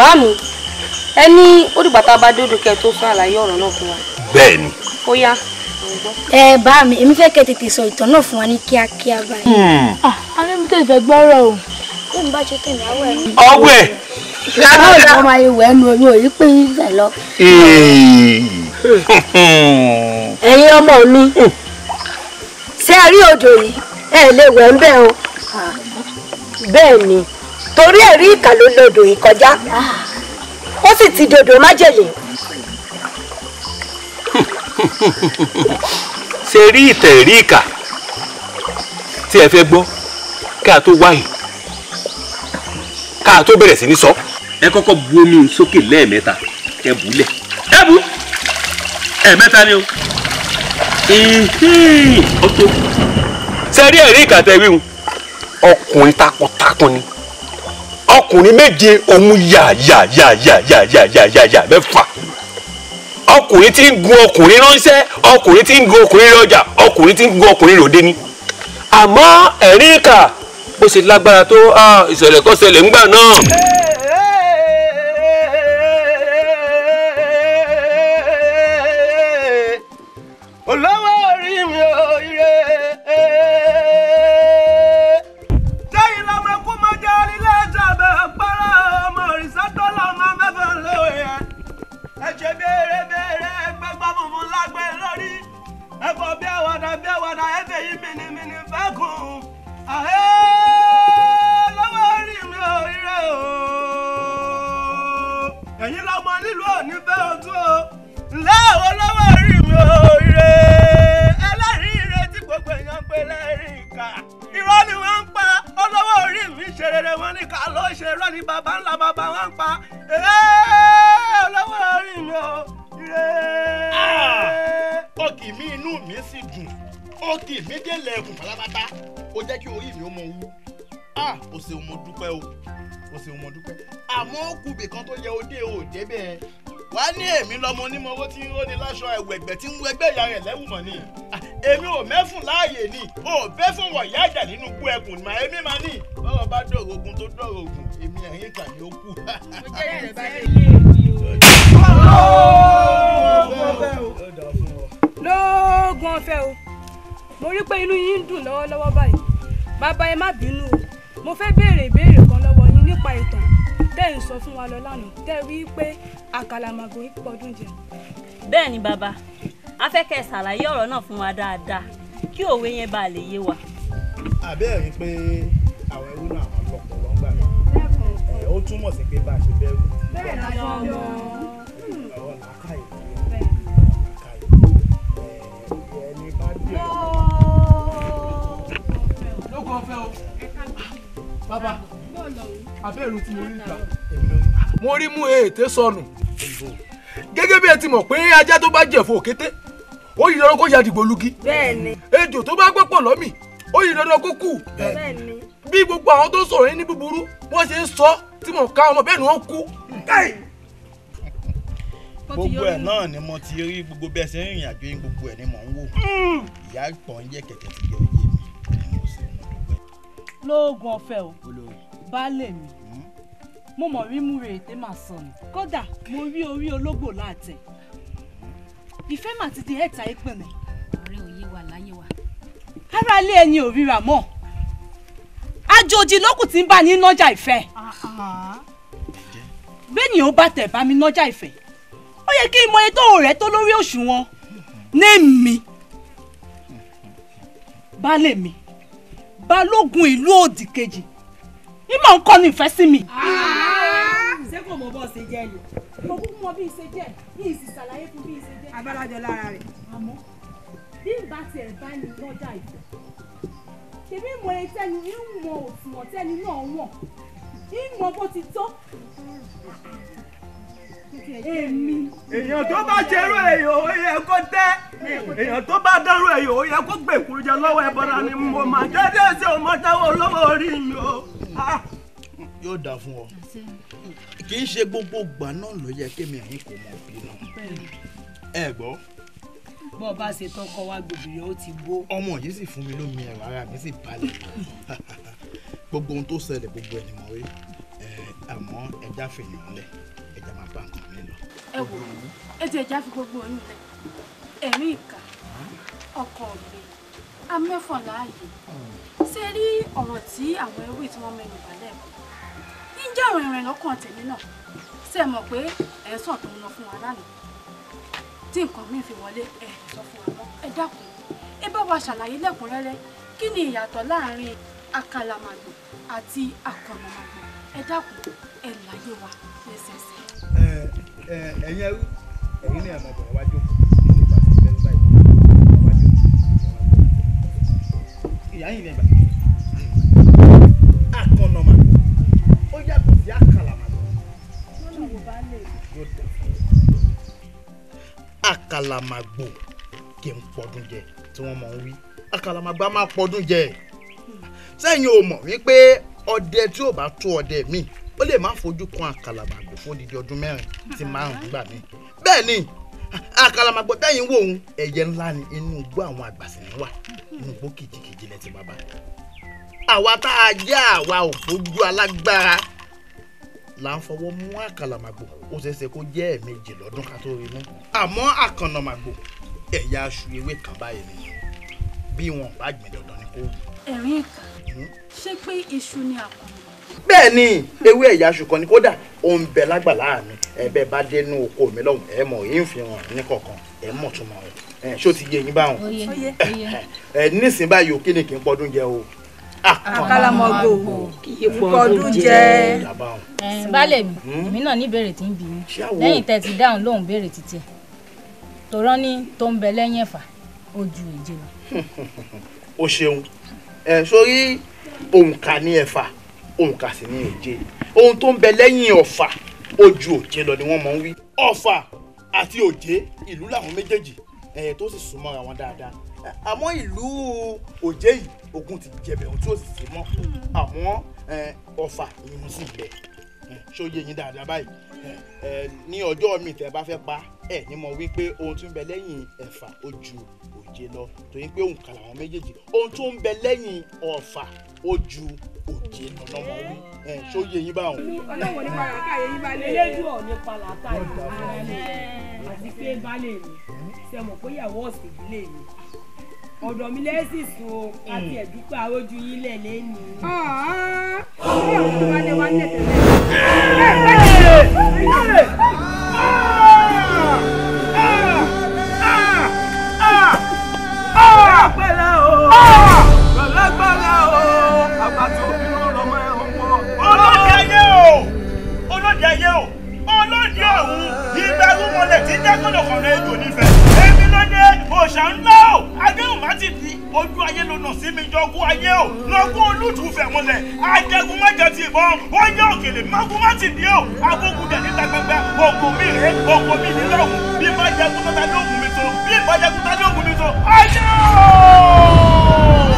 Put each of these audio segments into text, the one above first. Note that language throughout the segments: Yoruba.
bàbá mi ni ó dìgbà tá a bá dúdú kẹ tó sọ àlàyé ọ̀rọ̀ náà fún wa. bẹ́ẹ̀ni. ó yá. ẹ bá mi èmi fẹ́ tètè sọ ìtàn náà fún wa ní kíákíá báyìí. Hmm. Ah, alẹ́ mi tètè gbọ́rọ̀ o. bí mi bá ṣe tèmi àwọ̀ ìyàwó ọmọ ẹnu oyún pé lọ. ọmọ mi hmm. ṣé ẹ rí odò yìí ẹ lè ń ah, ni. torí ẹ̀rí ìkà ló lodò yìí kọjá ó sì ti dòdò májèlé. ṣe rí ìtẹ̀ rí ìkà tí ẹ fẹ́ gbọ́ ká tó wáyé ká tó bẹ̀rẹ̀ sí ní sọ. ẹ kọ́kọ́ bu omi sókè lẹ́ẹ̀mẹ́ta kẹ́ bù ú lẹ̀. ẹ bù ú ẹ̀ẹ̀mẹ́ta ni o ọ̀tọ̀. ṣe rí ẹ̀rí ìkà tẹ wíwù ọkùnrin takuntakun ni ọkùnrin méje òun yà yà yà yà yà yà yà yà yà mẹ́fà ọkùnrin tí ń gun ọkùnrin ránṣẹ́ ọkùnrin tí ń gun ọkùnrin rọjà ọkùnrin tí ń gun ọkùnrin ròde ni àmọ́ ẹ̀rín kà bó ṣe lágbára tó ah, ìṣẹ̀lẹ̀ kọ́ṣẹlẹ̀ ńgbà náà. ọ̀nà ẹ̀bẹ̀ yìí mìnìmìnì fẹ́kùn àhẹ́ lọ́wọ́ rí mi ò ríre o. ẹ̀yin lọ́mọ nílùú òní fẹ́ ojú o ńlẹ́ o lọ́wọ́ rí mi ò ríre. ẹlẹ́rìí ire tí gbogbo èèyàn ń pè lẹ́rìí ìkà irọ́ ni wọ́n ń pa olówó orí mi ṣe rere wọn ní ká ló ṣe irọ́ ni bàbá ńlá bàbá wọn ń pa olówó orí mi ò ríre. Ah! ọkì mi inú mi sì dùn òkè méjèèlè ẹ̀kùn pátápátá ó jẹ́ kí orí mi ó mọ wú ah o ṣeun mo dúpẹ́ o o ṣeun mo dúpẹ́ àmọ́ kùbì kan tó yẹ òde ò débẹ̀ wá ní èmi lọmọ onímọ̀ owó tí ń róni láṣọ ẹ̀wẹ̀gbẹ̀ tí ń wọ ẹgbẹ́ ìyá rẹ̀ lẹ́wùmọ̀ ni ah, èmi ò mẹ́fùn láàyè ni ò bẹ́ fún wọ̀nyí àjà nínú gbú ẹkùn mà èmi máa ní bọ́rọ̀ bá dọ̀rọ̀ ogun tó dọ̀rọ̀ ogun èmi ẹ̀yìn kà ní ó kù. mo jẹ́ ẹ̀rẹ̀ bá o. lóògùn ọ̀fẹ́ o mo rí pé inú yín ń dùn lọ́wọ́lọ́wọ́ báyìí bàbá ẹ má bínú o mo fẹ́ béèrè ìbéèrè kan lọ́wọ́ yín nípa ìtàn tẹ́ ẹ̀ ń sọ fún wa lọ lánàá tẹ́ ẹ rí i pé àkàlàmàgò yìí pọ̀dún jẹ. bẹ́ẹ̀ ni bàbá a ṣàlàyé ọ̀rọ̀ náà fún wa dáadáa kí òwe yẹn bá lè yé wa. àbẹ́ẹ̀ rí i pé àwọn ẹrú náà àwọn ọlọ́pàá lọ́ngbà ó túmọ̀ sí pé bá a ṣe bẹ́ẹ̀ kọ́ fẹ́ o. bàbá abẹ́rù tí mo rí ìta mo rí mú ètè sọnù gẹ́gẹ́ bí ẹ ti mọ̀ pé ajá tó bá jẹ̀fọ́ òkété ó yí dandan kó ya dìgbò lugi. bẹ́ẹ̀ni. ejò tó bá gbọ́pọ̀ lọ́mì ó yí dandan kó kú. bẹ́ẹ̀ni. bí gbogbo àwọn tó sọ̀rọ̀ yín ní búburú wọ́n ṣe ń sọ tí mò ń ka ọmọ bẹ́ẹ̀ ni wọ́n kú. gbogbo ẹ̀ náà ni mo ti rí gbogbo bí ṣe ń rìnrìn àjò yín gbogbo ẹ̀ ni mò ń wò hmm. ìyá pọ̀ ń kẹ̀kẹ́ ti yẹ lóògùn ọ̀fẹ́ o baálé mi hmm? mo mọ̀ rí mú rèé tẹ́ máa sọ ni kódà mo rí orí ológbò láàtẹ̀ hmm. ìfẹ́ mà ti di ẹ̀ta ìpinnu. ọ̀rẹ́ òye wà láyé wa. aráalé ẹni ò ríra mọ́ àjòjì lókùn tí ń bá ní nọ́jà ìfẹ́ bẹ́ẹ̀ni ó bá tẹ̀ bá mi nọ́jà ìfẹ́ ó yẹ kí n mọ iye tó rẹ̀ tó lórí òṣùwọ̀n ní mi hmm. baálé mi balógun ìlú òdì kejì ìmọ̀ nǹkan ní ìfẹ́ sí mi. ṣé kò mọ bọ́ ṣe jẹ́ ni. mo kúkú mọ bí ṣe jẹ́ bí ìsì ṣàlàyé fún bí ṣe jẹ́. abálájọ lára rẹ̀. àmọ́ bí n bá tiẹ̀ bá ní lọ́jà ìjọ tèmi mọ ẹtẹni ń mọ òṣùwọ̀n tẹni náà wọ̀n ń mọ bó ti tó èèyàn tó bá jẹrú èèyàn ó yẹ kó tẹ èèyàn tó bá dárú èèyàn ó yẹ kó gbè kúrújẹ lọ́wọ́ ẹbọra ni mo máa dédé ṣe ọmọdéwọ olówó orí mi o. yóò dà fún ọ kì í ṣe gbogbo ìgbà náà ló yẹ kémi àyín kò mọ bí náà ẹ gbọ́ bọ́ bá ṣe tọkọ wa gbòbìrì ó ti bó. ọmọ yìí sì fún mi lómi ẹ̀rọ ara mi sì balẹ̀ gbogbo ohun tó ṣẹlẹ̀ gbogbo ẹ̀ ni mo rí àmọ́ ẹja fèèyàn lẹ̀ ẹ máa bá nǹkan mi lọ. ẹ wò ó ẹ ti ẹja fi gbogbo oyún lẹ ẹ̀rín ìka ọkọ mi amẹ́fọ̀ láàyè ṣe rí ọ̀rọ̀ tí àwọn ewé tí wọ́n mẹ́nu bà lẹ́ẹ̀kọ́ ń jẹ́ ọ̀rọ̀ ìrìn lọ́kàn tèmi náà ṣe mọ̀ pé ẹ̀ sàn tó ń lọ fún wa lánàá tí nǹkan mi fi wọlé ẹ̀ sọ fún wa mọ́ ẹ dákun ẹ bá wa ṣàlàyé lẹ́kùnrẹ́rẹ́ kí ni ìyàtọ̀ láàárín àkàlàmàgbò àti àkànnàmàgbò ẹ dákun ẹ láyé wa lẹ́sẹsẹ ẹ̀yin ẹrú ẹ̀yin ní ẹ̀mọ̀ bọ̀rọ̀ wájú ìyá yìí ní ẹ̀gbà akọ̀nàmà ó yàtọ̀ sí àkàlàmà. àkàlàmàgbò kì í pọdún jẹ tí wọ́n máa ń wí àkàlàmàgbà máa pọdún jẹ sẹ́yìn ò mọ̀ wípé ọdẹ tí ò bá tó ọdẹ míì ó lè má fojú kan àkàlàmàgbò fún odidi ọdún mẹ́rin sí márùn-ún gbà mí bẹ́ẹ̀ ni àkàlàmàgbò tẹ́yìn wò ń ẹ̀yẹ ńlá ni inú igbó àwọn àgbà sì ń wà inú igbó kìjìkìjì lẹ ti bàbá àwa tá a jẹ́ àwa ò fojú alágbára là ń fọwọ́ mú àkàlàmàgbò ó ṣeéṣe kó jẹ́ ẹ̀ẹ̀mejì lọ́dún ká tó rí mú àmọ́ àkànnàmàgbò ẹ̀yà aṣọ ewé kan báyìí ni bí wọn ò bá gbìn dandan ni kò wù. ẹ̀rín ìkà hmm? ṣé pé iṣu ni àkànnà bẹ́ẹ̀ ni ewé ẹ̀yà aṣùkan ni kódà ó ń bẹ lágbàlá mi ẹ̀bẹ̀ bá dé inú oko mi lọ́hùn ẹ̀ mọ̀ èyí fi hàn ní kọ̀ọ̀kan ẹ̀ mọ̀ tó mọ̀ ẹ̀ ṣó ti yé yín báwọn ẹ̀ nísìn báyìí òkè ni kì í pọ́dún jẹ o. àkàlàmọ́gbò ah, ah, kì jẹ. baálẹ̀ mi hmm? èmi náà ní tí ń bi mí lẹ́yìn tẹ́ ti dáhùn lóhùn béèrè títí ẹ̀ tòrọ́ ní tó ń bẹ lẹ́yìn ẹ̀fà ó ju èjì o ṣeun ẹ̀ sórí òǹkà ní ẹ̀fà òǹkà sì ní èje ohun tó ń bẹ lẹ́yìn ọ̀fà ojú òjé lọ ni wọ́n mọ̀ ń wí. ọ̀fà àti òjé ìlú làwọn méjèèjì ẹ̀yẹ tó sì súnmọ́ ra wọn dáadáa àmọ́ ìlú òjé yìí ogun ti jẹbẹ̀ ohun tí ó sì sí mọ́ àmọ́ ọ̀fà ìyún sì bẹ̀ ṣó yé yín dáadáa báyìí ní ọjọ́ mi tẹ́ bá fẹ́ pa ẹ̀ ní mo wí pé ohun tó ń bẹ lẹ́yìn ẹ̀fà ojú òjé lọ torí pé òǹkà làwọn méjèèjì ohun tó ń bẹ lẹ́yìn ọ̀fà ó ju òjé lọ lọ́mọ wí ẹ̀ ṣó yé yín báwọn. ọlọ́wọ́ nípa làákà yé yín bá lé. elédùn ọ̀ nípa làákà yé yín bá àti pé baálé mi sẹ́mọ̀ pé ìyàwó ọ̀sìn ìdílé mi ọ̀dọ̀ mi lẹ́sìn sùn o ẹ̀dúpẹ́ àrójú yín lẹ̀ lẹ́nu. ọ̀ọ́ ọ̀rẹ́ ọ̀dọ́ wa lé wa ń lẹ̀ tẹ̀lé. tí dẹ́kọ̀dọ̀ kan rẹ ètò nífẹ̀. èmi ló dé òòṣà ńlá o agéhùn má ti di ojú ayé ló nà sí mi jọgún ayé o lọ́gún olùtùfẹ̀ múlẹ̀ àjẹgùn mẹ́jọ ti ìbọn ó yẹ òkèlè mágún má ti di o agbógun dẹ̀ níta gbẹgbẹ ògùn mi rè ògùn mi nílò ògùn bí má jẹgùn tọ́ta lóògùn mi tó bí má jẹgùn tọ́ta lóògùn mi tó ayé o.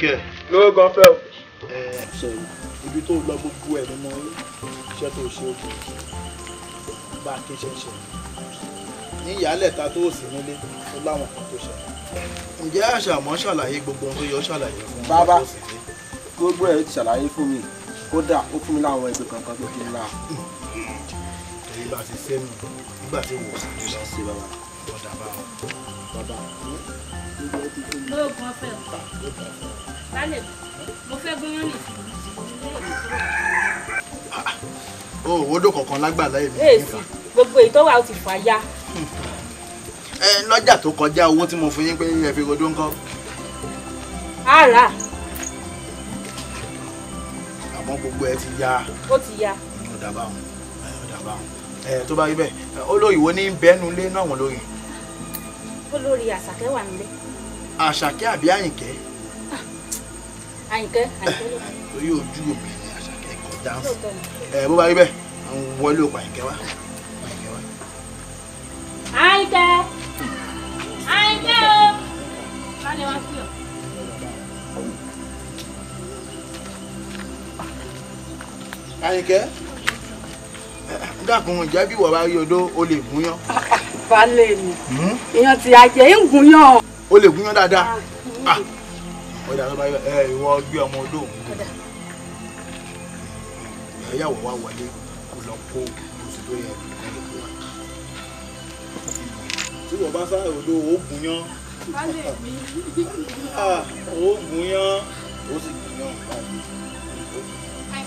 kẹ̀kẹ́. lówó gan fẹ́ o. sọ̀rọ̀ ibi tó lọ gbogbo ẹ̀ nínú iṣẹ́ tó ṣe ó kù bá a kí ṣe ń ṣe ní ìyálẹ̀ta tó sì nílé tó láwọn kan tó ṣe. ǹjẹ́ àṣàmọ́ ṣàlàyé gbogbo ohun tó yọ ṣàlàyé fún wa tó sì ní. gbogbo ẹ̀ ti ṣàlàyé fún mi kódà ó fún mi láwọn ẹgbẹ́ kankan tó fi ń la. èyí bá ti sẹ́nu nígbà tí wò ó sì ń ṣe bàbá bọ̀dà bá wọn. bàbá lóògùn ọ̀fẹ́ o lálẹ́ mo fẹ́ gúnyán ní o òwòdó kankan lágbàlá èmi nígbà. gbogbo ìtọ́wà ó ti fà ya. ẹ lọ́jà tó kọjá owó tí mo fún yín pé ẹ fi rodó ńkọ́. ara. àmọ́ gbogbo ẹ ti ya. ó ti ya. ó dábàá wọn ó dábàá wọn. Eh, tó bá rí bẹ́ẹ̀ olórí wo ní bẹ́ẹ̀nu lé náà wọ́n lórí. olórí àṣàkẹ́ wà nílé. àṣàkẹ́ àbí àyìnkẹ́. Ah, àyìnkẹ́ àyìnkẹ́ ló. torí ojú òbí ni àṣàkẹ́ kò dáhùn eh, bó bá rí bẹ́ẹ̀ àwọn wọlé òkú àyìnkẹ́ wá. àyìnkẹ́ àyìnkẹ́ o. kálí wá sí àyìnkẹ́ dákun ìjẹ́ bí wọ́n bá rí odó o lè gúnyán. balẹ̀ mi èèyàn hmm? ti àjẹ́ ń gúnyán. o lè gúnyán dáadáa ọ̀dà tó bá yọ ẹ ìwọ gbé ọmọ odó ìyàwó wa wọlé kó lọ kó oṣù tó yẹ kó lọ kó wa. tí wọ́n bá sáré odó o gúnyán o ah! gúnyán o sì gúnyán.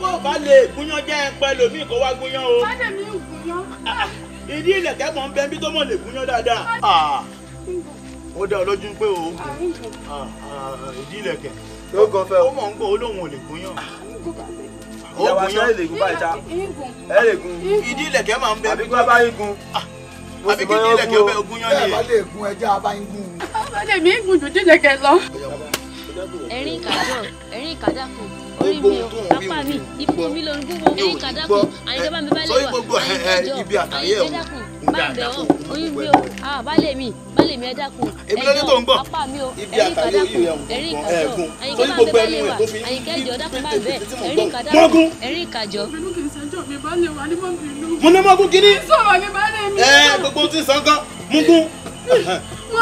bó o bá lè gúnyán jẹ́ ẹpẹ lòmíì kó wá gúnyán o. bàdé mi ń gúnyán. Ah, ìdí ìlẹ̀kẹ́ mọ̀ ń bẹ bí tó mọ̀ lè gúnyán dáadáa. Ah, ó dá olójú pé o ah, ìdí ìlẹ̀kẹ́ ló gan fẹ́ o. ó mọ̀ ń gbọ́ olóhùn ò lè gúnyán. ó gúnyán ẹ lè gun báyìí ta ẹ lè gun. ìdí ìlẹ̀kẹ́ máa ń bẹ bí tó bá yín gun àbí kí dílé kí o bẹ ogún yán ni. ẹ bá lè gun ẹja abáyégún. ọba lè mí kò gbogbo ohun tó ń wí wò ní gbọ́ ní òní gbọ́ sọ gbogbo ibi àtàyè ò ń dà dákò oyún mi o ah, balẹ̀ mi balẹ̀ mi ẹ dákun èmi lórí tó ń gbọ́ ibi àtàyè oyún yẹn ń gbọ́ ẹ̀gùn sọ gbogbo ẹnu rẹ̀ tó fi ń bí pété tí mo gbọ́ mọ́gún. mo ní mọ́gún kiri. ẹ gbogbo tí sàn kan mú gún mo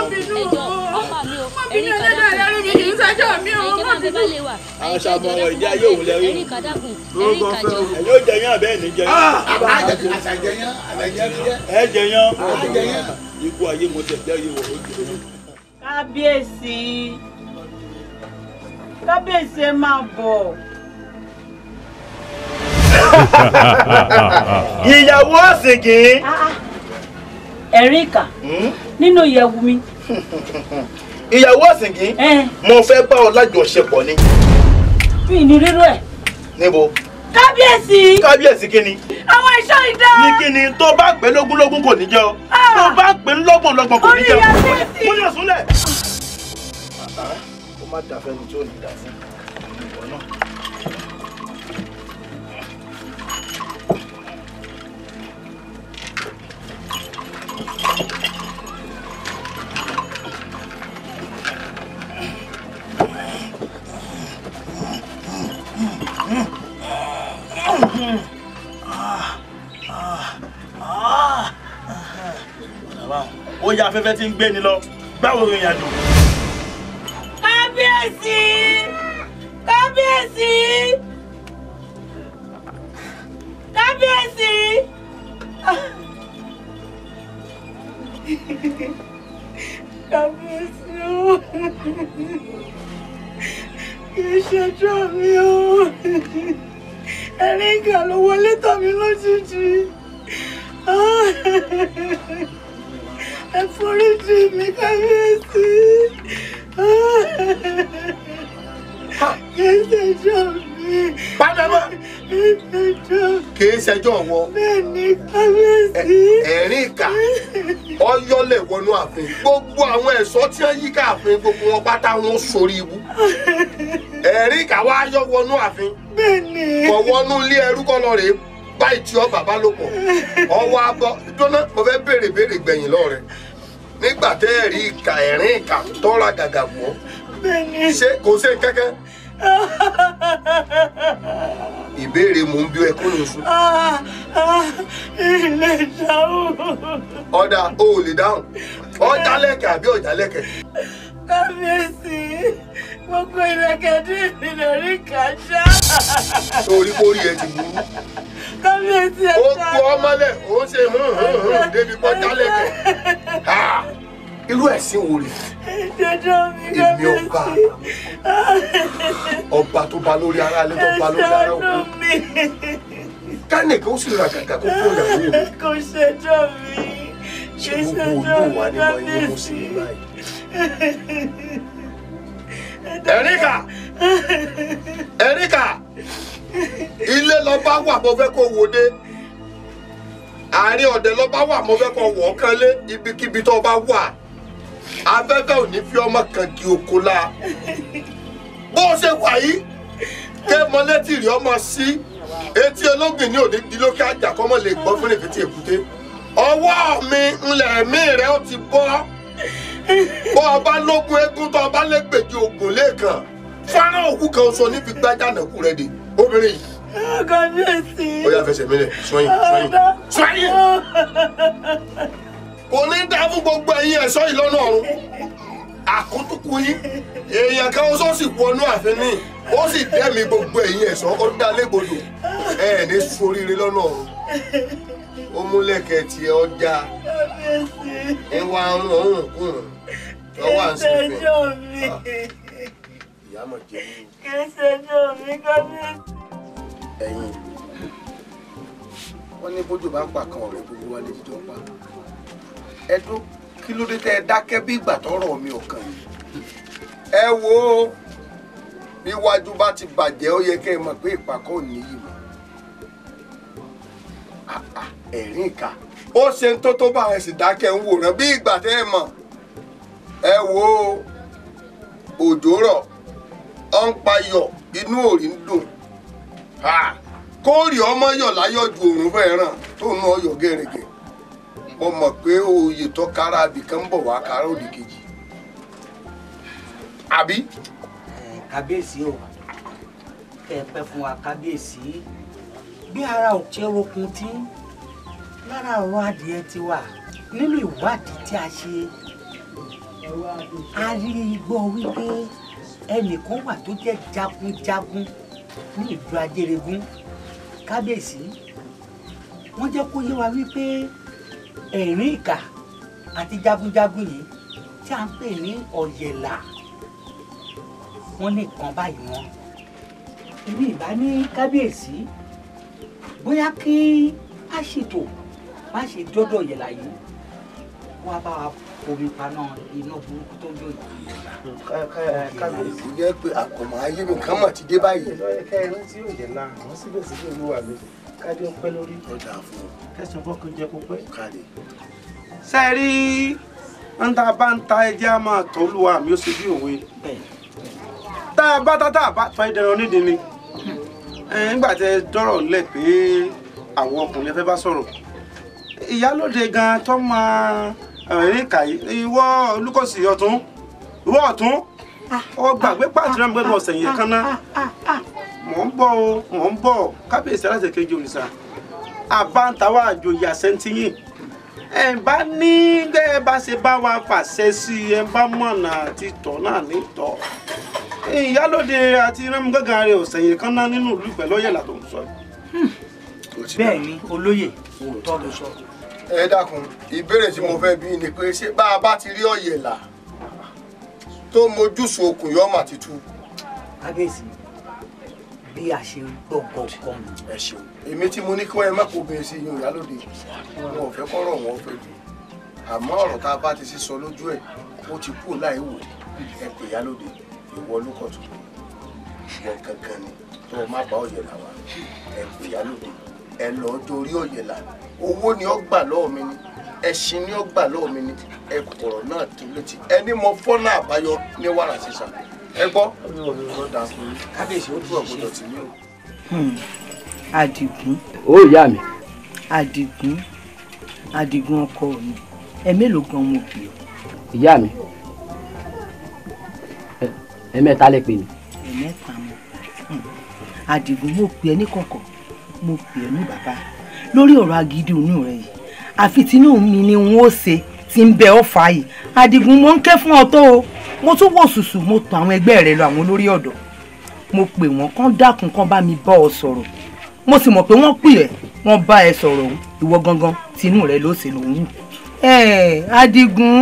àwọn ṣàmọ ìjà yóò wù lẹ́rú lórúkọ fẹ́ o. jẹyàn àbẹ́ ẹ̀ ní jẹyàn. Ah! àṣàjẹyàn àṣàjẹyàn ẹ jẹyàn ah, ikú ayé mo tẹ̀ jẹ́ ìwọ̀ ó jẹyàn. kábíyèsí kábíyèsí ẹ máa bọ̀ ìyàwó ọ̀sìnkì. Ah, ẹ̀rín ìkà hmm? nínú ìyẹ̀wù mi. ìyàwó ọ̀sìnkì mo fẹ́ bá ọ lájọṣepọ̀ ni. mi ní rírú ẹ̀. níbo. kábíyèsí. kábíyèsí kí ni. àwọn ẹ̀ṣọ́ idà. ní kí ni tó bá pẹ́ lógúnlógún kò ní jẹ́ ọ ah. tó bá pẹ́ lọ́gbọ̀nlọ́gbọ̀n kò ní jẹ́ ọ. orí ìyá mi sí. mo yàn súnlẹ̀. bàbá ó má dàfẹ́ ni tí ò ní dà oúnjẹ afẹ́fẹ́ tí ń gbé ni lọ báwo rìn àjò. kábíyèsí kábíyèsí kábíyèsí. Kábíyèsí o. Kì í ṣẹjọ́ mi o. Ẹ̀rín ìgbà ló wọlé tọ̀ ah, mí lójijì. Ah, ẹ foríjì mi kábíyèsí. Kì í ṣẹjọ́ mi pàdánù kìí ṣẹjọ́ wọ ẹ̀rín ìkà ọyọ́lẹ̀ wọnú ààfin gbogbo àwọn ẹ̀ṣọ́ tí wọ́n yí káàfin gbogbo wọn pátá wọn sórí ibú ẹ̀rín ìkà wá yọ wọnú ààfin kọ̀ wọnú ilé ẹrú kọ́ lọ rèé báyìí tí ọ bàbá ló pọ̀ ọwọ́ abọ́ dọ́nà mo fẹ́ béèrè béèrè gbẹ̀yìn lọ́rẹ̀ nígbà tẹ́ ẹ̀rí ìkà ẹ̀rín ìkà tọ́ra gàgà wọ̀ ṣé kò sí ìbéèrè mò ń bí ẹkún ló fún. ilé dáhùn. ọ̀dà o ò lè dáhùn ọjà lẹ́kẹ̀ àbí ọjà lẹ́kẹ̀. kábíyèsí gbogbo ìrẹ̀kẹ̀dí ìrìnà rí kàṣá. torí kórì ẹ ti burú. kábíyèsí ẹ ṣáà. ó kú ọmọlẹ̀ ó ṣe hàn hàn hàn débi pọ́jálẹ̀kẹ̀. irú ẹ̀sìn wo rèé èmi ọba ọba tó ba lórí ara alẹ́ tó ba lórí ara òkú kánìkan ó sì ra gàgà kó kó ìyàwó mi. kò ṣẹjọ́ mi ṣe ṣẹjọ́ mi kábíyèsí. Erika Erika ilé lọba wà mo fẹ́ kó wo dé àárín ọ̀dẹ lọba wà mo fẹ́ kó wọ̀ ọ́ kánlé ibikíbi tó bá wà afẹ́fẹ́ ò ní fi ọmọ kan di oko la bó ṣe wà yìí tẹ́ mọ létí rí ọmọ sí etí ológun ní òní di lókè àjà kọ́mọ lè gbọ́ fún èfètí èkúté ọwọ́ mi ńlẹ̀ mí rẹ ó ti bọ́ bó ọba lógun eégún tó ọba lè gbèjì ògùn lẹ́ẹ̀kan fọ́nrán òkú kan sọ níbi gbájà nàkú rẹ dé obìnrin yìí kábíyèsí. ó yà fẹsẹ̀ mílẹ̀ sọ́yìn sọ́yìn sọ́yìn. òní dá fún gbogbo ẹ̀yin ẹ̀ṣọ́ ìlọ́nà ọ̀run àkútúkú yín èèyàn kan ó sì wọnú ààfin ní ó sì dẹ́mi gbogbo ẹ̀yin ẹ̀ṣọ́ ó dá légbodò ẹ̀ ní soríire lọ́nà ọ̀run ó múlẹ̀kẹ̀ tiẹ̀ ọjà ìwà ọ̀run ọ̀hún kùn lọ́wọ́ à ń sèfẹ́ ìyá mọ̀ jẹ́ mi. kì í ṣe ẹjọ́ mi kábíyèsí. ẹ̀yin wọ́n ní bójú bá ń pa kan ọ̀rẹ́ gbogbo wa lè jọ pa ẹdún kí ló dé tẹ ẹ dákẹ́ bí ìgbà tọ́rọ̀ mi ò kàn yín ẹ wo bí iwájú bá ti bàjẹ́ ó yẹ kẹ́ ẹ mọ̀ pé ìpàkọ́ ò níyì mọ́ ah, ah, ẹ̀rín ìka ó ṣe ń tó tó bá ẹ sì dákẹ́ ń wòran bí ìgbà tẹ́ ẹ mọ̀ ẹ wo òjò rọ̀ ọ ń payọ̀ inú òrì ń dùn ah, kórìí ọmọ yọ̀ láyọ̀ ju òrùn bẹ́ẹ̀ ràn tó ń ná ọyọ̀ gẹ́rẹ́gẹ́ mo mọ̀ pé oyè tó kára abìkan ń bọ̀ wá kára òdì kejì àbí. kábíyèsí o kẹ pẹ́ fún wa kábíyèsí bí ara òkèrokun tí lára ọ̀rọ̀ adìẹ ti wà nínú ìwádìí tí a ṣe a rí gbọ́ wípé ẹnìkan wà tó jẹ́ jagunjagun ní ìlú ajérégún kábíyèsí wọ́n jẹ́ kó yé wa wípé ẹ̀rín ìkà àti jagunjagun yìí tí a ń pè ní ọ̀yẹ̀là wọ́n ní nǹkan báyìí wọn èmi ìbá ní kábíyèsí bóyá kí a ṣètò má ṣe dọ́dọ̀ ọ̀yẹ̀là yìí wá bá wa omi paná iná burúkú tó ń jó yìí. kábíyèsí jẹ́ pé àkọ̀mọ̀ ayé nìkan mà ti dé báyìí. ẹ̀ka ẹ̀rín tí yóò yẹ̀ láàrín síbẹ̀síbẹ̀ ló wà lóṣù kájọ pẹ́ lórí. ọjà fún ọ. kẹsàn fọkàn jẹ kó pẹ́. káre. ṣe é rí ń ta bá ń ta ẹjẹ́ á máa tọ́ olúwa mi ó ṣe bí òwe. tá a bá tá a bá tọ́ ìdẹ̀rọ̀ nídìí ni. nígbà dọ́rọ̀ lẹ̀ pé àwọn ọkùnrin fẹ́ bá sọ̀rọ̀ ìyálòde gan tó máa rìn kàyí ìwọ olùkọ́sì ọ̀tún ìwọ ọ̀tún ọ ah, gbàgbé pàtó náà ah, gbẹ́gbẹ́ ah, ọ̀sẹ̀ yẹn kan náà mò ń bọ̀ o mò ń bọ̀ kábíyèsí aláṣẹ kejì òrìṣà àbántawà àjòyè àṣẹntìyìn ẹ bá ní gẹ́ bá ṣe bá wa fàṣẹ sí ẹ bá mọ̀nà àti tọ̀ náà ní tọ̀ ìyálòde àti rámúgángan rẹ ọ̀sẹ̀ yẹn kan náà nínú ìlú ìpẹ́lọ́yẹ̀lá tó ń sọ hmm. bẹ́ẹ̀ ni olóyè òótọ́ ló sọ. ẹ dákun ìbéèrè tí mo fẹ́ bí ni pé ṣé bá a bá ti rí ọ̀yẹ̀là tó mojúsù okùn yóò mà ti tú. kábíyèsí bí a ṣe gbọ́ kọ̀ọ̀kan. ẹ ṣeun. èmi tí mo ní kí wọ́n ẹ má kó obìnrin sí yín ìyálòde wọn ò fẹ́ kọ́rọ̀ wọn fẹ́ jù àmọ́ ọ̀rọ̀ tá a bá ti sísọ lójú ẹ̀ ó ti kú láì wò ẹ pè ìyálòde ìwọ olúkọ̀tù ìwọ kankan ni tó o má bá ọ̀yẹ̀là wa ẹ pè ìyálòde ẹ lọ́ọ́ dorí ọ̀yẹ̀là owó ni ó gbà lọ́ọ̀ mi ni ẹṣin ní ọgbà lọ́wọ́ mi ni ẹ náà tó létí ẹni mo fọ́nà àbáyọ ní wàrà sísan ẹ gbọ́. kábíyèsí ó túbọ̀ gbọdọ̀ tì mí o. Hmm. àdìgún. ó ìyá mi. àdìgún àdìgún ọkọ mi ẹ mélòó gan mo bì ọ́. ìyá mi ẹ mẹ́ta lè pè ní. ẹ mẹ́ta mo hmm. àdìgún mo pè ẹ́ ní kọ̀kọ̀ mo pè ẹ́ ní bàbá lórí ọ̀rọ̀ agídí inú rẹ yìí àfi tinú mi ni n ó ṣe ti ń bẹ ọ̀fà yìí àdìgún mo ń ké fún ọtọ́ o mo tún wò sùsù mo tọ àwọn ẹgbẹ́ rẹ lọ àwọn olórí ọ̀dọ́ mo pè wọ́n kán dákun kán bá mi bá ọ sọ̀rọ̀ mo sì mọ̀ pé wọ́n pè ẹ́ wọ́n bá ẹ sọ̀rọ̀ ìwọ gangan tinú rẹ ló ṣe lòún wù. ẹ àdìgún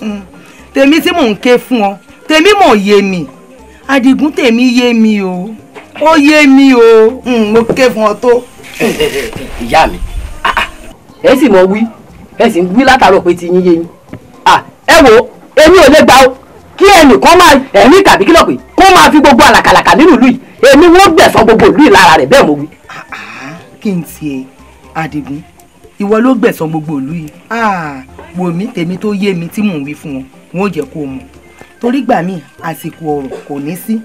tèmi tí mò ń ké fún ọ tèmi mọ̀ yé mi àdìgún tèmi yé mi o ó yé mi o hmm, mo ké fún ọ tó. ìyá mi ẹ sì mọ wí ẹ sì ń wí látàárọ̀ pé ti yín yé yín ẹ wo èmi ò lè gbà o kí ẹnìkan máa ẹ̀rín tàbí kílọ̀ pé kó máa fi gbogbo àlàkàlàkà nínú ìlú yìí èmi wọ́n gbẹ̀sán gbogbo ìlú yìí lára rẹ̀ bẹ́ẹ̀ mo wí. kí n tiẹ̀ Adigun ìwọ ló gbẹ̀sán gbogbo ìlú yìí wò mí tèmi tó yé mi tí mò ń wí fún wọn wọn ò jẹ́ kó mọ̀ torí gbà míì àsìkò ọ̀rọ̀ kò ní sí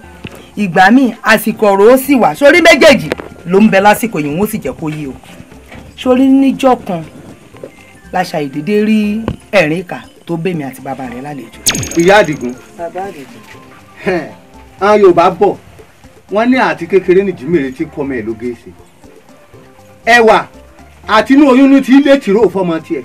ìgbà míì àsìkò ọ̀rọ̀ ó sì wà sórí méjèèjì ló ń bẹ lásìkò yìí wọn ó sì jẹ́ kó yé o sórí níjọ́ kan láṣà ìdédé rí ẹ̀rín kà tó bèmí àti bàbá rẹ̀ lálejò. ìyá àdìgún àwọn yorùbá bọ̀ wọ́n ní àti kékeré nìjímèrè tí kọ́mọ ẹ̀ ló gé ṣe ẹwà àti inú oyún ní ti lè tìró fọmọ tiẹ̀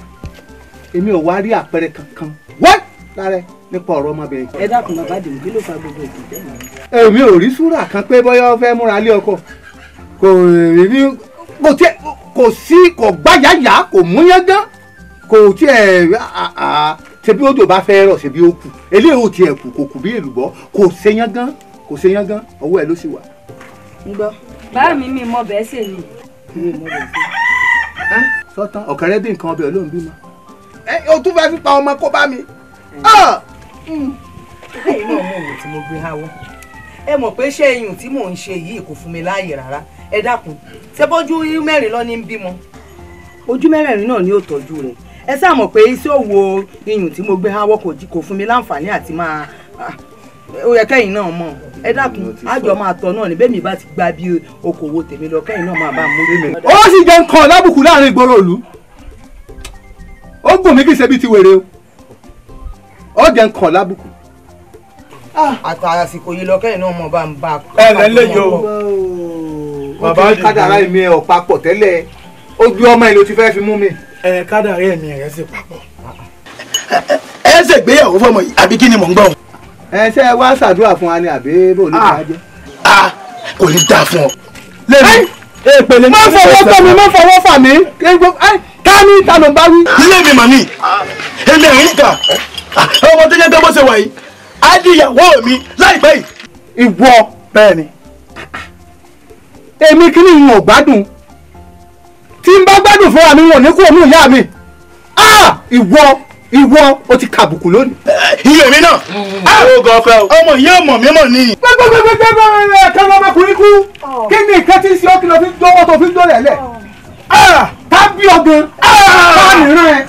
èmi ò wá rí àpẹẹrẹ kankan wọ́n lára nípa ọ̀rọ̀ ọmọbìnrin. ẹ dákun bàbá àdìgún kí ló fa gbogbo ètò ìjọba. èmi ò rí súrà kan pé bóyá ó fẹ́ múra lé ọkọ kò rí kò tiẹ̀ kò sí kò gbáyàyà kò múyángán kò tiẹ̀ ṣebí odò bá fẹ́ rọ̀ ṣebí ó kù eléyìí ò tiẹ̀ kù kò kù bí èlùbọ́ kò ṣe yángán kò ṣe yángán ọwọ́ ẹ ló sì wà. ń gbọ́ bá mi mi mọ bẹ́ẹ̀ ṣe ni. sọ́tàn ọ̀kẹ́rẹ́ bí nǹkan ọbẹ̀ olóhùn bímọ. ẹ o tún fẹ́ fi pa ọmọ kó bá mi. ẹ ah! mọ̀ pé ṣé eyín tí mò ń ṣe yìí kò fún mi láàyè rárá ẹ dákun ṣé bójú mẹ́rin lọ ní ń bímọ. ojú mẹ́rẹ̀ẹ̀rin náà ni ó tọ́jú rẹ̀ ẹ sáà mọ̀ pé iṣẹ́ òwò iyùn tí mo gbé háwọ́ kò fún mi láǹfààní àti máa ah, ó yẹ kẹ́yìn náà mọ̀ ẹ dákun àjọ máa tọ̀ náà ni bẹ́ẹ̀mi bá ti gba bí okòwò tèmi lọ kẹ́yìn náà máa bá mú mi. ó sì jẹ́ nǹkan lábùkù láàrin ìgboro òlu ó gùn mí kì í ṣe bí ti wèrè o ó jẹ́ nǹkan lábùkù. Ah, àtàràsìkò yìí lọ kẹ́yìn náà mọ̀ bá ń bá a. ẹ lẹ́lẹ́yìn o bàbá dìbò kádàrá èmi ẹ̀ ọ̀pápọ̀ tẹ́lẹ̀ ojú ọmọ ìlú ti fẹ́ fi mú mi. ẹ kádàrá èmi rẹ sì papọ̀. ẹ ẹ ṣègbéyàwó fọmọ yìí àbí kí ni mò ń gbọ́. ẹ ṣe wá ṣàdúrà fún wa ni àbí bò ní ah. ìdájẹ. a ah, kò ní dáa fún ọ. lẹ́nu èpèlè ní ìfẹ́ sẹ́yìn. má fọwọ́ fà mí má fọwọ́ fà mí kání ta ló ń bá wí. ilé mi màmí ah. èmi ẹ̀rín nìkan ọmọ tó jẹ́ pé bó ṣe wà yìí á di ìyàwó mi láìpẹ́ yìí. ìwọ bẹ́ẹ̀ ni èmi kíní ìwọ̀n ò gbádùn tí n bá gbádùn fún wa mi wọn ò ní kú òmù ìyá mi ah! ìwọ ìwọ o ti kàbùkù lónìí. iye mi náà àrògọ ọfẹ o ọmọ ìyá ọmọ mi mọ ni. gbẹgbẹgbẹgbẹ kẹrin ọmọkùnrin kú kí ni ìkẹ́ tí ń ṣe ọ́ kí ló fi dọ́wọ́ tó fi dọ́lẹ̀ lẹ̀ ah! tábí ọgbọ́n ah! táà nìran ẹ̀.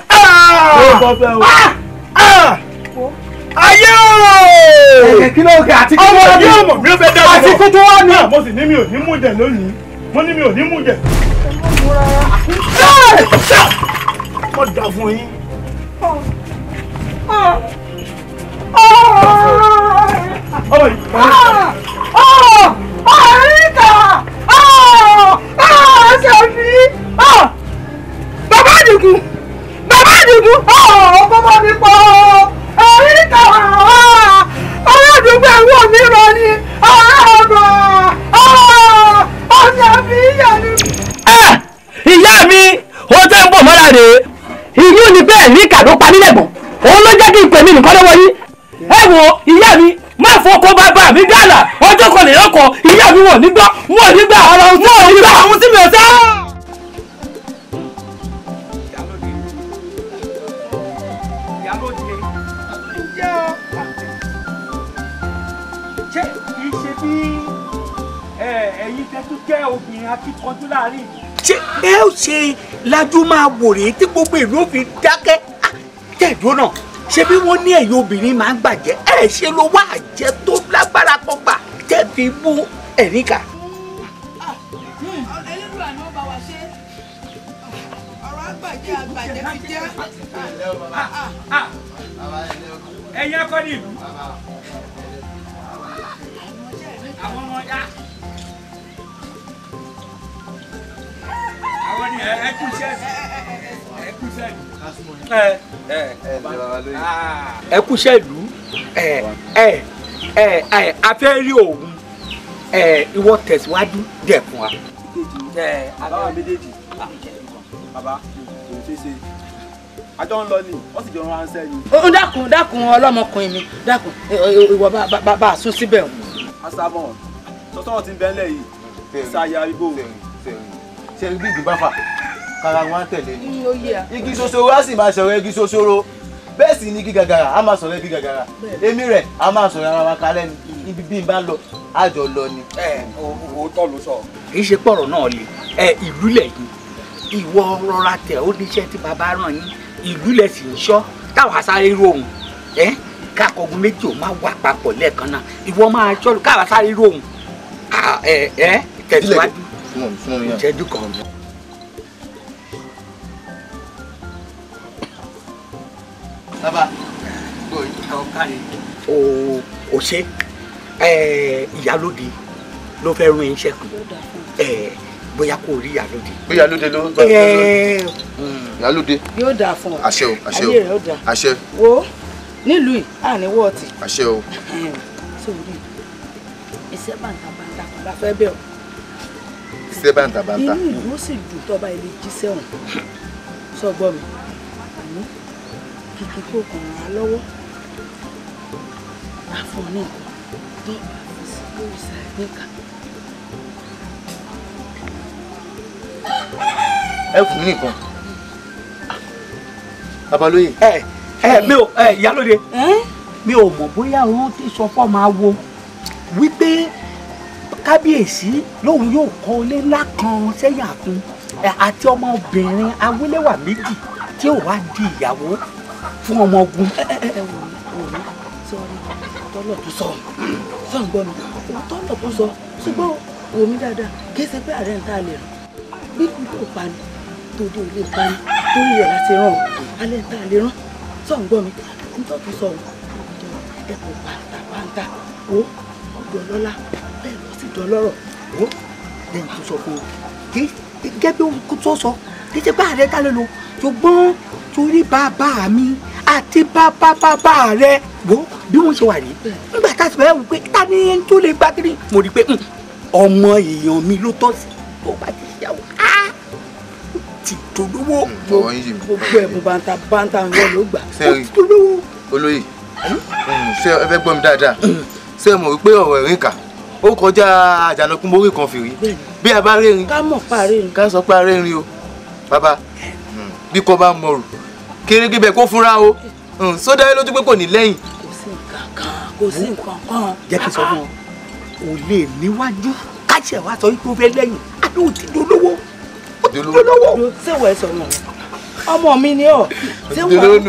ayé o kí ló kẹ àti kí ló ní ọmọ mi ò fẹ́ dá mi lọ àti kótó wá ní. Ah, mo sì ní mi ò ní mú jẹ lónìí mo ní mi ò ní mú jẹ. mo dà fún yín. Ah! Ah! ọmọ yìí. àríkà ṣèfì bàbá àdìgún bàbá àdìgún ọkọ bá mi pọ̀. rèé ìyún ni bẹ́ẹ̀ ní kàdó pa nílẹ̀ òun ló jẹ́ kí n pè mí nìkan lọ́wọ́ yín ẹ wo ìyá mi má fọkọ bàbá mi gàlà ọjọ́ kan lè lọ́kọ̀ ìyá mi wọ̀ nígbà wọ̀ nígbà ara wọn ò nígbà àwọn tí mi ò sá. ṣé kì obìnrin akíkanjú láàrin ìlú ṣé ẹ ó ṣe lajú máa wò rèé tí gbogbo ìlú ò fi dákẹ́ tẹ̀dó náà ṣe bí wọ́n ní ẹ̀yin obìnrin máa ń gbàjẹ́ ẹ̀ ṣe ló wá àjẹ tó lágbára kan gbà tẹ́ fi mú ẹ̀rín kà. ẹ̀yin akọni àwọn ọmọ ya. àwọn ni ẹ kú iṣẹ́ ẹ kú iṣẹ́ ẹ ẹ kú iṣẹ́ ìlú ẹ ẹ ẹ ẹ afẹ́ rí òun ẹ ìwọ tẹ̀síwájú díẹ̀ fún wa. báwa méjèèjì bàbá kò ṣeé ṣe àjọ ń lọ ni wọ́n sì jọ wọn ránṣẹ́ ni. dákun dákun ọlọ́mọkùnrin mi dákun ìwọ bá a sún síbẹ̀ o. asámọ̀ tọ́tọ́ ti ń bẹ́ńlẹ̀ yìí ṣáyà ibo ṣe bí ìdí bá fà kára wọn á tẹ̀lé ni mm, igi ṣoṣoro á sì máa sọ̀rọ̀ igi ṣoṣoro bẹ́ẹ̀ sì ni igi gàgàrà á máa sọ̀rọ̀ igi gàgàrà èmi rẹ̀ á máa sọ̀rọ̀ ara wa kalẹ́ ni ibi bí n bá lọ àjọ lọ ni. ẹ òótọ́ ló sọ. kì í ṣe pọ̀rọ̀ náà le ẹ ìlú lẹ̀ yìí ìwọ rọra tẹ̀ ó níṣẹ́ tí bàbá ràn yín ìlú lẹ̀ sì ń ṣọ́ táwọn asáré rohùn ẹ káàkọ́gun méjì ò máa wà papọ̀ lẹ́ẹ̀kan náà ìwọ máa ṣọ́ káwọn asáré rohùn ẹ ẹ tẹ̀síwájú fún mi fún mi yàn. ìṣẹ́jú kan o o ò ṣe ìyálóde ló fẹ́ rún iṣẹ́ kan bóyá kò rí ìyálóde. bóyá ìyálóde ló ń gbà. Hmm, ìyálóde. yóò dáa fún ọ àṣẹ o àṣẹ o ayé rẹ ó dáa àṣẹ. wo nílùú yìí à ní wọ́ọ̀tì. àṣẹ o. sórí iṣẹ́ bàǹtàbàǹtà kan la fẹ́ bẹ̀ ọ́ iṣẹ́ bàǹtàbàǹtà. inú ìlú sì dùn tọ́ba ilé jí sẹ́wọ̀n sọgbọ́ mi àmọ́ kìkì kò kàn án lọ́wọ́ àfọ̀ náà tọ́ba fi sí lóòsà níkà. ẹ fún mi nìkan babalóye. ẹ ẹ mi ò ẹ ìyálóde mi ò mọ̀ bóyá òun ti sọ fọ́ máa wo wípé kábíyèsí lòun yóò kọ́ ilé ńlá kan sẹ́yìn àkún àti ọmọbìnrin awílẹ̀wà méjì tí ò wá di ìyàwó fún ọmọ ogun. ẹ ẹ ẹ wò ó sọrí tọ́lọ̀ tó sọ sọ̀n gbọ́ mi tọ́lọ̀ tó sọ ṣùgbọ́n wò mí dáadáa kì í ṣe pé àárẹ̀ ń tà lè rìn bí kò tó pa tó dé ilé pa ni torí láti ràn alẹ́ ń tà lè rán sọ̀n gbọ́ mi nítorí sọ̀rọ̀ ẹ kò pa tàbá ń ta ó ọ̀dọ̀ lọ́la dọlọ́rọ̀ ó lẹ́yìn tó sọ fún o kí gẹ́gẹ́ bí ohun tó sọ kí ṣe pé ààrẹ ta ló lò ṣùgbọ́n torí bàbá mi àti bàbá bàbá rẹ wo bí wọ́n ṣe wà rí nígbà tá a sì bẹ̀rẹ̀ wò pé ta ni ẹni tó lè gbá kiri mo rí i pé hmm, ọmọ èèyàn mi ló tọ́ sí tó bá ti ṣàwọ̀ ti tolówó gbogbo ẹ̀ bó bàǹtà bàǹtà ń wọ̀ ló gbà ó ti tolówó. olóyè hmm? ṣé ẹ fẹ́ gbọ́ mi dáadáa hmm. ṣé ẹ mọ̀ wípé ọ̀rọ̀ ẹ̀rín kà ó kọjá àjànàkún borí kan fèrè bí a bá rẹ́rìn ká mọ̀ pa rẹ́rìn ká sọ pa rẹ́rìn o bàbá bí kò bá mọ̀rù kérégbé bẹ́ẹ̀ kó fúnra o sódà yẹn lójú pé kò ní lẹ́yìn. kò sí nǹkan kan kò sí nǹkan kan. jẹ́ kí n sọ fún ọ ò lè níwájú káṣẹ̀ wá sọ wípé ó fẹ́ lẹ́yìn adóòtí dolówó ó ti dolówó. ṣé wọ́n ẹ sọ wọn ọmọ mi ni ọ ṣé wà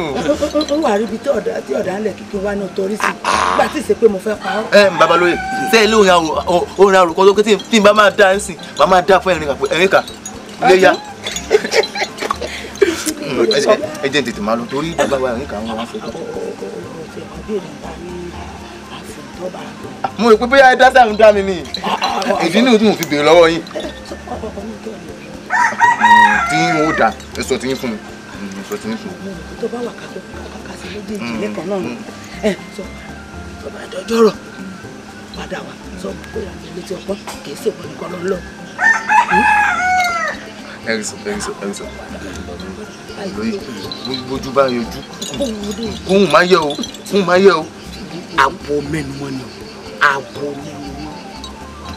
ó wà ríbi tí ọ̀dà ńlẹ̀ kíkí wá náà torí sí gbà tí ì ṣe pé mo fẹ́ pa ọ́. ẹ ǹ bàbá lóye ṣé ilé òun ra òrùkọ tó tí n bá máa dá ẹ̀sìn màá máa dá fún ẹ̀rín kà ilé yá ẹ jẹ́ tètè máa lọ torí bàbá wa ẹ̀rín kà ń wá fún mo rò pé bóyá ẹ dá sáà ń dá mi ni ìdí nìyí mo fi béèrè lọ́wọ́ yín tí n ó dà ẹ sọ tí n fún mi ẹ sọ tí n fún mi. tó bá wà kátó kàkà sí méjèèjì mm, lẹ́kọ̀ọ́ náà mm. ẹ sọ tó bá dọjọ́ rọ̀ padà wá sọ kó wà ní létí ọpọ́n kì í sì wọ́n nìkan lọ́lọ́. Hmm? ẹ rí sọ ẹ rí sọ ẹ rí sọ bójú bá yọjú kóhùn má yẹ o kóhùn má yẹ o. àbọ̀ mẹ́nu mọ́ni àbọ̀ mẹ́nu mọ́ni.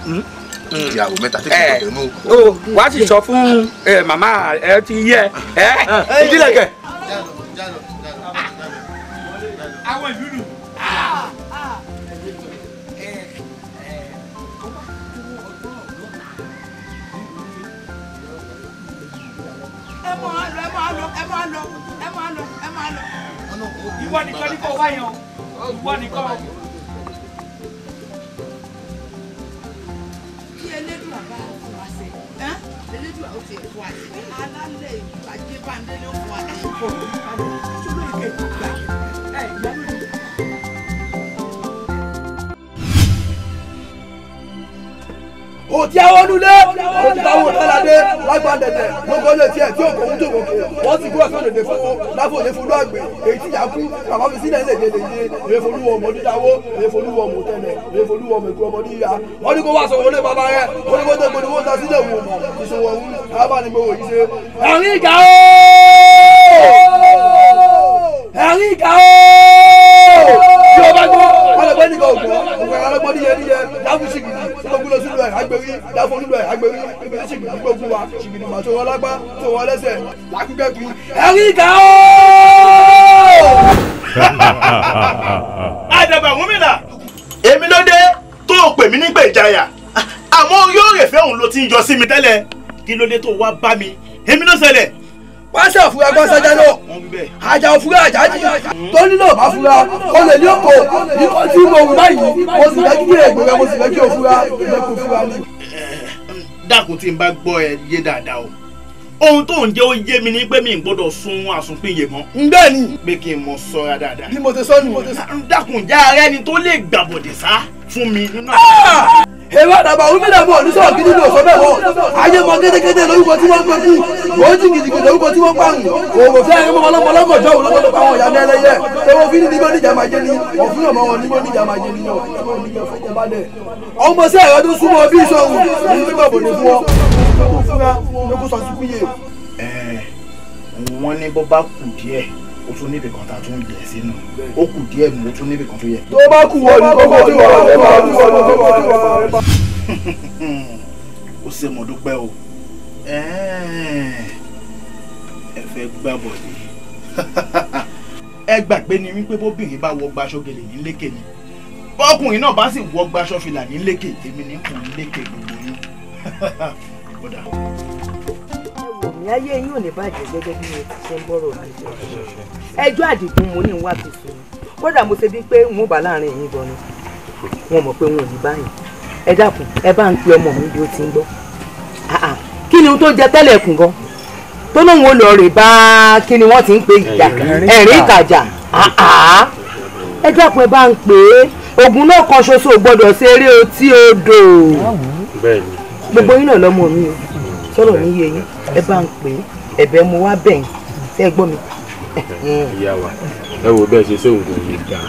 Hmm? di àwò mẹ́ta tí kìí gbọdọ̀ nù. o wàá sì sọ fún eh, màmá ẹ ti yẹ eh. Eh, ẹ ìdílé kẹ. ẹ máa lọ ẹ máa lọ ẹ máa lọ ìwọ nìkan ní kò wáyàn ìwọ nìkan. Hey. òtí àwọn onúlé òtí táwọn ọ̀táládé lágbàdẹ̀dẹ̀ gbogbo ilé tiẹ̀ tí òkò ń jòkó kè wọ́n ti gbọ́ ẹ̀fọ́n òde fún láfọ̀dé fún lọ́ọ̀gbẹ̀ èyí tí yàkú bàbá mi sílẹ̀ lè dèdè yé èfolúwọ̀ ọmọ dídáwó èfolúwọ̀ ọmọ tẹ̀lẹ̀ èfolúwọ̀ ọmọ èkó ọmọ níyà wọ́n ní kó wá sọ wọlé bàbá rẹ̀ wọ́n ní kó tó gbòdì wọ́n ta sílẹ̀ wò ìṣòwò ọ̀hún abánigbòwò yìí ṣe. ẹ̀rín ìkà ẹ̀rín ìkà tí o bá gbọ́ ọlọ́gbẹ́ nìkan ògùn ògùn ẹ̀rọ ọlọ́gbọ́n níyẹ níyẹ dáfún ṣìgbìdì ogun lọ sílùú ẹ̀ àgbèrí dáfún olúlọ ẹ̀ àgbèrí ibi tí ṣìgbìdì gbé ogun wa ṣìgbìdì mà tó wọn lágbá tó wọn lẹ́sẹ̀ lákúgbẹ́ kiri ẹ̀rí ìka ooo. àdàbà wúmìnà èmi ló dé tó o pè mí nígbà ìjayà àmọ́ yóò rè fẹ́ òun ló ti ń yọ sí mi tẹ́lẹ̀ kí ló dé tó wá bá mi èmi ló ṣẹlẹ̀ pàṣẹ òfurufú ẹgbẹ́ sọjá náà àjà òfurufú àjà jì tó nílò bá fura o lè ní òkò ní kò tí mo wù báyìí mo sì fẹ́ kí ègbò rẹ mo sì fẹ́ kí òfura lẹ́kọ̀ọ́ fura ni. dákun tí n bá gbọ́ ẹ yé dáadáa o ohun tó ń jẹ́ ó yé mi ni pé mi ò gbọ́dọ̀ sun àsunpìyè mọ́. ǹbẹ́ ni. pé kí n mọ sọ́ra dáadáa. ni mo ti sọ ni mo ti sọ. dákun já ara ẹni tó lè gbàbọ̀dẹ̀ sá fún mi nínú àgbà. Ah! èmi àdàbà òun mílẹ̀ mọ̀ oníṣòwò gidi ló sọ bẹ́ẹ̀ mọ̀ ayé mọ gédégédé lórúkọ tí wọ́n ń pè fún wọ́n ti gidigidi lórúkọ tí wọ́n ń pààrùn òwò fẹ́ ẹ̀rọ mọ́lọ́mọ́ lọ́gọ̀jọ́ òun lọ́gọ́dọ̀ pa àwọn ìyáná ẹlẹ́yẹ tẹ́wọ́ fi níbo níjà máa jẹ ní ọ̀fun ọmọ wọn níbo níjà máa jẹ ní ọmọ sí ẹ̀rọ tó súnmọ́ bí ìṣòwò ní mímọ̀ bò ní fún ọ wọ́n ní bó bá kù díẹ̀ ó tún níbi kan tá a tún yẹ sínú ó kù díẹ̀ nù ó tún níbi kan tó yẹ. tó bá kù wọ́n ní kókó tí wọ́n wọ́n wọ́n wọ́n wọ́n wọ́n wọ́n wọ́n. ó ṣe mo dúpẹ́ o ẹ fẹ́ gbá bọ̀dé ẹ gbàgbé ni wípé bóbìnrin bá wọ gbaṣọ gèlè ní lékè ni bọ́kùnrin náà bá sì wọ gbaṣọ fìlà ní lékè èmi ní kùn lékè gbogbo yín. ní ayé yín ò ní bàjẹ́ gẹ́gẹ́ bí mo ti ṣe ń bọ́rọ̀ mi jọ ẹjọ́ àdìgún mo ní ń wá tuntun ni kódà mo ṣe bí pé n ò bá láàrin yín gan ni wọn mọ̀ pé wọn ò ní báyìí ẹ dákun ẹ bá ń pe ọmọ mi bí ó ti ń gbọ́ kí ni tó jẹ tẹ́lẹ̀ kùn gan tó lóun ò lọ rè bá kí ni wọ́n ti ń pe ìjà ẹ̀rín ìkàjà ẹ dákun ẹ bá ń pè é ogun náà kan ṣoṣo gbọ́dọ̀ ṣeré otí odò gbogbo yín náà lọ́mọ mi o sọ̀rọ̀ ní iye yín ẹ bá ń pè é ẹ̀bẹ̀ mo wá bẹ̀yìn tẹ́ ẹ gbọ́ mi. ìyá wa ẹ wo bẹ́ẹ̀ ṣe sóhun kò yé gan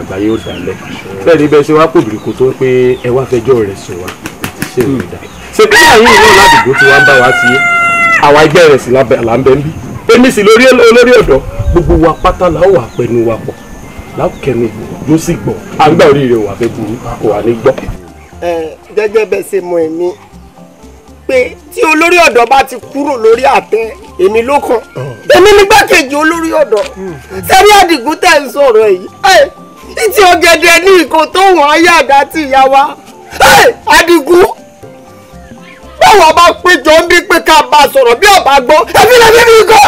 àgbáyé ó dalẹ̀ bẹ́ẹ̀ ni bẹ́ẹ̀ ṣe wá pòbìrì kò tó pé ẹ wá fẹjọ́ rẹ̀ sùn wá ṣé ò ní dá ṣe bí àyè ìlú ládùúgbò tí wọ́n bá wá sí àwa ẹgbẹ́ rẹ̀ sì là ń bẹ́ ń bí èmi sì lórí olórí ọ̀dọ́ gbogbo wa pátá la ó wà pẹnu wa pọ̀ lákẹ́ni yóò sì gbọ́ àgbà oríire wà fẹ́ burú kò wà ní gbọ́. ẹ gẹ́gẹ́ bẹ́ẹ̀ ṣe mọ èmi pé tí olórí ọ̀dọ́ bá ti kúrò lórí àtẹ èmi ló kàn èmi ní gbàkejì olórí ọ̀dọ́ sẹ́rí àdìgún tẹ̀ ń sọ̀rọ̀ yìí títí ọ̀gẹ̀dẹ̀ ní ìkó tó wọ́n yàgá tí ìyá wa àdìgún báwọn bá péjọ ń bí pé ká bá sọ̀rọ̀ bí ọ̀bá gbọ́ ẹbí lẹ́bí mi kọ́.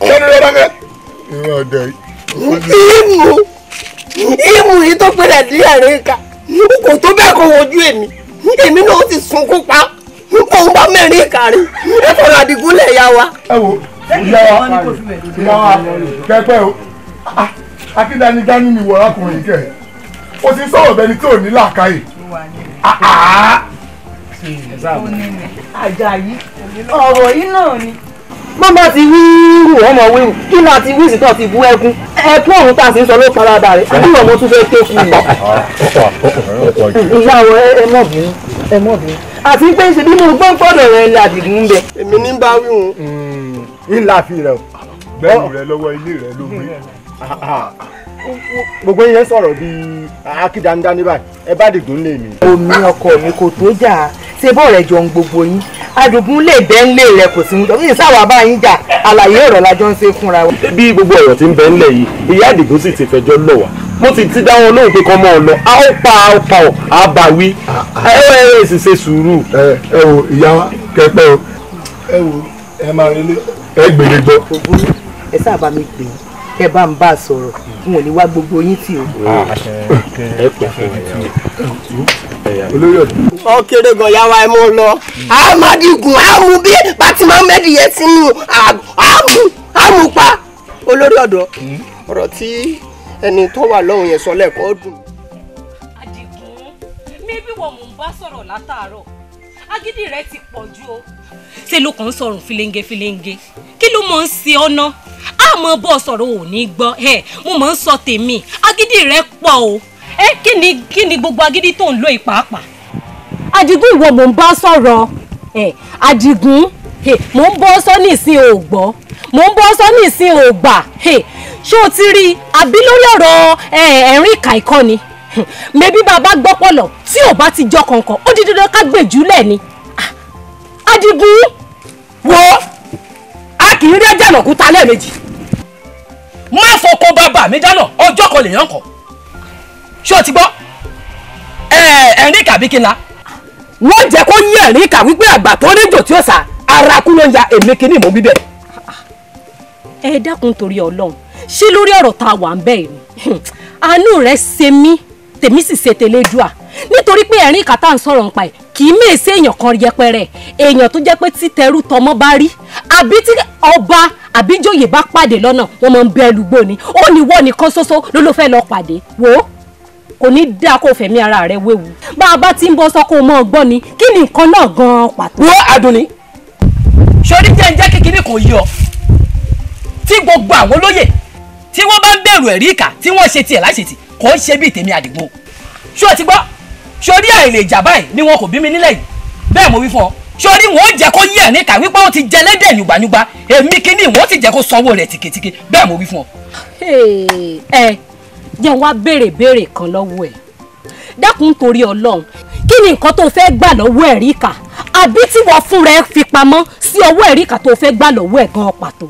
kẹ́ni ló ọ̀dọ́ yìí ìmù yìí tó pẹ̀lẹ́ ní ẹ̀rín ìka kò tó bẹ́ẹ̀ kó wojú èmi èmi náà ó ti sunkún pa òun bá mẹ́rin ìka rí ẹ fọlọ́ àdìgún lẹ̀ ya wa. ẹ wo ìyá wa ìyá wa pẹpẹ o ah, akíndani gani ni wọ́n arákùnrin kẹ o ti sọ̀rọ̀ bẹni tí ò ní làákàyè àjà ah, ah. ọ̀rọ̀ yìí náà ni má bá ti wíwù ọmọ wíwù kí náà ti wíìsì náà ti bú ẹkún ẹkún ọ̀hún tá a sì ń sọ ló fara balẹ̀ àbí ọmọ tún fẹ́ ké fún mi. ìyàwó ẹ mọ̀ bínú ẹ mọ̀ bínú àti pé ṣe bí mo gbọ́ gbọ́dọ̀ rẹ ni àdìgún ń bẹ. èmi ní bá wíwù. ńlá hmm, fi rẹ bẹ́ẹ̀ ni lọ́wọ́ ilé rẹ ló gbé gbogbo yẹn sọ̀rọ̀ bíi akídanda ní báyìí ẹ bá dìgún lè mí. omi ọkọ mi kò tó jà ṣe bọ́ọ̀ rẹ̀ jọ ń gbogbo yín adùnkún lè bẹ́ ń lé rẹ̀ kò sí mú jọ kí n sáwà bá yín jà àlàyé ọ̀rọ̀ la jọ ń ṣe fúnra wa. bí gbogbo ọ̀rọ̀ tí ń bẹ ńlẹ̀ yìí ìyá àdìgún sì ti fẹjọ́ lọ wá mo ti ti dá wọn lóhùn pé kọ́ mọ́ ọ lọ a ó pa ó pa ọ a bá wí ẹ ẹ ẹ sì ṣe sùúrù. ẹ ẹ wo ìyá kẹpẹ o ẹ wo ẹ máa relé ẹ gbèrè gbọ. ẹ sáà mi pè é kẹ bá ń bá a sọ̀rọ̀ n ò ní wá gbogbo yín tì o. ọ̀kẹ́rẹ́ gọ̀yà wa ẹ̀ mọ́ lọ. amadigun amu bí Fatima Ahmed yẹn ti mú amu amu pa olórí ọ̀dọ́ ọ̀rọ̀ tí ẹni tó wà lọ́hùn yẹn sọ lẹ́ẹ̀kọ́ dùn. àdìgún mébí wọn mò ń bá sọ̀rọ̀ látàárọ̀ agídí rẹ ti pọ̀ jù o. ṣé ló kàn ń sọ̀rùn filenge filenge kí ló mọ̀ ń ṣe ọ́nà àmọ́ bọ́ sọ̀rọ̀ ò ní gbọ́ ẹ mo máa ń sọ tèmi agídí rẹ pọ̀ o ẹ kí ni kí ni gbogbo agídí tó ń lò ìpàápàá. Adigun ìwọ mò ń bá sọ̀rọ̀ ẹ Adigun mò ń bọ́ sọ nísìn ò gbọ́ mò ń bọ́ sọ nísìn ò gbà ṣé o ti rí àbí lórí ọ̀rọ̀ ẹ̀rín ìkà ìkọ́ni mẹbí bàbá gbọ́pọ̀lọ̀ tí ò bá ti jọ kọ̀ọ̀kan ó di dandan ká gbèjúlẹ̀ ni Adigun ah, wo a kì í rẹ́jẹ̀ mọ̀kúta lẹ́ẹ̀mejì má fọkọ bàbá mi dáná ọjọ́ kan lèèyàn kọ ṣé o ti gbọ́ ẹ̀rín kàbí kí n la. wọ́n jẹ́ kó yí ẹ̀rín kà wípé àgbà tó níjò tí ó sà ara kú ló ń ya èmi kìíní mú bíbẹ̀. ẹ dákun torí Ọlọ́run ṣé lórí ọ̀rọ̀ tá a wà ń bẹ yìí àánú rẹ̀ ṣe mí tèmi sì ṣe tẹlẹ́dùà nítorí pé ẹ̀rín ìka tá à ń sọ̀rọ̀ nípa ẹ̀ kì í mèsè èèyàn kan yẹpẹrẹ èèyàn tó jẹ́ pé tí tẹrú tọmọ bá rí àbí tí ọba àbíjòyè bá pàdé lọ́nà wọ́n máa ń bẹ́ ẹlùgbò ni ó ní wọ́n nìkan ṣoṣo ló ló fẹ́ lọ pàdé wò ó kò ní dáa kó fẹ̀mí ara rẹ̀ wéwu bá a bá ti ń bọ́ sọ́kò mọ́ ọgbọ́n ni kí ni nǹkan náà gan-an pàtó. wọ́n Àdùnní sórí jẹ́njẹ́ kékeré kò yí ọ tí gbogbo àwọn olóyè tí wọ́n bá ń bẹ̀rù ẹ̀rí ìkà tí wọ́n ṣe tiẹ̀ láṣetì kò ń ṣe bíi tèmi Àdìgún ṣó o ti gbọ́ sórí àìlè jà báyìí ni wọn kò bí mi nílẹ̀ yìí bẹ́ẹ̀ mo wí fún ọ sórí wọn ò jẹ́ kó yí ẹ̀ níkà wípé ó ti jẹ lẹ́dẹ̀ nígbànígbà èmi kíní wọn ti jẹ́ kó sanwó rẹ̀ tìkìtìkì bẹ́ẹ̀ mo wí fún ọ. ẹ eh, jẹ́ wá béèrè béèrè kan lọ́wọ́ ẹ̀ dákun torí ọlọ́run kí ni nǹkan tó fẹ́ gbà lọ́wọ́ ẹ̀ríkà àbí tí wọ́n fún rẹ̀ fi pamọ́ sí ọwọ́ ẹ̀ríkà tó fẹ́ gbà lọ́wọ́ ẹ̀ gan-an pàtó.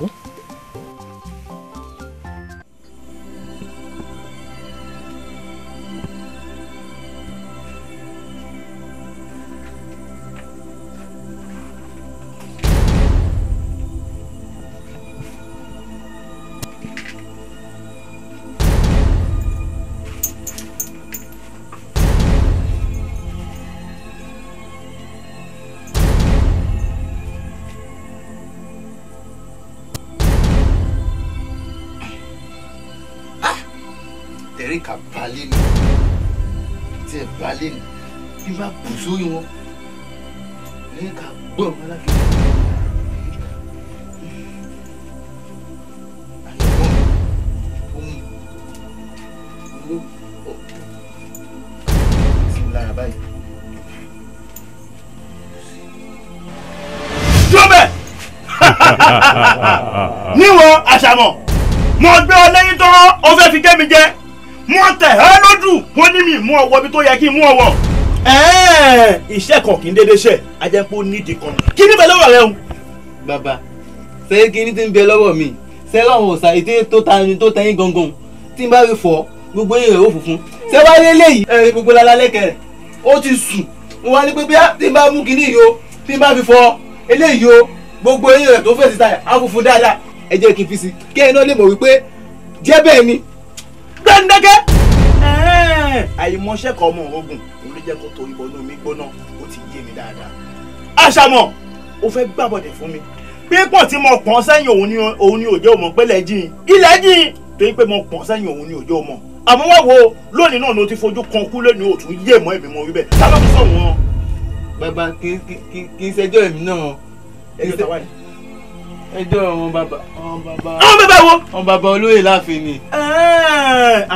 bá kù sórí wọn ní ká gbọ́ ọ̀rọ̀ alákìlẹ̀. níwọ̀n àṣàmọ̀ mo gbé ọ lẹ́yìn tán o fẹ́ fi kẹ́mi jẹ mo tẹ̀ ẹ́ lójú mo ní mi mú ọwọ́ bí tó yẹ kí n mú ọwọ́ iṣẹ́ kan kì í dédé ṣe ajẹ́pọ̀ nídìí kan kí ní bẹ lọ́wọ́ rẹ o. bàbá ṣé kí ní ti ń bẹ lọ́wọ́ mi ṣé láwọn òòsà ètè tó ta ẹni tó tẹyin gangan tí n bá rí fọ gbogbo yìí rẹ̀ ó funfun ṣé wàá lé léyìí. ẹ gbogbo lala lẹ́kẹ̀ ó ti sùn mo wá ní pé bíyà tí n bá mú kinní yìí o tí n bá fi fọ eléyìí o gbogbo yìí rẹ̀ tó fèsì táyà á funfun dáadáa ẹ jẹ́ kí n fi si kí ẹ náà lè jẹ́ kó torí bọnú mi gbóná ó ti yé mi dáadáa. àṣàmọ̀ o fẹ́ gbàbọ̀dẹ̀ fún mi pípọ̀ tí mo pọ̀n sẹ́yìn òun ni òjò mọ̀ pé lẹ́jìn ilẹ̀ jìn torí pé mo pọ̀n sẹ́yìn òun ni òjò mọ̀ àmọ́ wá wo lónìí náà ló ti fojú kan kú lónìí òtún yé mọ́ èmi mọ́ wíbẹ̀ tá ló fi sọ wọn. bàbá kì í ṣẹjọ́ èmi náà ẹjọ́ àwọn bàbá àwọn bàbá àwọn bàbá wo. àwọn bàbá olóyè láàfin ni.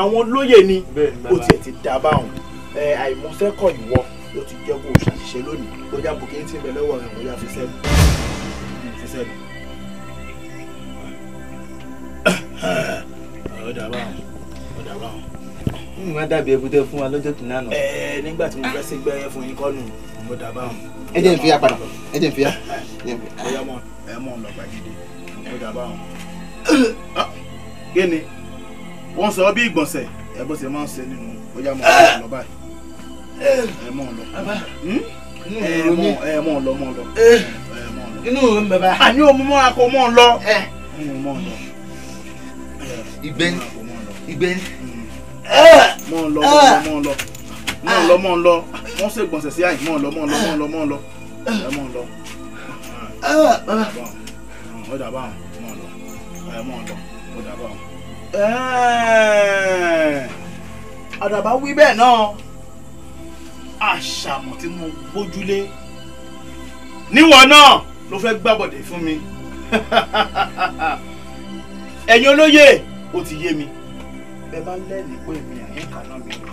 àwọn olóyè ni o tiẹ̀ ti dá báwọn àìmọ̀fẹ́ kọ̀ ìwọ ló ti jẹ́ kó o ṣàṣìṣe lónìí ó já bùkẹ́ ń tìbẹ̀ lọ́wọ́ rẹ̀ wọ́n yá fi sẹ́nu fi sẹ́nu. ọ̀dà báwọn ọ̀dà báwọn. nǹkan dàbí èbúté fún wa lọ́jọ́ kìnnà náà. ẹ nígbà tí mo fẹ́ sí gbẹ́rẹ́ fún yín kọ́nù ọ̀dà báwọn. ẹ jẹ́ n fi ya padà ẹ jẹ́ n fi ya. bóyá mọ ẹ mọ ọ̀nà gbàgede ọ̀dà báwọn. Ah, kí ni wọ́n sọ bí ìgbọ̀nsẹ̀ ẹ bó ṣe máa ń ṣe nínú bóyá mọ ọ̀nà báyìí ẹ hmm? eh, mọ̀ eh, lọ. ẹ mọ̀ ẹ mọ̀ lọ eh. mọ̀ lọ. inú rẹ ń bẹ̀rẹ̀. àní òun mọ́ra kó mọ̀ lọ. ìgbẹ́ni ìgbẹ́ni. mọ̀ lọ hmm. mọ̀ lọ mọ̀ lọ mọ̀ ah. lọ wọ́n ṣe gbọ̀nsẹ̀ sí àyè mọ̀ lọ mọ̀ lọ mọ̀ lọ mọ̀ lọ ẹ mọ̀ lọ. ó dà báwọn mọ̀ lọ ẹ mọ̀ lọ ó dà báwọn. àdàbà wí bẹ́ẹ̀ náà àṣàmọ̀ tí mo gbójúlé níwọ̀ náà ló fẹ́ gbàbọ̀dẹ̀ fún mi ẹ̀yin olóyè ó ti yé mi bẹ bá lẹ́ẹ̀lì pé mi àyín kaná mi ò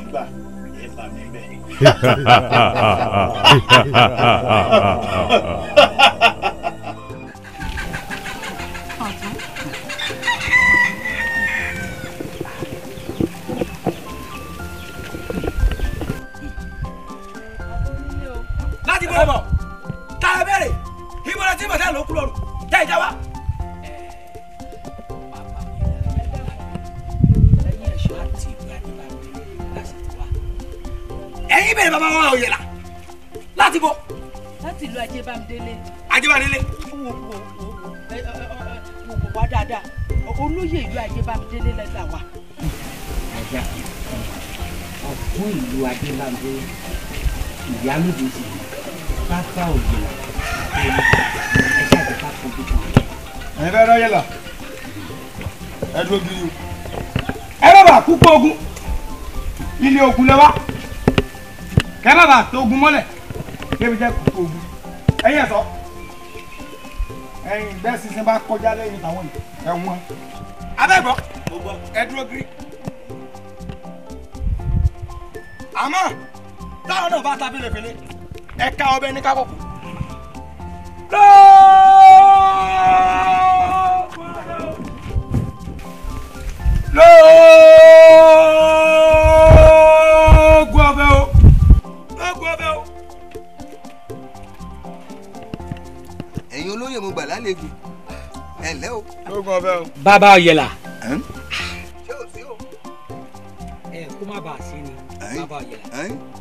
ẹ bá mi bẹ́ẹ̀. ẹ bọ̀ tá a bẹ̀rẹ̀ ìmọ̀ràn tí màtá ló kú lọ́rùn jẹ́ ìjà wa. ẹ̀yin bẹ̀rẹ̀ bàbá wa òye la láti bọ̀. láti ìlú ajébámdélé. ajébámdélé. wo wo wo wo wá dáadáa olóyè ìlú ajébámdélé lẹ́sà wa. ajá ọ̀tún ìlú ajébámdélé ìyálóde ti yìí pátá òjìlá ẹ̀ṣẹ̀ àti pápá òjìlá. ẹ̀yin fẹ́ ráyè là ẹ dúró gírí o. ẹ bá bàa kú pé ogun ilé ogun lẹ wá kẹ bá bàa tó ogun mọ́lẹ̀ débi jẹ́ kú pé ogun ẹ̀yin ẹ̀sọ́ ẹ̀yin bẹ́ẹ̀ sísìn bá kọjá lẹ́yìn ẹ̀ka ọbẹ̀ ní kákọ̀kọ̀. lóògùn ọbẹ̀ o lóògùn ọbẹ̀ o. ẹ̀yin olóyè mo gbà lálejò ẹ̀ lẹ́ o. lóògùn ọbẹ̀ o. bàbá ọ̀yẹ̀là. o sí o. ẹ kó má bàa sí ni bàbá ọ̀yẹ̀là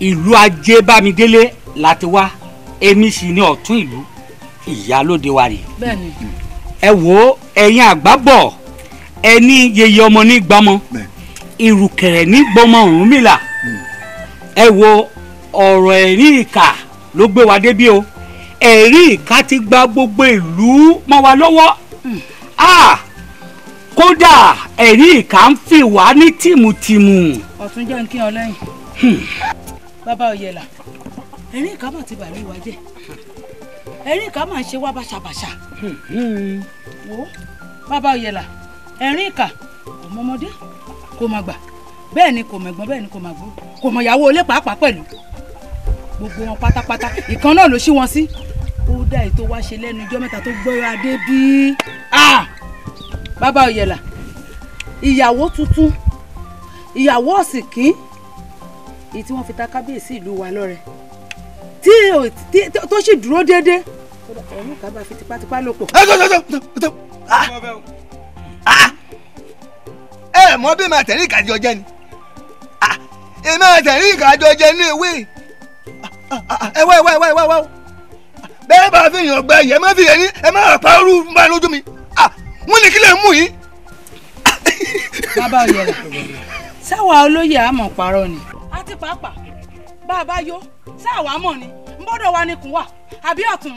ìlú Ajébámidélé láti wá èmi sì ní ọ̀tún ìlú ìyálóde wa rè. bẹ́ẹ̀ni. ẹ wo ẹ̀yin àgbà bọ̀ ẹ ní yeye ọmọ ní gbọmọ ìrùkẹ̀rẹ̀ ní gbọmọ Ọ̀rúnmìlà hmm. ẹ wo ọ̀rọ̀ ẹ̀rí ìkà ló gbé wa débí o ẹ̀rí ìkà ti gba gbogbo ìlú mọ́ wa lọ́wọ́ hmm. kódà ẹ̀rí ìkà ń fi wá ní tìmùtìmù. ọ̀tún jẹ́ kí ọ lẹ́yìn. Hmm bàbá òyẹlà ẹ̀rín ìka mà ti bàlú wa jẹ́ ẹ̀rín ìka mà ń ṣe wá bàṣàbàṣà hmm. wo bàbá òyẹlà ẹ̀rín ìka kò mọmọdé kò má gbà bẹ́ẹ̀ ni kò mẹ̀gbọ́n bẹ́ẹ̀ ni kò má gbó kò mọ̀ ìyàwó olé pàápàá pẹ̀lú gbogbo wọn pátápátá ìkan náà ló ṣí wọn sí ó dá ètò wá ṣe lẹ́nu ijọ́ mẹ́ta tó gbọ́ra dé bí bàbá òyẹlà ìyàwó tuntun ìyàwó ọ̀sìnkín èyí tí wọ́n fi ta kábíyèsí ìlú wa lọ́rẹ tí tó sì dúró déédéé ẹ̀mí kan bá fi tipátipá lò pọ̀. ẹ mọ bí màá tẹ̀lé ìkàjọ jẹ ni èmi àtẹ̀lé ìkàjọ jẹ ní ewé ẹ wá ẹ wá ẹ wá ẹ wá bẹ́ẹ̀ bá fi yàn gbẹ yẹ má fi yẹ ní ẹ má pa ooru bá lójú mi wọ́n ní kí lè mú yìí. bàbá òye rẹ̀ sáwọn olóyè àmọ̀ parọ́ ni àti pàápàá bá a bá yó ṣé àwa mọ̀ ni ń bọ́dọ̀ wa ni kùn wà àbí ọ̀tún.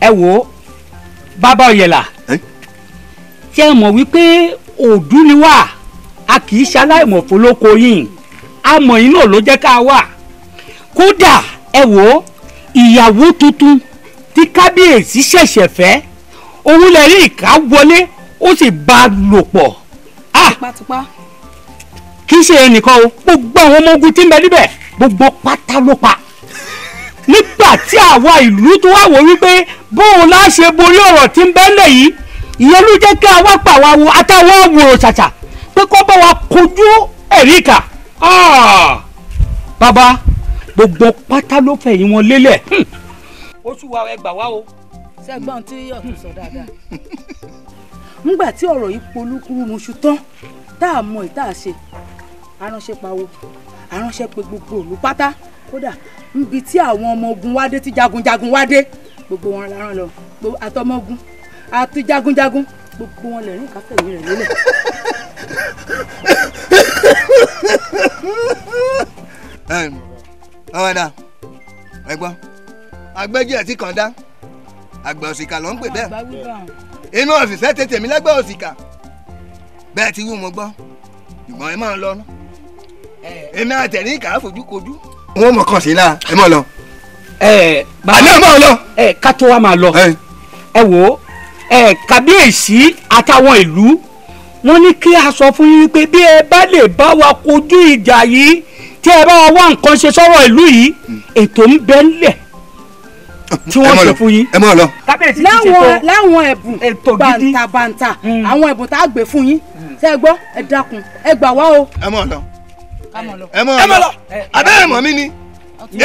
ẹ wo bàbá ọ̀yẹ̀là ṣé ẹ mọ̀ wípé òdú ni wà a kì í ṣaláìmọ̀ fọlọ́kọ yìí amọ̀ yìí náà ló jẹ́ ká wà kódà ẹ wo ìyàwó tuntun tí kábíyèsí ṣẹ̀ṣẹ̀ fẹ́ òun lè rí wọlé ó sì bá a lò pọ̀. Ah! tipátipá. Ah kì í ṣe ẹnìkan o gbogbo àwọn ọmọ ogun tí ń bẹ níbẹ̀ gbogbo pátá ló pa nígbà tí àwa ìlú tó wà wò wípé bóun la ṣe borí ọ̀rọ̀ tí ń bẹ ńlẹ̀ yìí ìyẹn ló jẹ́ kí àwa pa àwa wo àtàwọn àwòrò ṣàṣà pé kó bá wa kojú ẹ̀ríkà ah! bàbá gbogbo pátá ló fẹ̀yìn wọn lélẹ̀. Hmm. ó wa ẹ gbà o. sẹ́gbọ́n tí yóò tún sọ dáadáa. nígbà tí ọ̀rọ̀ yìí polúkúrú muṣu tán tá a mọ ìta ṣe aránṣẹ́ pawó aránṣẹ́ pé gbogbo òru pátá kódà níbi tí àwọn ọmọ ogun wá dé tí jagunjagun wá dé gbogbo wọn la rán lọ àtọmọ ogun àti jagunjagun gbogbo wọn lẹ̀rín káfẹ́yìn rẹ̀ lélẹ̀. ọmọ ẹ̀dá ẹ̀gbọ́n agbẹ́jì ẹ̀tí kan dá àgbà òsìkà ló ń pè bẹ́ẹ̀ inú ọ̀fìfẹ́ tètè mi lẹ́gbẹ́ òsìkà bẹ́ẹ̀ ti wú mo gbọ́ ìgbọ̀n ẹ máa ń lọ náà. Eh. iná tẹ̀rín kà á fojú kojú. wọn mọ kàn sí i la ẹ mọ lọ. ẹ eh, bàbá àná mọ lọ. ẹ eh, ká tó wa máa lọ ẹ wò ẹ kábíyèsí àtàwọn ìlú wọn ní kí a sọ fún yín pé bí ẹ bá lè bá wa kojú ìjà yìí tí ẹ bá wá nǹkan ṣe sọ̀rọ̀ ìlú yìí ètò ń bẹ ńlẹ̀ tí wọ́n ṣe fún yín. ẹ mọ̀ lọ. kábíyèsí ti ṣètò láwọn ẹ̀bùn bàǹtàbàǹtà hmm. àwọn ẹ̀bùn tá a gbé fún yín ṣé ẹ gbọ́ ẹ dákun ẹ gbà wá o. ẹ mọ̀ lọ ẹ mọ̀ lọ abẹ́ ẹ̀ mọ̀ mí ni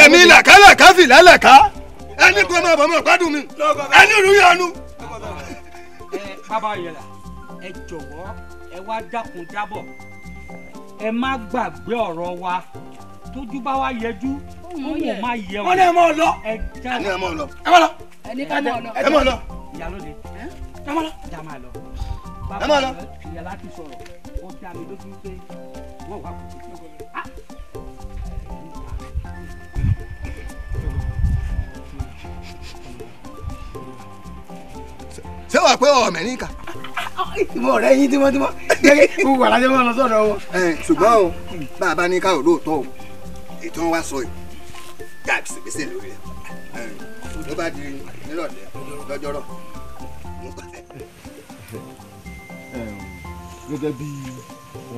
èmi làkàlàkà fi làlàkà ẹni kò máa bọ̀ gbádùn mi ẹni rú yanu. bàbá yẹlà ẹ jọ̀wọ́ ẹ wá dákun dábọ̀ ẹ má gbàgbé ọ̀rọ̀ wa tójú bá wa yẹjú òun ò má yẹ o. wọ́n ní ẹ lọ ẹ mọ̀ lọ ẹ mọ̀ lọ ẹ mọ̀ lọ ìyálóde ẹ mọ̀ lọ ẹ mọ̀ lọ bàbá yẹlà ti sọ̀rọ̀ ó dá mi lójú pé wọ́n ṣé wàá pé ọmọ ẹni kà. ìmọ̀ rẹ̀ yín tímọ́tímọ́ gẹ́gẹ́ mo wà lájọ́ mọ́ lọ sọ́dọ̀ wọn. ṣùgbọ́n o bàbá ní ká òlóòótọ́ o ètò wọn wá sọ yìí gáàbì sì lórí ẹ ló bá di nírọ̀lẹ́ lọ́jọ́rọ̀ mo gbà. gẹ́gẹ́ bíi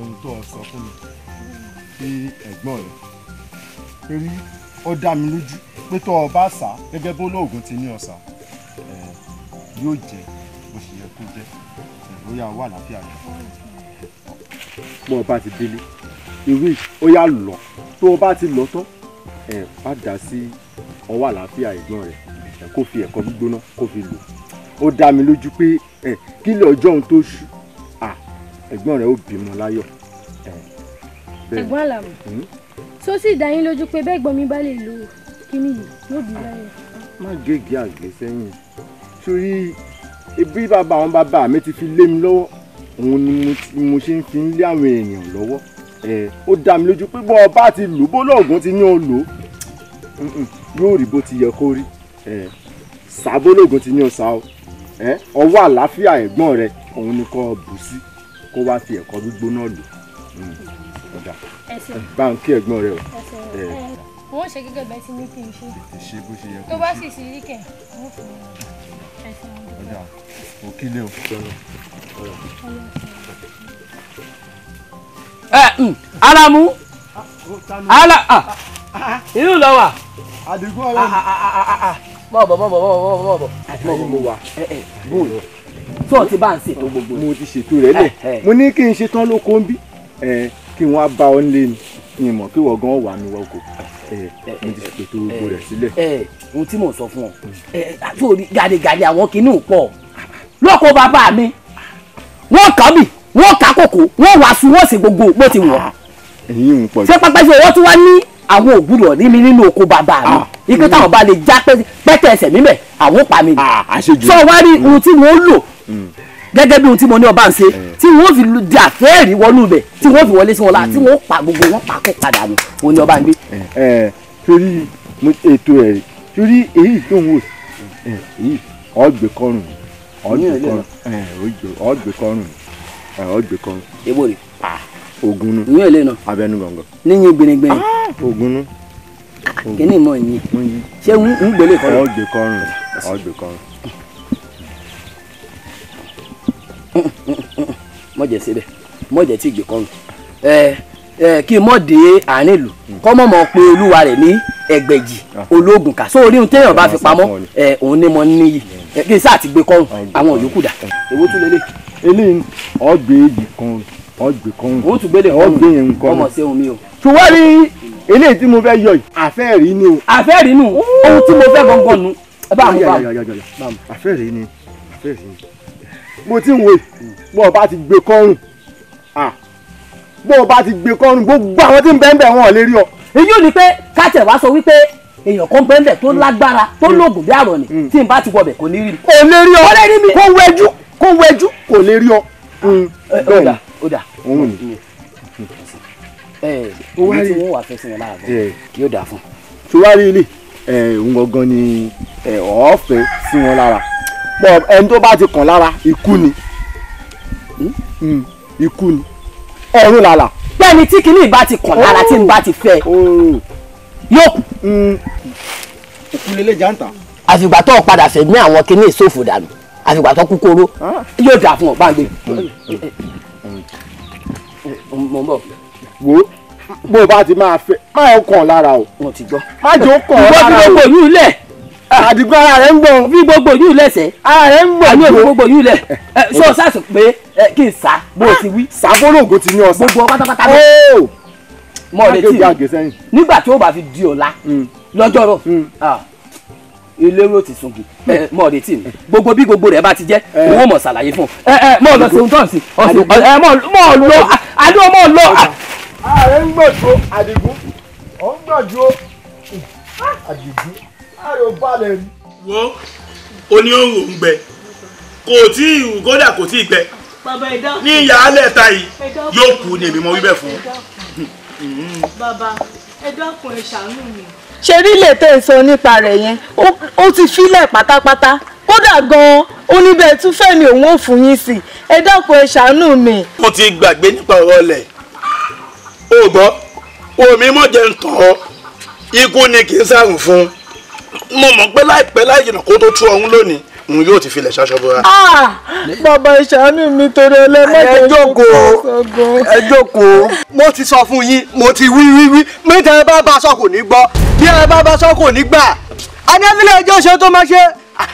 ohun tó sọ fún mi pé ẹ̀gbọ́n rẹ̀ torí ó dá mi lójú pé tó o bá sá gẹ́gẹ́ bó lóògùn ti ní ọ̀sà yóò jẹ bó ṣe yẹ kó jẹ ìrora wà láfíà rẹ bó o bá ti délé ewé ó yá lọ tó o bá ti lọ tán ẹ bá dá sí ọwọ́ àlàáfíà ẹ̀gbọ́n rẹ̀ kó fi ẹ̀kọ́ gbígbóná kó fi lò ó dá mi lójú pé kílẹ̀ ọjọ́ ohun tó ṣù ẹ̀gbọ́n rẹ̀ ó bímọ láyọ̀. ẹ̀gbọ́n àlàmù tó hmm? sì dá yín lójú pé bẹ́ẹ̀ gbọ́n mi bá lè lo kíní yìí yóò bí láyọ̀. má gègé àgbẹ̀ sẹ́yìn sórí ibi bàbá àwọn bàbá mi ti fi lé mi lọ́wọ́ òun ni mo ṣe ń fi lé àwọn èèyàn lọ́wọ́ ó dá mi lójú pé bọ́ ọ bá ti lù bó lóògùn ti ní o lò ó yóò rí bó ti yẹ kó rí sàbólógún ti ní o sá o ọwọ́ àlàáfíà ẹ̀gbọ́n rẹ òun ni kò bù sí kó wá fi ẹ̀kọ́ gbígbóná lò hmm. bá ń kí ẹ̀gbọ́n rẹ o. wọ́n ṣe gẹ́gẹ́ bẹ́ẹ̀ tí ní kí n ṣe. ṣe bó ṣe yẹ kó ṣe. tó bá sì sí ríkẹ̀ wọ́n fún mi. ọjà òkìlẹ òkìlẹ. ẹ hmm, alamu ala ah, inú lọ wà. àdìgún ọlọ́run. mọ̀ bọ̀ mọ̀ bọ̀ mọ̀ bọ̀ mọ̀ bọ̀. àti mọ̀ bọ̀ mọ̀ wà. bóòlù tí wọ́n ti bá ń ṣètò gbogbo rẹ̀. mo ti ṣètò rẹ̀ lẹ̀ eh, eh. mo ní kí n ṣe tán lóko ń bí eh, kí wọ́n bá ọ nílé ni ìmọ̀ kí wọ́n gan wà mí wọ́kọ̀ mo ti ṣètò gbogbo rẹ̀ sílẹ̀. ohun tí mò ń sọ fún ọ àtòrí gàdégàdé àwọn kìnnìún pọ̀ lọ́kọ̀ bàbá mi wọ́n kà mí wọ́n kà kòkó wọ́n wàásù wọ́n sì gbogbo bó ti wọ̀. èyí ah, ń pọ̀ jù. ṣé pápá ṣe wọ́n tún ní àwọn ògbúdọ̀ ní mi nínú oko bàbá mi ah, ike táwọn bá lè já pẹ́tẹ́ ẹsẹ̀ mímẹ̀ àwọn pa mi. sọ ah, wá rí ohun tí wọ́n lò gẹ́gẹ́ bí ohun tí mo ní ọba ń ṣe mm. tí wọ́n fi di àfẹ́ẹ̀rí wọnú ibẹ̀ tí wọ́n fi wọlé sí wọn la tí mm. wọ́n pa gbogbo wọn pa kó padà ni òun ni ọba ń gbé. ẹ eh, torí eh, ètò ẹ torí èyí tó ń wò eh, èyí ọgbẹ kọrùn ọgbẹ kọrùn ọgbẹ kọrùn ọgbẹ kọrùn. ebo rè ogunu ìwé ilé náà abẹnú gbọngàn. níyìn gbinigbini. Ah, ogunu. kí ni mo yin ṣé ń gbélé kọrùn. ọgbẹ kọrùn ọgbẹ kọrùn. mọ̀jẹ̀ síbẹ̀ mọ̀jẹ̀ tí ìgbè kọ́run ẹ ẹ kí n mọ̀ dé àárín ìlú kọ́mọ̀ mọ̀ pé olúwa rẹ̀ ní ẹgbẹ̀jì ah. ológun kà sórí ohun téèyàn bá fi pamọ́ ẹ òun ni mo níyì kí n sáà ti gbé kọ́run àwọn yòókù dà èwo tún lélẹ̀. eléyìí ọgbẹ èjì kan ọgbẹ kan o tún gbélé ọgbẹ yẹn nǹkan ọmọ sí ohun o. ṣùgbọ́n ní eléyìí tí mo fẹ́ yọ yìí àfẹ́ rí ni o. àfẹ́ rí nu ohun tí mo fẹ́ gangan nu. ẹ bá mi bá mi. àfẹ́ rí ni àfẹ́ rí ni mo ti ń wò bó o bá ti gbé kọ́rùn bó o bá ti gbé kọ́rùn gbogbo àwọn tí ń bẹ́ẹ̀ bẹ́ẹ̀ wọn lè rí ọ. èyí ò ní pé káàtẹ̀ wá sọ wípé èèyàn kan bẹ́ẹ̀ bẹ́ẹ̀ tó lágbára tó hmm. lóògùn bí àrọ̀ ni hmm. tí n bá ti wọbẹ̀ kò ní rí mi. kò lè rí ọ kò lè rí mi kò wẹjú kò wẹjú kò lè rí ọ. ọ̀dà hmm. ah, eh, eh, ọ̀dà òun ni eh, owó tí wọ́n wà fẹ́ sí wọn láàbọ̀ yóò dà fún. tiwari ilé òun gangan ni ọ̀ọ́fẹ́ sí wọn lára pọ̀ ẹni tó bá ti kàn lára ikú ni hmm? Hmm. ikú ni ọ̀run làlà. bẹ́ẹ̀ni tí kinní ìbá ti kàn lára tí n bá ti fẹ́ oh. Oh. yóò kù. Hmm. òkú lélẹ̀ jàǹtà. àfìgbà tó padà fẹ̀mí àwọn kinní ìsòfò dànù àfìgbà tó kú kóró ah. yóò dà fún ọ báńgbé. mo ń bọ̀. wo bó o bá ti máa fẹ́ máa kàn lára o. mo ti gbọ́. má jò kàn lára o. ìwọ́n ti lọ pẹ̀lú ilẹ̀ àdìgbò ara rẹ̀ ń gbọ̀n. bí gbogbo yìí lẹ̀sẹ̀. ara rẹ̀ ń gbọ̀n. àní òfin gbogbo yìí lẹ̀. sọ sàṣù pé kí n sá bó o ti wí. sàfólógo ti ní ọ̀sán. gbogbo pátápátá lọ. mọ létí rẹ nígbà tí ó bá fi di ọ̀la hmm. lọ́jọ́rọ̀ elérò hmm. ti sunbi hmm. mọ létí mi gbogbo bí gbogbo rẹ bá ti jẹ eh. owó mọ ṣàlàyé fún un mọ lọ sí ohun tó ń sìn mọ lọ àdúrà mọ lọ. ààrẹ ń gbọ̀jú àdìgún ọ̀ ń gbọ̀jú àdìgún ayò balẹ̀ ni. wo oní òun ń gbẹ kò tí ì wù kódà kò tí ì gbẹ ní ìyáálẹ̀ ta yìí yóò kú ni èmi mọ wíbẹ̀ fún. bàbá ẹ dákun ẹ ṣàánú mi. ṣe rí lè tẹ̀ sọ nípa rẹ̀ yẹn ó ti filẹ̀ pátápátá kódà gan-an ó ní bẹ́ẹ̀ tún fẹ́mi òun ò fún yín sí ẹ dákun ẹ ṣàánú mi. mo ti gbàgbé nípa ọ̀rọ̀ lẹ̀ o gbọ́ omi mọ̀jẹ̀ ń tàn ọ́ ikú ni kì í sàrùn fún un mo mọ̀ pé láìpẹ́ láì jìnnà kó tó tú ọ̀hún lónìí òun yóò ti filẹ̀ ṣaṣọ bora. Ah, bàbá ìṣàánú mi torí ẹlẹ́mọ̀tò ẹ jókòó ẹ jókòó. mo ti sọ fún yín mo ti wí wí wí mẹ́ta ẹ bá bá sọ kò ní gbọ́ bí ẹ bá bá sọ kò ní gbà. adébílẹ̀ ẹjọ́ ṣe tó máa ṣe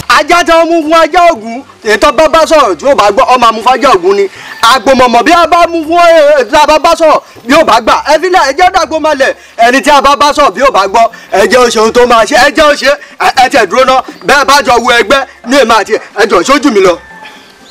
ajá tí wọ́n mú fún ajá ògún ètò bábá sọ̀rọ̀ tí yóò bá gbọ́ ọmọ amúfún ajá ògún ni agbomọ̀mọ̀ bí a bá mú fún ètò eh, eh, bábá sọ̀rọ̀ yóò bá gbà ẹfílẹ̀ ẹjẹ́ dàgbò malẹ̀ ẹni tí a bá bí yóò bá gbọ́ ẹjẹ́ o tó máa ṣe ẹjẹ́ o ṣe dúró náà bẹ́ẹ̀ bá jọ wo ẹgbẹ́ ní èmi àti ẹjọ́ sójú mi lọ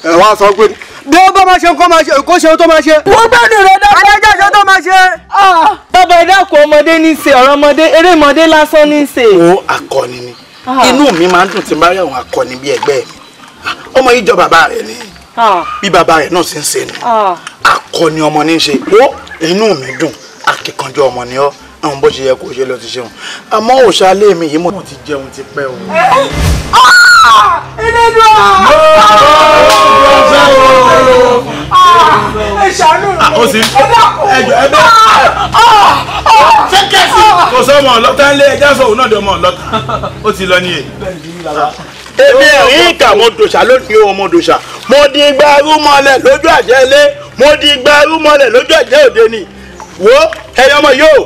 ẹ wá sọ pé bí ó bá máa ṣe nǹkan máa ṣe kó ṣe ohun tó máa ṣe. wọ́n bẹ́ẹ̀ ni rẹ̀ adájọ́ ṣe tó máa ṣe. Ah. bàbá ẹ ọmọdé ní í ṣe ọ̀rọ̀ ọmọdé eré ọmọdé lásán ní í ṣe. ó akọni ni. Ah. inú mi máa ń dùn tí n bá rí àwọn akọni bí ẹgbẹ́ mi ọmọ yìí jọ bàbá rẹ̀ ni ah. bí bàbá rẹ̀ náà ṣe ń ṣe ni ah. akọni ọmọ ní í ṣe ó inú mi dùn akíkanjú ọmọ ni ọ àwọn bó ṣe yẹ kó ṣe lọ ti ṣeun àmọ́ òṣàlẹ́ mi yìí mo ti jẹun ti pẹ́ o. Eh, eh kò sọ ọmọ ọlọ́ta ń lé ẹjá sọ òun náà di ọmọ ọlọ́ta ó ti lọ nìyẹn. èmi ẹ̀rí ìkà mo dòṣà lónìí o mo dòṣà mo di igba rúmọlẹ̀ lójú àjẹ́ ilé mo di igba rúmọlẹ̀ lójú àjẹ́ òde ni wo ẹ̀yọ́mọ yóò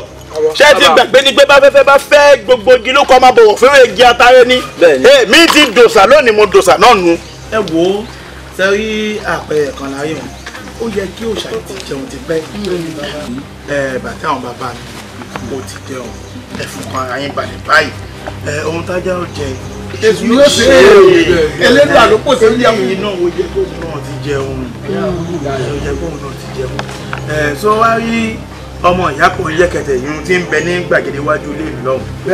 ṣé ẹ ti gbàgbé ni pé bá fẹ́fẹ́ bá fẹ́ gbogbo igi ló kọ́ máa bọ̀wọ̀ fẹ́rẹ̀ igi atare ni mi ti dòṣà lónìí mo dòṣà náà nu. ẹ wo ṣe rí àpẹẹrẹ kan láyé wọn ó yẹ kí òòṣà ti jẹun ti pẹ́ ẹ bàtà àwọn bàbá mi ó ti jẹun ẹ fún kan ara yín balẹ̀ báyìí ẹ ohun tájà ó jẹ èsù yóò ṣe é ẹlẹ́dàá ló pòṣè ní àwọn yìí náà ó yẹ náà ti jẹun ó yẹ kóun náà ti jẹun ẹ sọ wá rí ọmọ ìyá kò ń yẹ̀kẹ̀tẹ̀ irun tí ń bẹ ní gbàgede iwájú ilé mi lọ́hùn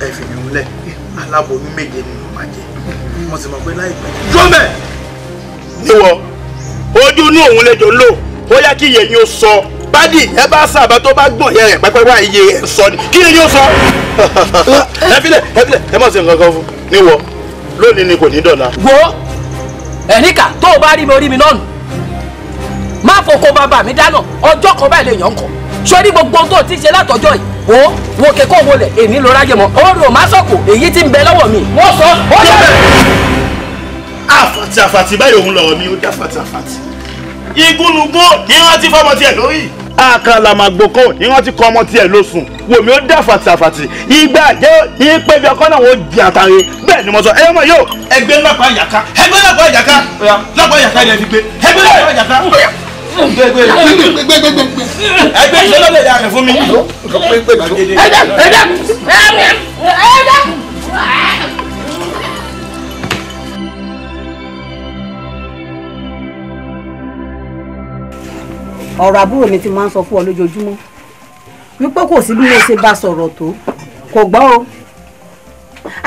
ẹ fi irun lẹ̀ aláboyún méje ni mo máa jẹ mm-hmm. mo sì mọ̀ pé láìpẹ́. jọ́mẹ̀ níwọ ojú inú òun lẹjọ ń lò ó yá kí yẹn yóò sọ bádì ẹ bá sábà tó bá gbọ̀n yẹn rẹ̀ pẹ́pẹ́ wá iye ẹ̀ sọ ni kí yẹn yóò sọ. ẹ filẹ̀ ẹ filẹ̀ ẹ mọ̀ sí nǹkan kan fún níwọ lónìí ni kò ní dọ̀la. wo ẹ̀ríkà tó o bá rí mi orí mi lọ́nu má fọkọ bàbá mi dáná ọjọ́ kan báyìí lè yàn kọ́ sórí gbogbo tó ti ṣe látọjọ́ yìí wo wo kẹkọ wo lẹ èmi ló ráyè mọ ó rò má sọkò èyí tí ń bẹ lọ́wọ́ mi. wọ́n sọ ó yẹ bẹ́ẹ̀. àfàtì àfàtì báyìí òun lọ̀rọ̀ mi ó dé àfàtì àfàtì. igúnnugún ni wọ́n ti fọmọ tiẹ̀ lórí. àkàlàmàgbòkò ni wọ́n ti kọ ọmọ tiẹ̀ lóṣùn wòmí ó dé àfàtì àfàtì ìgbà jẹ́ ìpè bí ọkọ náà wọ́n di àtàrí bẹ́ẹ̀ ni mo sọ ẹ ọmọ yóò. ẹgbẹ́ lápá yàká ẹgbẹ́ lápá yàká lápá yàká ni ẹ gbẹgbẹ ẹgbẹ iṣẹ lọdẹ ya rẹ fún mi. ẹdá ẹdá ẹdá. ọ̀rọ̀ àbúrò mi ti máa ń sọ fún ọ lójoojúmọ́ wípé kò sí bí mo ṣe bá sọ̀rọ̀ tó kò gbọ́ o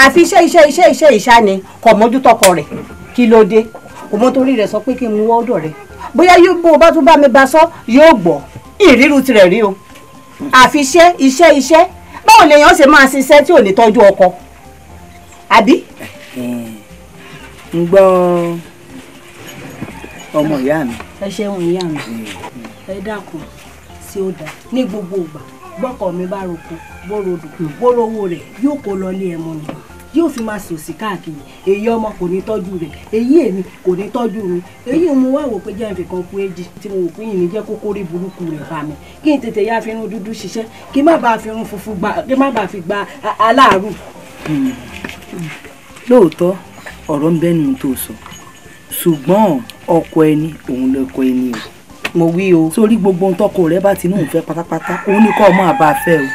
àfi iṣẹ́ iṣẹ́ iṣẹ́ iṣẹ́ ìṣá ni kò mójútọ́kọ rẹ̀ kí ló dé kò mọ́ torí rẹ̀ sọ pé kí n mú wọ́ọ́dọ̀ rẹ̀ bóyá bó o bá tún bá mi bá sọ yóò gbọ́ ìrírú tirẹ̀ rí o àfi iṣẹ́ iṣẹ́ iṣẹ́ báwo lèèyàn ṣe máa ṣiṣẹ́ tí ò ní tọ́jú ọkọ àbí. ń gbọ́ ọmọ ìyá mi. ẹ ṣeun ìyá mi ẹ dákun tí ó dáa ní gbogbo ìgbà gbọ́kọ̀ mi bá roko bó rodò bó rówó rẹ̀ yóò kó lọ ilé ẹ̀mọ́ nìyẹn yóò fi máa sòsì káàkiri èyí ọmọ kò ní tọ́jú rẹ̀ èyí èmi kò ní tọ́jú mi èyí mo wá wò pé jẹ́ nfìkan kú èjì tí mo wò pé yìnyín jẹ́ kókó rí burúkú rẹ̀ bá mi kí n tètè yá fírun dúdú ṣiṣẹ́ kí má bàa fírun funfun gba kí má bàa fi gba aláàrù. lóòótọ́ ọ̀rọ̀ ń bẹ́nu tó sọ ṣùgbọ́n ọkọ ẹni òun lọkọ ẹni o mo wí o sórí gbogbo ohun tọkọ rẹ bá ti ní òun fẹ́ pátápátá òun ní kọ́ ọmọ àbá o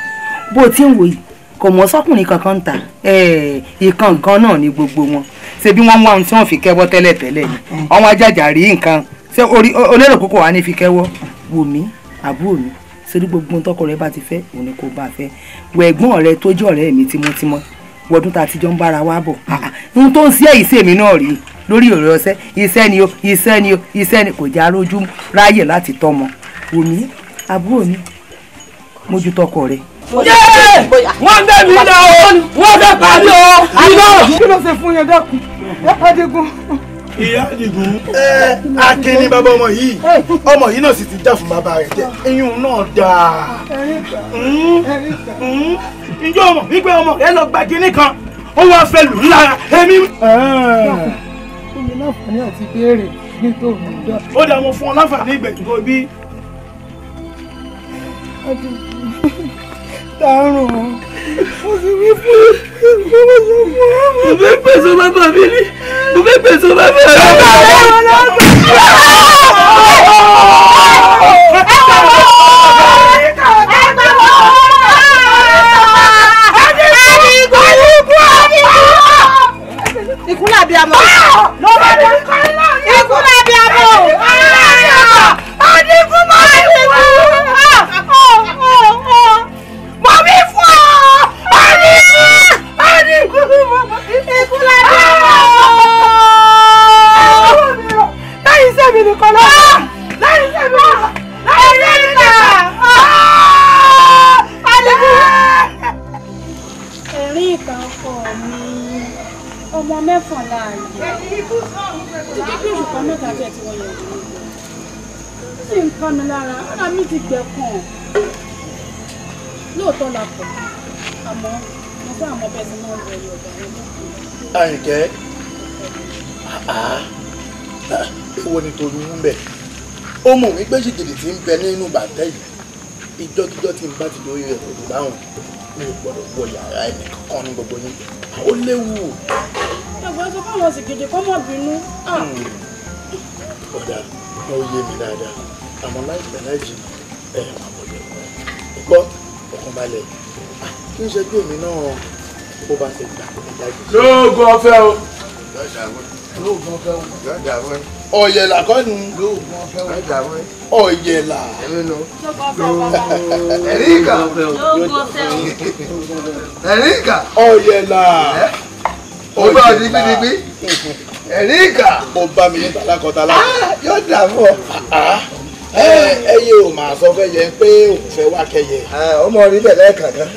bó o ti ń wòye kò mọ sọkùnrin kankan ta ìkan nǹkan náà ni gbogbo wọn ṣe bí wọn wá ohun tí wọn fi kẹwọ tẹ́lẹ̀ tẹ́lẹ̀ ni ọwọn ajájà rí nǹkan ṣé orí olérò kókó wa ní fi kẹwọ wò mí àbúrò mi sórí gbogbo ohun tọkọ rẹ bá ti fẹ́ òun ni kò bá fẹ́ wọ ẹ̀gbọ́n rẹ tó jẹ́ ọ̀rẹ́ mi tímọ́tímọ́ wọdún tá a ti jọ ń bára wa bọ̀ ah, ah, ohun tó ń ṣe èyí sèmi náà rí lórí ọ̀rẹ́ ọsẹ iṣẹ́ ni o iṣẹ́ ni o iṣẹ́ ni kò já rójú ráyè láti tọmọ wò mí àbúrò mi mójútọkọ rẹ wọ́n dẹ̀ mí lọ o wọ́n dẹ̀ parí o iná. kí ló ṣe fún yẹn dákun ẹ Adigun. ìyá Adigun. ẹ akin ni bàbá ọmọ yìí ọmọ yìí náà sì ti jà fún bàbá rẹ̀ jẹ eyín náà dáa. njẹ́ hmm? hmm? ọmọ gbígbé ọmọ rẹ lọ gba kinní kan ó wá fẹ́ lù ú lára èmi. fún mi láǹfààní àti béèrè nítorí ìdá. ó dà mo fún ọ láǹfààní ìgbẹ̀jú tó bí dáràn mo sì wí fún ìgbésẹ̀ fún ọmọ. mo fẹ́ gbèsè bàbá mi ni mo fẹ́ gbèsè bàbá mi. bàbá mi ò lọ bá dé ìkúnlẹ̀ kọ́ lọ́wọ́. lẹ́yìn sẹ́mi lẹ́yìn sẹ́mi kà alibu. ẹ̀rín ìkà ọkọ mi ọmọ mẹ́fà láàyè títí bí oṣù kan mẹ́ta tẹ̀ tí wọ́n yẹ kí ó sì ń kán mi lára ara mi ti gbẹ kàn lóòótọ́ la pọ̀ àmọ́ mo fẹ́ àwọn ọbẹ̀ tí wọ́n ń lọ yọ̀ọ̀dà rẹ̀ lọ́kùnrin. àyìnkẹ́ àá owó ni tolú ń bẹ̀ ó mọ̀ wípé ṣìgìdì tí ń bẹ nínú bàtẹ́ yìí ìjọ́kíjọ́ tí n bá ti lórí rẹ̀ kò dáhùn mi ò gbọ́dọ̀ wọ yàrá ẹnì kankan ní gbogbo yín ó léwu. ẹ̀gbọ́n sọ fáwọn ṣìgìdì kọ́ mọ̀ bínú. Hmm. ọ̀dà ó yé mi dáadáa àmọ́ láìpẹ́ láì jìnnà ẹ̀ máa bọ̀ lẹ́kọ̀ọ́ gbọ́ ọkàn balẹ̀ kí n ṣe bí èmi náà bó bá ṣe gbà. lóògùn ọ̀fẹ́ o lóògùn ọ̀fẹ́ wò. lọ́dà wẹ́. ọ̀yẹ̀là kọ́ nu. lóògùn ọ̀fẹ́ wò. lọ́dà wẹ́. ọ̀yẹ̀là. ẹ̀mínú. ẹ̀rí ìkà. lóògùn ọ̀fẹ́ wò. ẹ̀rí ìkà. ọ̀yẹ̀là. ọgbà òdìgbìdìgbì. ẹ̀rí ìkà. mo bá mi níta lákọ̀tàlá. Ah, yóò dà fún ọ ẹyẹ ò máa sọ fẹ yẹ pé òun fẹ́ wá kẹyẹ. ọmọ ah, rí bẹ̀ lẹ́ẹ̀kan kan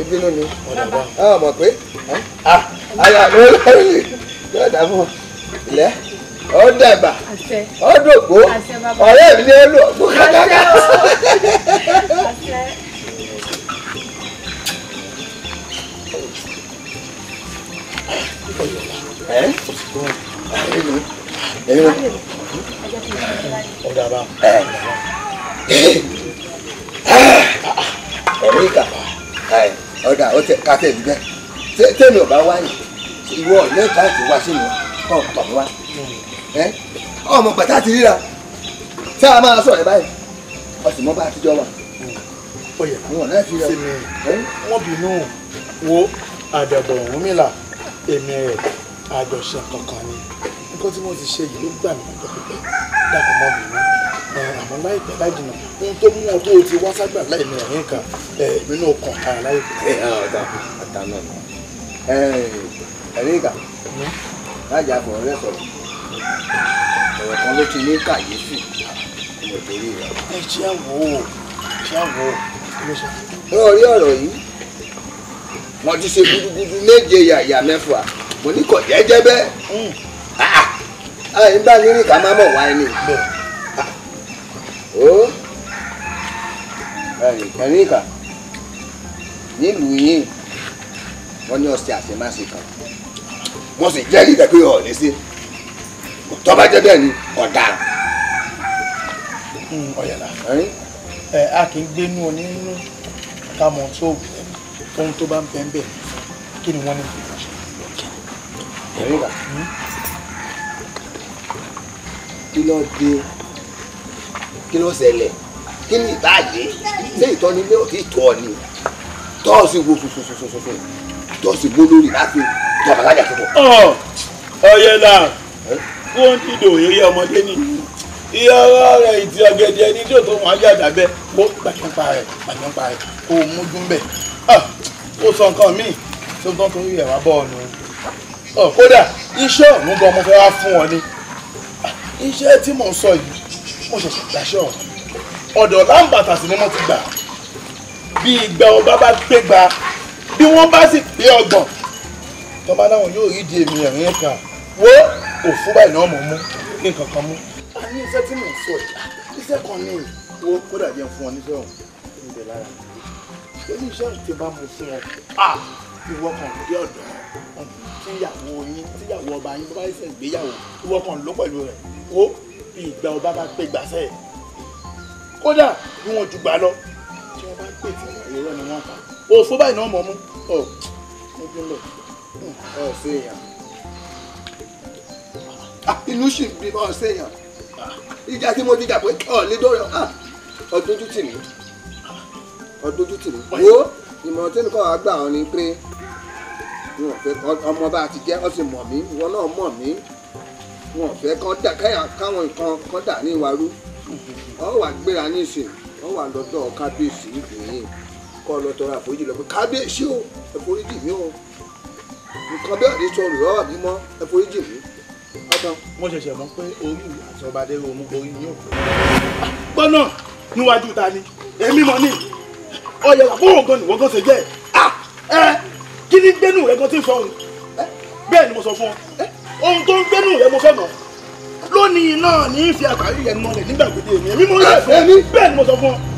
ìbínú ah, ni ọmọ pé àyà ló lẹ́yìn yóò dà fún ọ ilẹ̀ ọ dàgbà ọ dògbò ọ̀rẹ́ mi ni ó lò ọgbó kákáká. ẹ̀rí kàfà ọ̀dà ọ̀tẹ̀ kàfẹ́ mi bẹ́ẹ̀ tẹ́mi ọ̀bá wáyé ìwọ lẹ́ẹ̀ta ti wá sí mi kọ́ ọ̀pọ̀ mi wá ọmọ bàtà ti ríra tá a máa sọ̀rọ̀ báyìí ọ̀sìn mọ́ bá a ti jọ wà. wọn náà fi rẹ wọn bínú wo àdàbọ̀ Ọ̀rúnmìlà èmi ẹ̀ àjọṣe kankan ni nǹkan tí wọ́n ti ṣe yìí ló gbà mí pẹ́pẹ́pẹ́ dàpọ̀ mọ́ bínú àmọ́ láìpẹ́ láìjìnà ohun tó mú ọ tó o ti wá ságbà láìmí ẹ̀yìn kan ẹ̀ẹ́dínú ọkàn ara láìpẹ́. ọ̀tá náà ẹ̀ríkà lájà bọ̀ ọ̀rẹ́ sọ̀rọ̀ ọ̀rọ̀ kan ló ti ní kàyéfì ìmọ̀ tó rí rẹ̀. ẹ ṣé àwọ̀ o ṣé àwọ̀ o kí ló sọ. lórí ọ̀rọ̀ yìí wọ́n ti ṣe gudugudu méje yàyà mẹ́fà mo ní kò jẹ́jẹ́ bẹ́ẹ̀ àyìn hmm. ah, ah. bá ní ríkà má bọ̀ wá ẹni. Ah. ó ẹ̀ríkà nílùú yìí wọ́n ní ọ̀sẹ̀ àṣemáṣe kan mo sì jẹ́rìí rẹ̀ pé ọ̀ọ́lẹ́ sí tó bá jẹ́ bẹ́ẹ̀ ni ọ̀daràn. Hmm. ọ̀yàlà ẹ a kì í gbénú onínú ká mọ tó ohun tó bá ń bẹ ń bẹ kí ni wọ́n ní kí n ṣe. kí ló dé kí ló ṣẹlẹ̀ kí ni ìbáàjẹ́ ṣé ìtọ́ni lé òkè ìtọ́ ni tọ́ọ̀sì wo fùfùfùfùfù tó sì bó lórí láti tó àbálájà tó pọ̀. ọ̀yẹ̀là fún dídò eré ọmọdé ni iye ọ̀rọ̀ rẹ̀ ìdí ọ̀gẹ̀dẹ̀ ẹni tí ò tó wọn ajá dàbẹ́ kó gbàjọba rẹ̀ gbàjọba rẹ̀ kó o mú dún bẹ̀. ó sọ nǹkan míì tó ń tán torí ẹ̀ wá bọ́ọ̀lù kódà iṣẹ́ ọ̀hún gan mo fẹ́ wá fún ọ ni iṣẹ́ tí mò ń sọ yìí mo ṣẹ̀ṣẹ̀ gbàṣẹ́ ọ̀hún ọ̀dọ̀ láǹbàtà sí ni mo ti gbà bí ìgbà ọba bá gbégbá bí wọ́n bá sì pé ọgbọ̀n tọ́ba náà yóò rí di èmi ẹ̀rín ẹ̀ka wo òfú báyìí náà mọ̀ mú ní nǹkan kan mú. a ní iṣẹ́ tí mò ń sọ ẹ̀ iṣẹ́ kan ní wo kódà jẹun fún ọ nífẹ̀ ọ̀hún níbẹ̀ lára èmi iṣẹ́ ti bá mo fún ọ ìwọ kan lórí ọ̀dọ́ tíyàwó yín tíyàwó ọba yín bá ṣe ìgbéyàwó ìwọ kan ló pẹ̀lú rẹ̀ wo ìgbà ọba bá pé gbàṣẹ́ kódà bí wọ́n ju gbà lọ tí wọ́n bá pè tí ìrọ̀ ni wọ́n ta òfó báyìí náà mọ̀ mú ọ mo bí lọ ọ ah èèyàn inú sì bí ọ ṣe èèyàn ah, ìjà tí mo ti jà pé ọ lè dọ̀rọ̀ ah, ọdójú tì mí ọdójú tì mí wo ìmọ̀ràn tẹ́mi kọ́ àgbà ọ ni pé ọmọ bá ti jẹ́ ọ sì mọ̀ mí ìwọ náà mọ̀ mí wọn fẹ́ káwọn nǹkan kan dà ní ìwárú o wà gbéra ní ìsìn o wà lọ́dọ̀ kábíyèsí ìgbìyànjú kọ́ ọ lọ tọrọ àforíjì lọ pé kábíyèsí o ẹ̀foríjì mi o nǹkan bẹ́ẹ̀ ní sọ̀rọ̀ ìrọ́wà mi mọ́ ẹ̀foríjì mi ọ̀tàn. mo ṣẹ̀ṣẹ̀ mọ̀ pé orí àtọ́badé omi orí yóò pẹ́. gbọ́nà níwájú ta ni èmi mọ̀ ní ọ̀yẹ̀ wà fún ògàn ìwọ́n gan ṣe jẹ́ ẹ kí ni gbẹ́nu rẹ gan ti fọhùn bẹ́ẹ̀ ni mo sọ fún ọ ohun tó ń gbẹ́nu rẹ mo fẹ́ mọ̀ lónìí náà ní í fi àkàrí yẹn mọ́lẹ̀ nígbàgbọ́dé mi èmi mọ́ lẹ́ẹ̀fẹ́ bẹ́ẹ̀ ni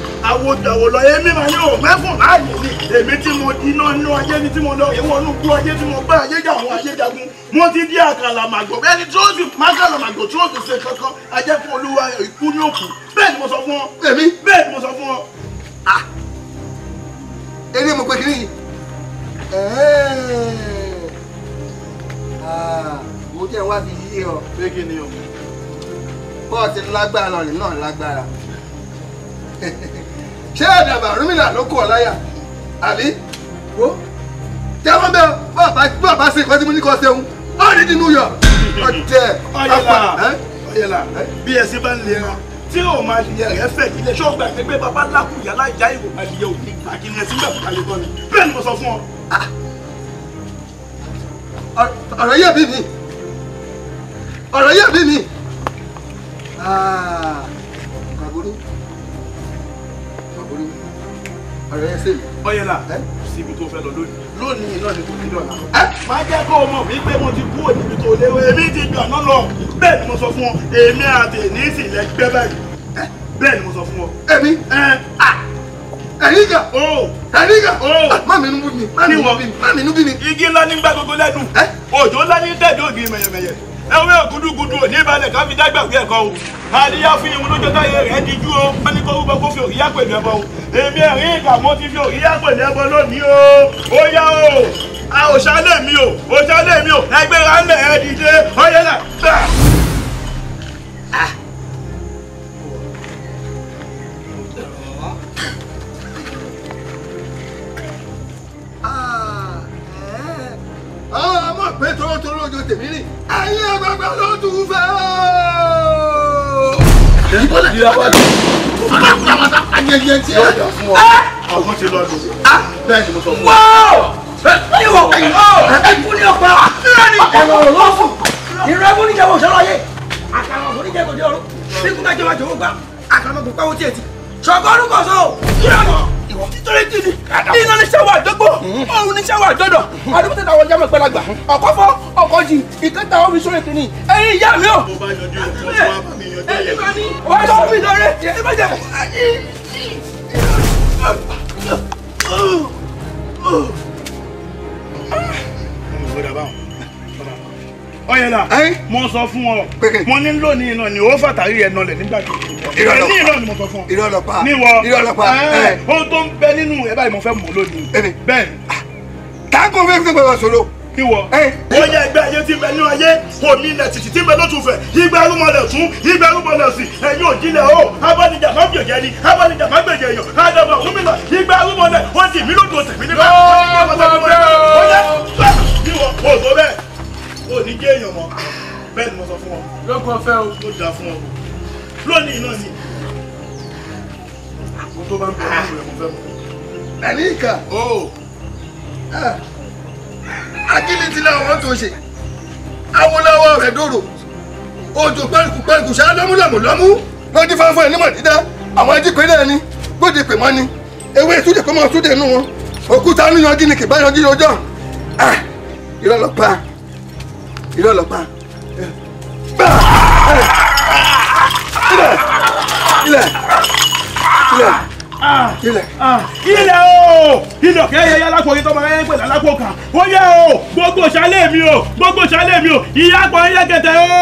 àwòdàwò lọ èmi máa yóò mẹ́fùn láàyè ni èmi tí mo di iná inú ayé ni tí mo lọ èèwọ̀ inú gbó ayé tí mo gbá ayé jà àwọn ayé jagun mo ti di àkàlàmàgbò ẹni tí ó sì má kàlàmàgbò tí ó sì ṣe kankan ajẹ́ fún olúwa ikú ní òkú bẹ́ẹ̀ ni mo sọ fún ọ. èmi bẹ́ẹ̀ ni mo sọ fún ọ. eré mo pé kiri yìí mo jẹ́ wá fi yí ọ. pé kí ni o. bọ́ọ̀ ti lágbára ọ̀rìn náà lágbára. ṣé àdàbà rúmìnà ló kù ọ láyà àbí wo tẹ́wọ́n bẹ́ẹ̀ bàbá bàbá ṣe ìkọ́sí mú ní kọ́ ṣeun ó rí di New York ọ̀tẹ̀ ọ̀pá ọ̀yẹ̀là bí ẹ ṣe bá ń lè ra tí ò máa lè rẹ fẹ ilé ṣọ́ gba ẹgbẹ́ bàbá lákù yàrá ìyá ìwò àlìyẹ òní àkìlẹ̀ ẹ̀ sígbà fún kàlẹ́ kọ́ni bẹ́ẹ̀ ni mo sọ fún ọ. Ah. ọ̀rọ̀ yẹ̀ bí mi ọ̀rọ̀ yẹ̀ bí mi. Ah, ọ̀rọ̀ yẹn sèmi. ọyẹlà síbi tó fẹ́ lọ lónìí lónìí náà ni kò ní dọ̀la. ẹ máa jẹ́ kó o mọ̀ wípé mo ti kúrò níbi tó léwu èmi ti gbà náà lọ bẹ́ẹ̀ ni mo sọ fún ọ èmi àti èmi sì lẹ gbẹ́ báyìí bẹ́ẹ̀ ni mo sọ fún ọ. èmi ẹ̀yin jà ẹ̀yin jà má mi nú bí mi má mi nú bí mi. igi ńlá ní gbàgbogbo lẹ́nu òjò ńlá ní dẹ́ẹ̀dẹ́ ògì mẹ̀yẹ̀mẹ̀yẹ̀ ẹwé ògúdúgudu ò ní balẹ̀ ká fi dágbàgbé ẹ̀kọ́ o àdíyá fún ìwúlò jọta yẹ rẹ díjú o wọn ní kó rúbọ kó fi òríyá pẹ̀lú ẹbọ o èmi ẹ̀rín ìgbà mo ti fi òríyá pẹ̀lú ẹbọ lónìí o ó yá o a ò ṣálẹ̀ mi o ò ṣálẹ̀ mi o ẹgbẹ́ ra ń lẹ̀ ẹ́ dìde ọ̀yẹ́lẹ̀ bẹ́ẹ̀. ojú tèmi rìn ayé gbàgbà ló tún fẹ́ o. ìbọ̀lẹ̀ ìyàwó àti pátápátá ayẹyẹ tí ẹ dà fún ọ ọgbọ́n ti lọ́dún ah. bẹ́ẹ̀ ni mo sọ fún ọ. wọ́ọ̀ ìwọ ẹ̀kún ní ọ̀pá ọ̀rọ̀ lọ́fù ìrọ̀ ẹ̀kún níjàmbá òṣèlú ayé àkàrà ọ̀gbọ́n níjàmbá òṣèlú bí kúkà jọba jọ̀wọ́ gbà àkàrà ọ̀gbọ́n nítorí kìíní iná ní sẹ́wọ̀ àdógbò òun ní sẹ́wọ̀ àdọ́dọ̀ àdúgbò tẹ̀ta àwọn ìgbàlagbà ọ̀kọ́ fọ́ ọkọ̀ jì ìkẹta omi sórí kìíní ẹ̀yin ìyá mi ò. wà á lọ́wọ́ mi lọ́rẹ́ ẹ má jẹ́. Oh, what about? ọyẹlà mo sọ fún ọ mo ní lónìí iná ni ó fàtàrí ẹ̀nà rẹ̀ nígbà tó ní iná ni mo sọ fún ọ ìrọlọpàá níwọ ìrọlọpàá ohun tó ń bẹ nínú ẹ báyìí mo fẹ́ mú lónìí bẹ́ẹ̀ ni. táàkùn fẹ́ fẹ́ gbọ́dọ̀ sọ̀rọ̀ ìwọ. wọ́n yẹ ẹgbẹ́ ayé tí bẹ ní ayé omi ilẹ̀ títí tí bẹ lótùfẹ̀ igba arúmọlẹ̀ tún igba arúmọlẹ̀ sí ẹ̀yin òjìlẹ̀ o abọ́nijà má gbèjẹ ni abọ́nijà má gbèjẹ èèyàn adama òmìnira igba arúmọlẹ̀ ó di mí lódò tèmi nígbà. lọ́wọ́ bẹ́ẹ̀ o. ìwọ kò tó bẹ́ẹ̀ o ní jẹ́ èèyàn mọ́ bẹ́ẹ̀ ni mo sọ fún ọ. lọ́kàn fẹ́ o. ló dáa fún ọ lónìí náà sì. mo tó bá ń bẹ̀rẹ̀ fún ẹ̀ mo fẹ́ mọ. nàní ìkà. o. akíní ah. ti láwọn mọ́tò ṣe awolawa rẹ̀ dòrò òjò pẹ́ẹ́kù pẹ́ẹ́kù ṣáá lọ́múlọ́mù lọ́mú ló dín fáfọ́ ẹ̀ nímọ̀ dídá àwọn ajípe náà ni gbòdì pè mọ́ ni ewé ìtúdè kó mọ́ ìtúdè nù wọn òkúta níyanjú ni kì bá yanjú yọjọ́ ah ìrọ̀lọ́pàá irọ́ lọ pa ilẹ̀ ilẹ̀ ilẹ̀ ilẹ̀. ilẹ̀ o ilẹ̀ kẹ́ yẹ alákòó yìí tó máa yẹ pẹ̀lú alákòó kan ó yẹ o gbogbo ṣálẹ̀ mi o gbogbo ṣálẹ̀ mi o ìyá pọ̀ ń yẹ kẹtẹ o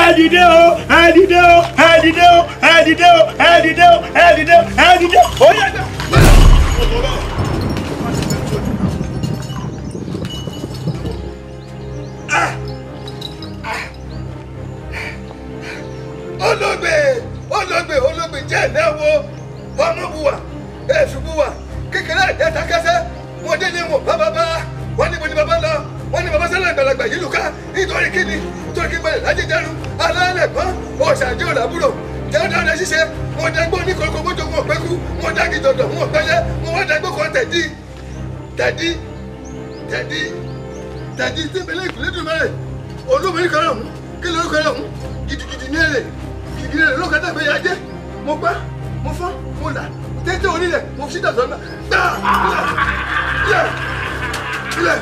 ẹ dìde o ẹ dìde o ẹ dìde o ẹ dìde o ẹ dìde o ẹ dìde o ẹ dìde o ó yẹ kẹ. Ah! olóògbé olóògbé olóògbé jẹ́ ìnáwó ọmọbùwà èṣùbùwà kékeré ẹ̀dá kẹsẹ́ wọn délé wọn bá bàbá wọn níbo ni bàbá lọ wọn ní bàbá sẹ́lẹ̀ ìgbàlagbà yìí lùkà nítorí kíni torí kí gbalẹ̀ lájẹjẹrú alálẹ̀ kan ọ̀ṣàjẹ́ òlàbúrò dáadáa ṣíṣe wọn dágbó ní koríko mọ́tò wọn pẹ́ kú wọn dági dọ̀dọ̀ wọn pẹ́lẹ́ wọn wá dágbó kan tẹ̀dí tẹ̀dí tẹ̀dí tẹ̀dí tẹ̀bẹ̀lẹ̀ ìpínlẹ̀ dùnmẹ́rẹ̀ olómi kan ọ̀hún kí lóríkọ ọ̀hún gidigidi ní èrè ìdílé rẹ̀ lókè tẹ̀gbẹ́ yà jẹ́ mo gbá mo fọ́ mo là tẹ́tẹ́ onílẹ̀ mo fi sídà sọ́nà gbà ilẹ̀ ilẹ̀ ilẹ̀.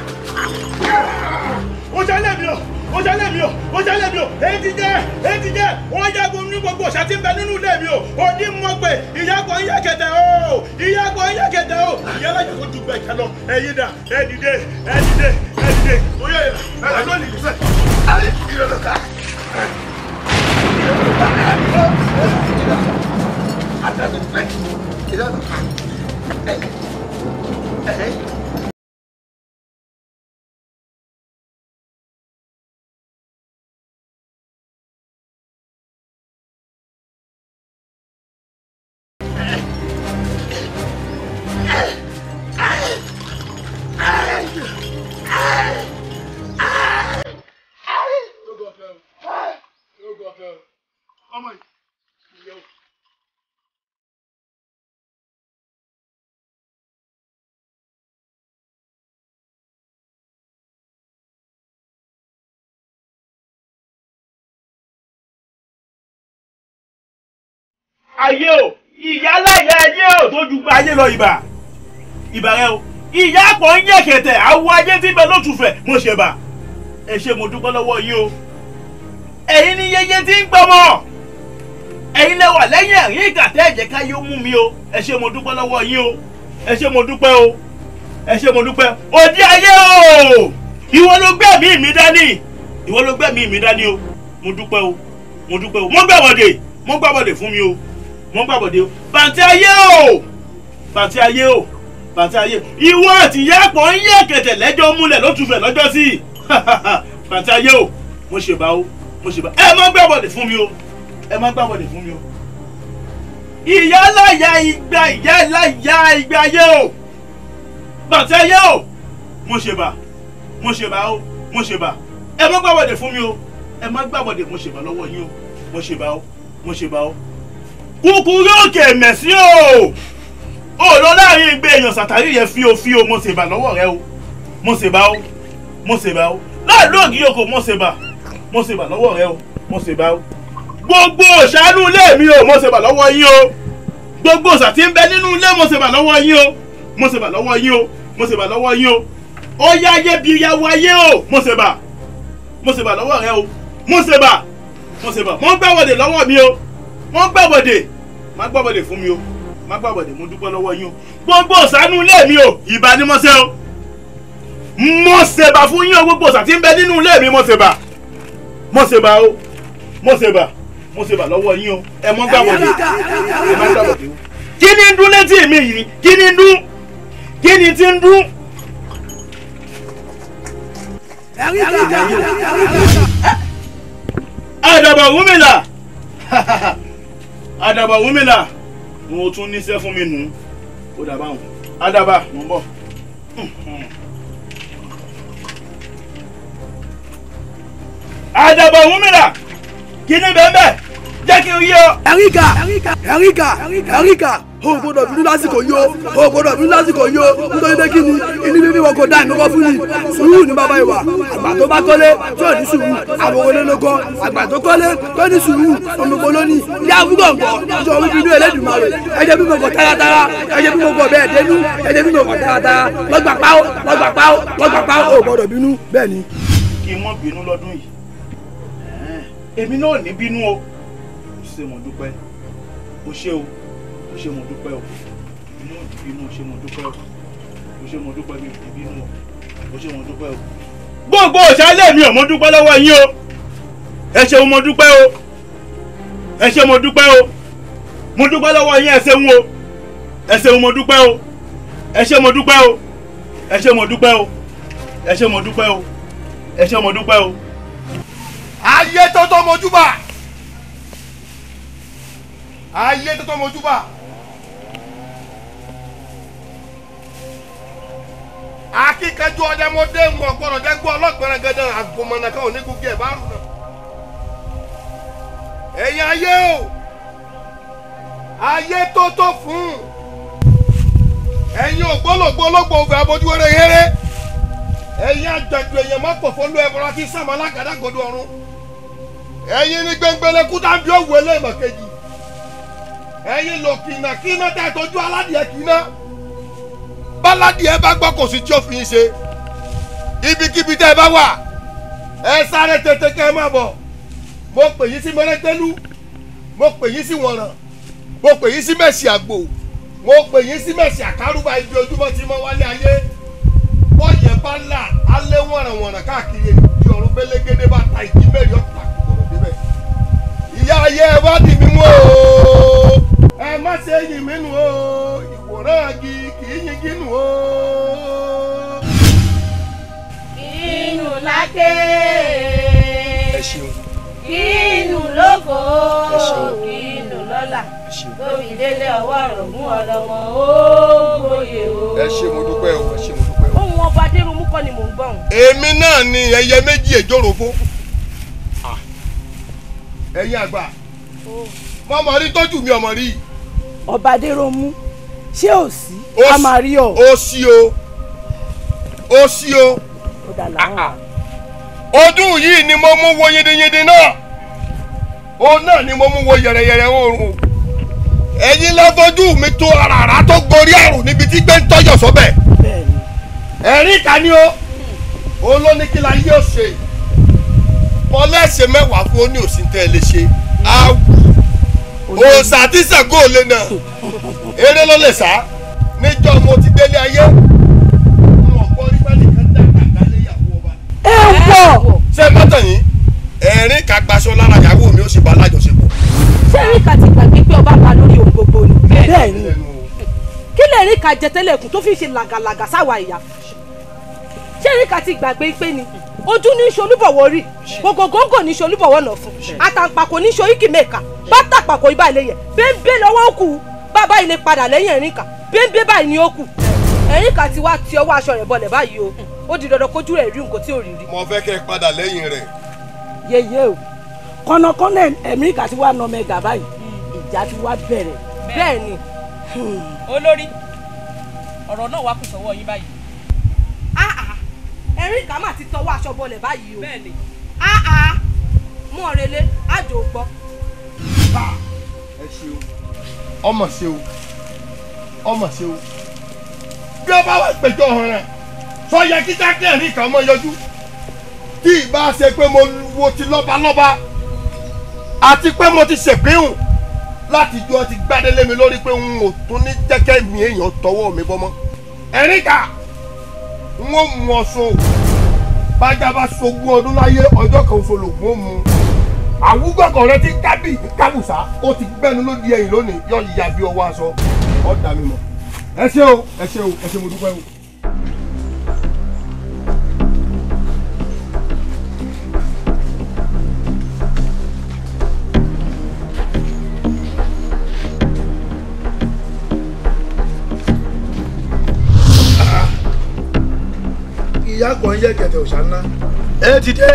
ó jalè mi o ó jalè mi o ó jalè mi o èyí ti jẹ́ èyí ti jẹ́ wọ́n jagun ní gbogbo ọ̀sà tí ń bẹ nínú ilé mi o òní mọ̀ pé ìyàgbọ́ ń yẹ kẹtẹ o ìyàgbọ́ ń yẹ kẹtẹ o ìyá alájà tó ju gbẹ̀kẹ́ lọ ẹ̀yin dà ẹ̀ dìde ẹ̀ dìde ẹ̀ dìde ó yẹ ẹ̀ ẹ̀ lọ́nìí. Hey! ayé o ìyálà ìyá ayé o tó ju ayé lọ ìbà ìbà rẹ o ìyá pọ̀ ń yẹ̀kẹ̀tẹ̀ àwọ̀ ajé tí bẹ lótùfẹ̀ mo ṣe bà ẹ ṣe mo dúpẹ́ lọ́wọ́ yín o ẹ̀yin ni yeye tí ń gbọmọ ẹ̀yin lẹ wà lẹ́yìn ẹ̀rín ìkàtẹ́ ẹ̀jẹ̀ káyé ó mú mi o ẹ ṣe mo dúpẹ́ lọ́wọ́ yín o ẹ ṣe mo dúpẹ́ o ẹ ṣe mo dúpẹ́ òdi ayé o ìwọ ló gbẹ̀mí mi dání ìwọ ló gbẹ̀mí mi dání o mo dúpẹ́ o mo dúpẹ́ o mo gbàwọ̀dè mo gbàwọ̀dè fún mi o wọ́n gbàgbọ́dé o bàǹtí ayé o bàǹtí ayé o bàǹtí ayé ìwọ àti yẹ́pọ̀ ń yẹ kẹ̀tẹ̀ lẹ́jọ́ múlẹ̀ lọ́tùfẹ̀ lọ́jọ́ sí i bàǹtí ayé o mo ṣèbá o mo ṣèbá ẹ má gbàgbọ́dé fún mi o ẹ má gbàgbọ́dé fún mi o ìyá láyà ìgbà ìyá láyà ìgbà ayé o bàǹtí ayé o mo ṣèbá mo ṣèbá o mo ṣèbá ẹ má gbàgbọ́dé fún mi o ẹ má gbàgbọ́dé mo ṣèbá lọ́wọ́ yín o mo ṣèbá o mo ṣèbá o kúkúrú òkè mẹ̀sí o ò lọ láàrin ìgbé èèyàn sàtàrí yẹn fi o fi o mo ṣèbà lọ́wọ́ rẹ o mo ṣèbà o mo ṣèbà o láàlú ògì yòókù mo ṣèbà mo ṣèbà lọ́wọ́ rẹ o mo ṣèbà o gbogbo òṣàánú ilé mi o mo ṣèbà lọ́wọ́ yín o gbogbo òṣà tí ń bẹ nínú ilé mo ṣèbà lọ́wọ́ yín o mo ṣèbà lọ́wọ́ yín o mo ṣèbà lọ́wọ́ yín o ó yá ayé bi ìyàwó ayé o mo ṣèbà mo ṣèbà lọ́wọ́ rẹ o mo ṣèbà mo ṣèbà mo ń gbẹ́wọ̀dè lọ́wọ́ mi o wọ́n gbàbọ̀dẹ̀ má gbàbọ̀dẹ̀ fún mi o má gbàbọ̀dẹ̀ mo dúpẹ́ lọ́wọ́ yín o gbogbo ọ̀sánú ilé mi o ìbá ni mo ṣe o mo ṣèbà fún yín o gbogbo ọ̀sán tí ń bẹ nínú ilé mi mo ṣèbà mo ṣèbà o mo ṣèbà mo ṣèbà lọ́wọ́ yín o ẹ mọ́ gbàbọ̀dẹ̀ ẹ má gbàbọ̀dẹ̀ o kí ni dún létí mi yìí kí ni dún kí ni ti ń dún. àdàbọ̀ wúmi là àdàbà wúmìlà mo tún níṣẹ́ fún mi nù ó dàbà wọn àdàbà mo ń bọ̀. àdàbà wúmìlà kí ni bẹ́ẹ̀ bẹ́ẹ̀ jẹ́ kí n yí ọ. ẹ̀ríkà ẹ̀ríkà ẹ̀ríkà ẹ̀ríkà o gbọ́dọ̀ bínú lásìkò yìí o o gbọ́dọ̀ bínú lásìkò yìí o nítorí pé kí ni inú bíbí wọn kò dá ìmọ̀kọ́ fún yìí sùúrù ní bàbá ìwà àgbà tó bá kọ́lé tí ò ní sùúrù àbòwọlé lóko àgbà tó kọ́lé tó ní sùúrù ònùkọ́ lónìí ní àwùgbọ̀ngbọ̀ tó ń bínú Ẹlẹ́dùmarè ẹ̀jẹ̀ bí mo kọ̀ tààràtàrà ẹ̀jẹ̀ bí mo kọ̀ bẹ́ẹ̀ dénú ẹ̀jẹ̀ bí mo kọ̀ tààràtàrà lọ́gbà páó lọ́gbà páó lọ́gbà páó o gbọ́dọ̀ bínú bẹ́ẹ̀ ni. kí wọ́n bínú lọ́dún yìí èmi náà ní bínú o ṣe mọ̀ dúpẹ́ o ṣe o ṣé mo dúpẹ́ o inú ìbínú ṣé mo dúpẹ́ o mo ṣé mo dúpẹ́ mi ìbínú o mo ṣé mo dúpẹ́ o. gbogbo òṣàlẹ̀ mi ò mo dúpẹ́ lọ́wọ́ yín o ẹ ṣeun mo dúpẹ́ o ẹ ṣe mo dúpẹ́ o mo dúpẹ́ lọ́wọ́ yín ẹ ṣeun o ẹ ṣeun mo dúpẹ́ o ẹ ṣe mo dúpẹ́ o ẹ ṣe mo dúpẹ́ o ẹ ṣe mo dúpẹ́ o ẹ ṣe mo dúpẹ́ o. ayé tó tó mojúbà ayé tó tó mojúbà. akíkanjú ọjàmọdé ń gbọ gbọdọ jẹ gbọ ọlọgbẹrẹ gẹdẹ àgùnmọnàkan ò ní gúgẹ bá rùn náà. ẹ̀yin ayé o ayé tó tó fún ẹ̀yin ògbólógbólógbò ògbà abojúwèrè yẹrẹ ẹ̀yin àjọjù èèyàn mọ́pọ̀fọ́ ló ẹ̀bùrọ̀ àti sàmọ́ alágàdàgodo ọ̀run ẹ̀yin ní gbẹngbẹlẹ kúta bí òwú ẹlẹ́mọ̀kejì ẹ̀yin tẹ̀ aládìẹ báládì ẹ bá gbọ́ kò sí tí ó fi ń ṣe ibikíbi tẹ́ ẹ bá wà ẹ sáré tètè kẹ́ ẹ má bọ̀ mo pè yín sí mẹ́rẹ́tẹ́lú mo pè yín sí wọ̀nràn mo pè yín sí mẹ́sì àgbò mo pè yín sí mẹ́sì àkárùbá ibi ojúmọ́ tí mo wálé ayé bọ́ọ̀yẹ̀ bá là alẹ́ wọ̀nrànwọ̀nràn káàkiri èdè ọ̀run pélégédé bá ta ìdí mẹ́rin ọ̀pá kòkòrò débẹ̀ ìyá ayé ẹ wá dì mí mú ooo ẹ má ṣe yìn mí nù o ìwòran igi kì í yingí nù o. inú lákè. ẹ ṣeun. inú lóko. ẹ ṣeun. inú lọ́la. lórí délé ọwọ́ àrògún ọlọ́mọ ó gbòye o. ẹ ṣe mo dúpẹ́ o ẹ ṣe mo dúpẹ́ o. ohun ọba adéròmú kọ́ ni mò ń gbọ́n. èmi náà ni ẹyẹ méjì èjòrò fún. Ah. ẹ̀yin àgbà oh. mọ́mọ́ rí tójú mi ọmọ rí yìí ọba adéròmú ṣé ò sí a máa rí ọ. ó sí o ó sí o ah, ah. ọdún yìí ni mo mú wo yedeyede náà òun náà ni mo mú wo yẹrẹyẹrẹ oorun ẹ̀yin lọ́fọ́jú mi tó àràrà tó gorí àrùn níbi tí gbé ń tọ́jọ̀ sọ́bẹ̀ ẹ̀rí ta ni o olóníkìlá yóò ṣe pọ́lẹ́sẹ̀ mẹ́wàá fún oní òsín tẹ́ ẹ lè ṣe á wù òòsà tí Ṣàngó lè nà eré ló lè sá níjọ́ mo ti délé ayé n ò gbọ́ rí fẹ́ẹ́ nìkan dá kàkà léyàwó ọba. ẹ wọ. ṣé mọ́tò yìí ẹ̀rín kagbaṣọ lára ìyàwó mi ó sì bá alájọṣepọ̀. ṣé ẹ̀rín kan ti gbàgbé pé ọba pa lórí ohun gbogbo ni. bẹ́ẹ̀ ni kí lè rí jẹ tẹ́lẹ̀ tó fi ṣe làgàlàgà sáwa ìyá ṣé ríkà ti gbàgbé pé ni ojú ní ṣolúbọ̀wọ̀ rí gbogbo góńgò ní ṣolúbọ̀wọ̀ nà fún àtàǹpàkò ní ṣoyíkì mẹ́ka bátàpàkò ibà lẹ́yẹ bẹ́ńbẹ́ lọ́wọ́ kù bàbá ilé padà lẹ́yìn ẹ̀ríkà bẹ́ńbẹ́ báyìí ni ó kù ẹ̀ríkà ti wá ti ọwọ́ aṣọ rẹ̀ bọlẹ̀ báyìí o ó di dandan kójú rẹ̀ rí nǹkan tí ò rí rí. mo fẹ́ kẹ́ ẹ padà lẹ́yìn rẹ̀. yeye o kọ́nàkọ́nà ẹ̀ríkà ti wá nà mẹ́ga báyìí ìjà ti wá bẹ̀rẹ̀. bẹ́ẹ̀ ni olórí ọ̀rọ̀ náà wá kù sọ́wọ́ yín báyìí erin kan mà ti tọwọ́ aṣọ bọlẹ̀ báyìí o. bẹ́ẹ̀ni. a mú ọ̀rẹ́lẹ̀ àjò a ẹ ṣeun ọmọ ṣeun ọmọ ṣeun bí ọba wà pẹjọ ọ̀ràn sọ yẹ kí jákè erin kan mọ yọjú tí ìbá ṣe pé mo wo ti lọ́balọ́ba àti pé mo ti ṣègbéhùn láti jọ ti gbádélé mi lórí pé n ò tún ní jẹ́kẹ́ mi èèyàn tọwọ́ mi bọ́mọ́ ẹ̀ríkà n ó mú ọ sún o bájá bá sogún ọdún láyé ọjọ́ kan oṣù lògùn mu àwùgbọ̀ngàn rẹ ti kábì kábùsà ó ti gbẹ́nu ló di ẹ̀yìn lónìí yọ ìyá bí ọwọ́ aṣọ ọ̀dà mímọ́ ẹ ṣé o ẹ ṣé o ẹ ṣé mo dúpẹ́ o. ìyá àgbọ̀n yẹ kẹ̀tẹ̀ òṣà ńlá. ẹ ti dé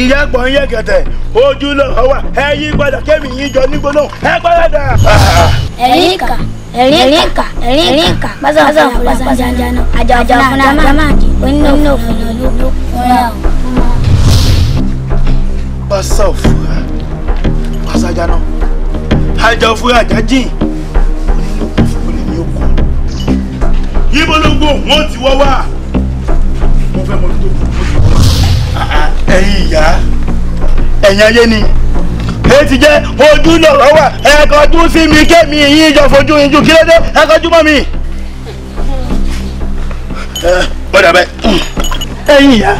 ìyá àgbọ̀n yẹ kẹ̀tẹ̀ ojú lọ́wọ́ wa ẹ yí padà kẹ́mi yín jọ ní gbóná ẹ gbọ́dọ̀. ẹ̀rín kà ẹ̀rín kà ẹ̀rín kà pásánpásá pásánjáná àjọ fúnra máa jì onínú òfin ló fúnra o. pásá òfúra pásájáná àjọ fúnra àjájìn onínú òfin ló ní okùn. yíbo ló gbó wọn ti wọ́ wá. ẹ̀yin ìyá ẹ̀yin ayé ni èyí ti jẹ́ ojú lọ̀rọ̀ wà ẹ kọjú sí mi kémi yín jọ fojú yín ju kílódé ẹ kọjú mọ́ mi. ẹ gbọ́dọ̀ bẹ ẹ̀yin ìyá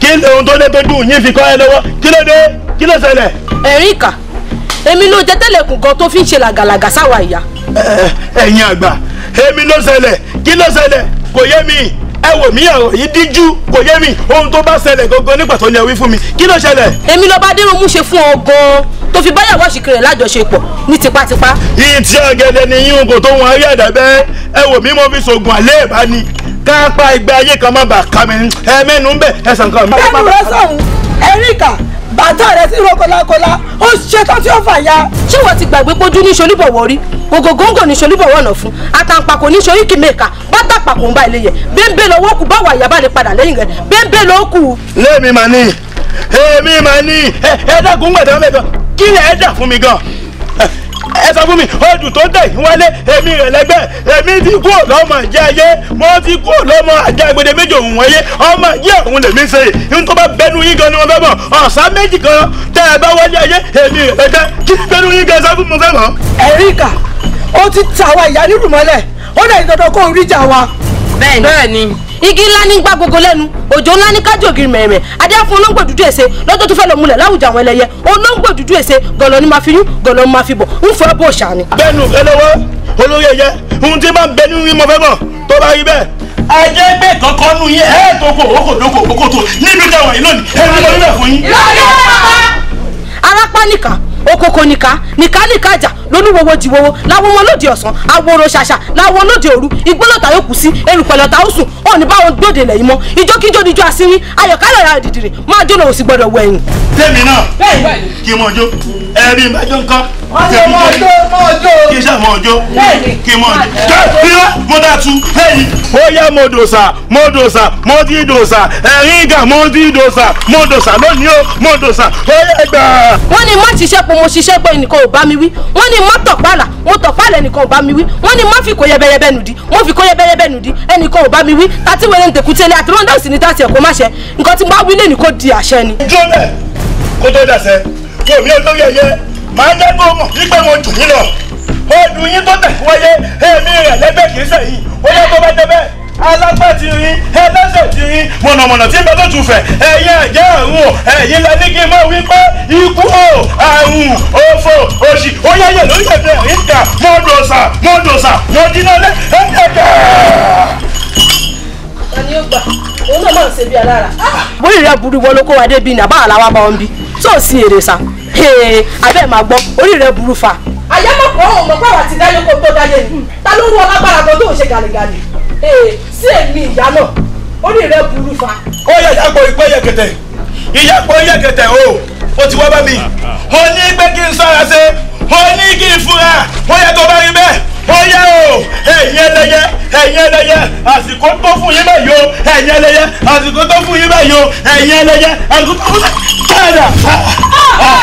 kí ni ohun tó dé tó dùn yín fi kọ́ ẹ lọ́wọ́ kílódé kí ló ṣẹlẹ̀. ẹ̀rín ìkà èmi ló jẹ tẹ́lẹ̀kùn kan tó fi ń ṣe làgàlàgà sáwa ìyá. ẹ̀yin àgbà èmi ló ṣẹlẹ̀ kí ló ṣẹlẹ̀ kò yé mi ẹ wò mí ọ̀rọ̀ yìí díjú kò yé mi ohun tó bá ṣẹlẹ̀ gangan nígbà tó ní ẹ wí fún mi kí ló ṣẹlẹ̀. èmi ló bá ṣe fún ọ gan-an tó fi báyàwó àṣìkiri lájọṣepọ̀ ní tipátipá. yìí tí ọ̀gẹ̀dẹ̀ ni yín kò tó wọn ayé àdàbẹ́ ẹ wò mí mo fi ṣoògùn àlẹ́ ìbáni ká pa ìgbé ayé kan má bàa ká mi ẹ mẹ́nu ń bẹ̀ ẹ kan. bẹ́ẹ̀ ni rọ́ṣọ̀ ẹ̀ríkà bàtà rẹ sí rokolákolá ó ṣetán tí ó fà ya. ṣé wọ́n ti gbàgbé pójú ní ṣolúbọ̀wọ́ rí gògògóńgò ní ṣolúbọ̀wọ́ ọ̀nà fún àtàǹpàkò ní ṣoríkì mẹ́ka bàtà pàkó ń bá ilé yẹ bẹ́ńbẹ́ lọ́wọ́ kù báwo àyàbá lè padà lẹ́yìn rẹ̀ bẹ́ńbẹ́ ló kù. lẹ́ẹ̀mí màá ní èmi màá ní ẹ̀ẹ́dàgùn gbàdá mẹ́kan kí ni ẹ̀ẹ́dà fún mi gan-an ẹ sọ fún mi ojú tó tẹ̀ wálé èmi rẹ̀ lẹ́gbẹ́ èmi ti kú lọ́mọ ìjẹ́ ayé mo ti kú lọ́mọ àjẹ́ agbede méjì òun wọ̀nyé ọmọ ìjẹ́ òun lèmi ṣe é n tó bá bẹnu yín gan ni wọn fẹ́ mọ̀ ọ̀sán méjì kan tẹ́ ẹ bá wọlé ayé èmi rẹ̀ lẹ́gbẹ́ kí bẹnu yín gan sọ fún mi fẹ́ ẹ̀ríkà ó ti tàwa ìyá nírùmọ́lẹ̀ ó dẹ̀ ìdọ̀dọ̀ kó orí jà wa bẹ́ẹ̀ni igi ńlá ní gbá gbogbo lẹ́nu òjò ńlá ní kájò ògiri mẹ̀rẹ̀mẹ̀ adé fún olóńgbò dúdú èsè lọ́jọ́ tó fẹ́ lọ múlẹ̀ láwùjọ àwọn ẹlẹ́yẹ olóńgbò dúdú èsè gọ̀lọ́ ni máa fi yún gọ̀lọ́ ni máa fi bọ̀ ń fọ́ bó ṣà ni. bẹ́ẹ̀ni olówó olóyè yẹ ohun tí máa ń bẹ nínú mi mo fẹ́ mọ̀ tó bá rí bẹ́ẹ̀. ajé gbé kankan nù yín ẹ tó kò ókò dókò ókò tó níbi tẹ̀wọ̀n yìí lónìí ẹ okoko nìka nìka nìka jà lóníwowo dìwowo láwọn wọn lóde ọ̀sán aworo ṣàṣà láwọn lóde òru igbólọ́ta yóò kù sí erùpẹ̀lọ́ta ó sùn ó ní báwọn gbòde lẹ́yìn mọ́ ìjókíjó níjó àṣírí ayọ̀kálẹ̀ ra dìdìrì máa jó lòun sì gbọ́dọ̀ wọ ẹ̀yìn. tèmi náà kí e n mọ ọjọ́ ẹ̀rí ìbájọ́ nǹkan tèmi jọ kí n ṣe mọ ọjọ́ kí n mọ ọjọ́ jọ bí wọ́n mo dá tu ẹ̀yìn. ó yẹ mo dòṣà mo dòṣà mo ti dòṣà ẹ̀rín ìgà mo ti dòṣà mo dòṣà lónìí ó mo dòṣà ó yẹ gbà. wọ́n ní má ti ṣẹ́pọ̀ mo ṣiṣẹ́ pé ẹnìkan ò bá mi wí wọ́n ní mọ́tò pààlà mọ́tò pààlà ẹnìkan ò bá mi wí wọ́n ní mọ́fì kò yẹbẹyẹbẹ nùdí mọ́fì kò yẹbẹyẹbẹ nùdí ẹnìkan ò bá mi wí tàtí wẹ̀rẹ̀ ń tẹ̀kú tẹ́lẹ̀ àti lọ́ńdà sì ní tàtí ẹ̀kọ́ má ṣe nǹkan tí mo bá wí lẹ́nu kò di àṣẹ ni. jọ́lẹ̀ kó tó dàṣẹ kí omi olórí ẹyẹ máa jẹ́ kó mọ̀ wípé mo jù yín lọ oòdù yín tó tẹ̀síwáyé èmi rẹ̀ lẹ́gbẹ̀ẹ́ kì í sẹ́yìn ó yẹ kó bá jẹ bẹ́ẹ̀ alágbá ti rin ẹlẹ́sẹ̀ ti rin mọ̀nàmọ̀nà tí bẹ́tọ̀ tún fẹ̀ ẹ̀yin ẹ̀jẹ̀ àrùn o ẹ̀yin la ní kí n máa wí ikú o àrùn òfò òṣì ó lórí ẹ̀fẹ̀ ìkà mo dòṣà mo dòṣà mo dínà lẹ òun náà máa ń ṣe bí alára. bóyá ìrẹ́ burú wọn ló kó wa débi ní àbáwá làwa bá wọn bí tó ò sí èrè sa abẹ́ máa gbọ́ orí rẹ̀ burú fa. àyẹ́mọ̀pọ̀ ọ̀hún mọ̀ pàwọ́ àti dáyé kó tó dáyé ni ta ló rú ọ lágbára kan tó ń ṣe gàlẹ́gàlẹ́ sí èmi ìyá náà orí rẹ burú fa. ó yẹ ìyàgbọ́ ìpẹ́ yẹ̀kẹ̀tẹ̀ ìyàgbọ́ yẹ̀kẹ̀tẹ̀ o ó ti wá bá mi ó ní pé kí n sọ́ra ṣe ó ní kí n fura ó yẹ tó bá rí bẹ́ẹ̀ ó yẹ o ẹ̀yin ẹlẹ́yẹ ẹ̀yin ẹlẹ́yẹ àsìkò tó fún yín báyìí o ẹ̀yin ẹlẹ́yẹ àsìkò tó fún yín báyìí o ẹ̀yin ẹlẹ́yẹ àsìkò tó fún yín báyìí o.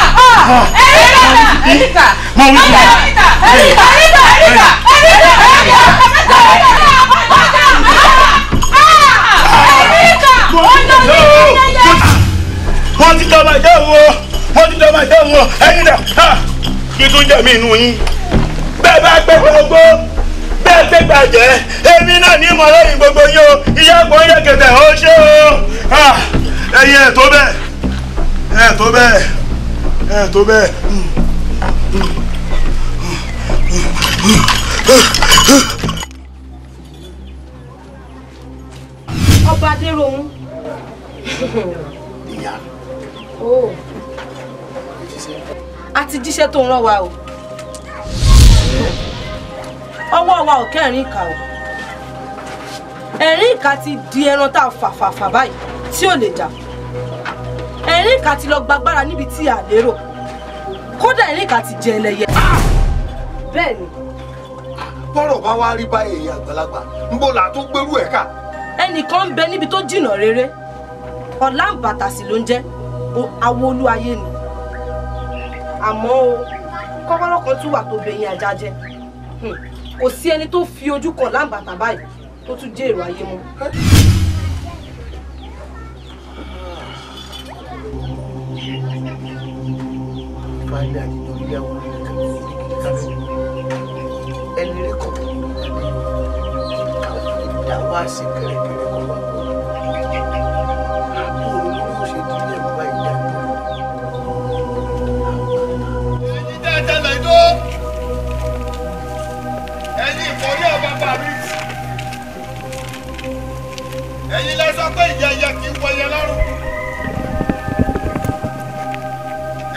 Erika Erika Erika Erika Erika Erika Erika Erika wọ́n ti dọ́mọ jẹ́ wo wọ́n ti dọ́mọ jẹ́ wo ẹ̀yin dà ha kí tún jẹ́ mi inú yín bẹ́ẹ̀ bá gbé gbogbo bẹ́ẹ̀ gbé gbàjẹ́ èmi náà ní ìmọ̀ lẹ́yìn gbogbo yín o ìyá kò ń yẹ̀kẹ̀tẹ̀ ó ṣe o ha ẹ̀yin ẹ̀ tó bẹ́ẹ̀ ẹ̀ tó bẹ́ẹ̀ ẹ̀ tó bẹ́ẹ̀. bá Adéròhún. ìyá. o a ti jíṣẹ́ tó ń rán wa o ọwọ́ wa ò kẹ́rin ìka o ẹ̀rín ìka ti di ẹran tá a fàfàfà báyìí tí ò lè jà ẹ̀rín ìka ti lọ gbàgbára níbi tí a lérò kódà ẹ̀rín ìka ti jẹ ẹlẹ́yẹ. bẹ́ẹ̀ ni. bọ́rọ̀ bá wá rí báyìí èyí àgbàlagbà ń bọ̀ là tó gbérú ẹ̀ ká ẹnìkan ń bẹ níbi tó jìnnà rere ọ̀la bàtà sí ló ń jẹ́ awo olúwayé ni àmọ́ o kọ́kọ́rọ́ kan tún wà tó bẹ̀yìn ajá jẹ́ hmm, kò sí ẹni tó fi ojú kan láǹbàtà báyìí tó tún jẹ́ èrò ayé mọ́. Finally, don't get one. má sì kẹ̀rẹ̀kẹ̀rẹ̀ kọ́ bá bọ̀. Àbúrò mi ò ṣe dílé ìgbà ìjà. Èyí tẹ́ tẹ́lẹ̀ tó. Ẹ̀yin ìfọ̀rí ọ̀bàbà mi. Ẹ̀yin lẹ sọ pé ìyẹyẹ kì í wọyẹ lọ́rùn.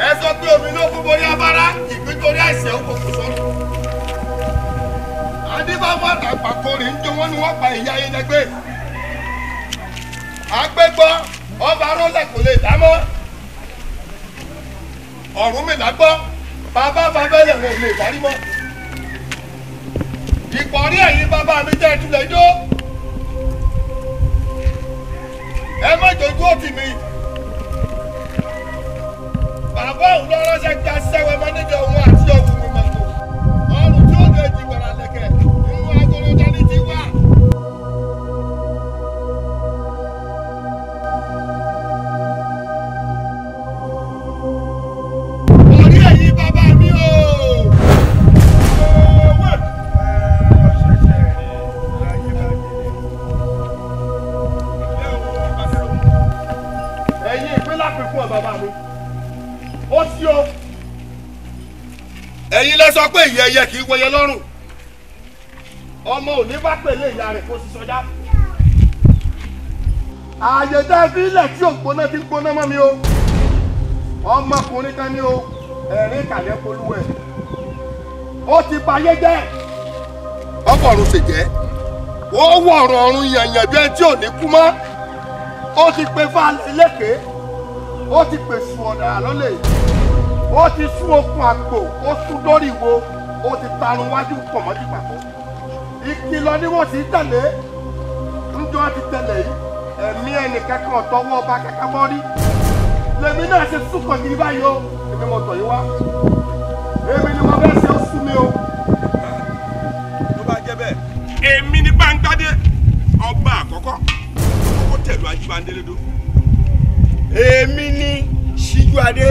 Ẹ sọ pé omi ló kú borí abárá, ìpín torí àìsàn ó kò ẹbí bá wà lápapọ̀ rè ń wọn ni wọ́n pa ìyá yín lẹ́gbẹ́. àgbẹ̀gbọ́ ọba rọ́lẹ̀ kò lè dá mọ́ Ọ̀rúnmìlà gbọ́ bàbá bàbá yẹn wọn lè darí bàbá mi ẹ má mi. bàbá òun lọ ò ní bá pèlè ìyá rẹ̀ kó sì sọjá. ààyè dá sílẹ̀ tí ògbóná ti gbóná mọ́ mi o ọmọkùnrin kan ni o ẹ̀rín kàlẹ́ polúwẹ̀ ó ti bayé jẹ́ ọkọ̀ ọ̀run ṣèjẹ́ ó wọ ọ̀rọ̀ ọ̀run yànyàn bí ẹni tí ò ní kú mọ́ ó ti pe fáàlì lẹ́kẹ̀ẹ́ ó ti pèsè ọ̀dà lọ́lẹ̀ ó ti sún okùn àpò ó sún dórí ìwo ó ti tarun wájú pọ̀ mọ́jú pàtó ìkìlọ̀ ni wọ́n sì tẹ̀lé ńjọ́ ti tẹ̀lé yìí ẹ̀mí ẹnìkankan tọwọ́ ọba kankan bọ́ rí lèmi náà ṣe súnkọ̀ kiri báyìí o èmi mọ̀ tọ̀ yín wá èmi ni wọ́n bẹ́ẹ̀ ṣe ó sún mi o. tó bá jẹ́ bẹ́ẹ̀ èmi ni Báńgbádé ọba àkọ́kọ́ kókó tẹ̀lú Ajíbádélé dó. èmi ni Síjúadé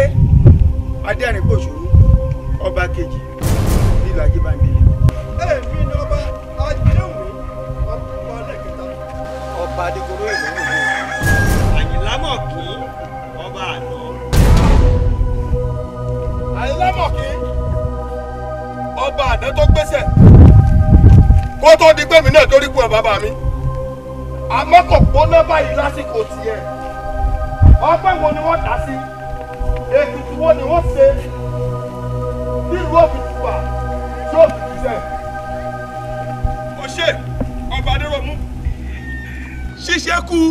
adẹ́rìnpòṣónú ọba kejì àyìnlá mọ̀ kí ọba àná. àyìnlá mọ̀ kí ọba àná tó gbéṣẹ̀ kó tó di pé mi náà torí kú ẹ̀ bàbá mi àmọ́ kò gbóná báyìí lásìkò tiẹ̀ ọpẹ́ wo ni wọ́n dá sí ètùtù wo ni wọ́n ṣe nílùú òfìtùpà tó fi jíṣẹ́. ṣíṣe kú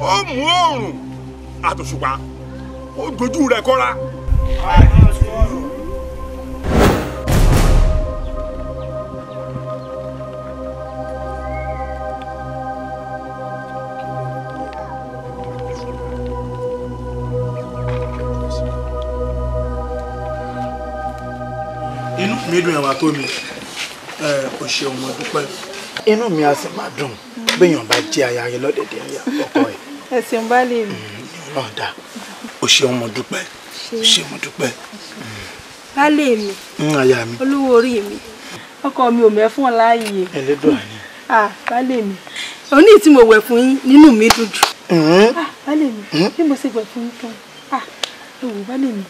ó mú òòrùn àtòṣùpá ó dojú rẹ̀ kọ́ra. inú mi dùn ẹ̀wà tó mi ẹ̀ ò ṣeun mo dúpẹ́ inú mi á sì máa dùn béèyàn bá jẹ́ aya rẹ lọ́dẹ̀dẹ̀ aya ọkọ rẹ. ẹ ṣeun bá lè rí. náà dáa o ṣeun mo dúpẹ́ o ṣeun mo dúpẹ́. bá lè mi. Mm, aya mi. olúwo orí mi ọkọ mi ò mẹ́fún ọ láàyè. ẹlẹ́dọ̀ àná. ah bá lè mi òní tí mo wẹ̀ fún yín nínú mi dùn mm-hmm. ah bá lè mi mm-hmm. bí mo ṣe wẹ̀ fún yín tán ah ewu bá lè mi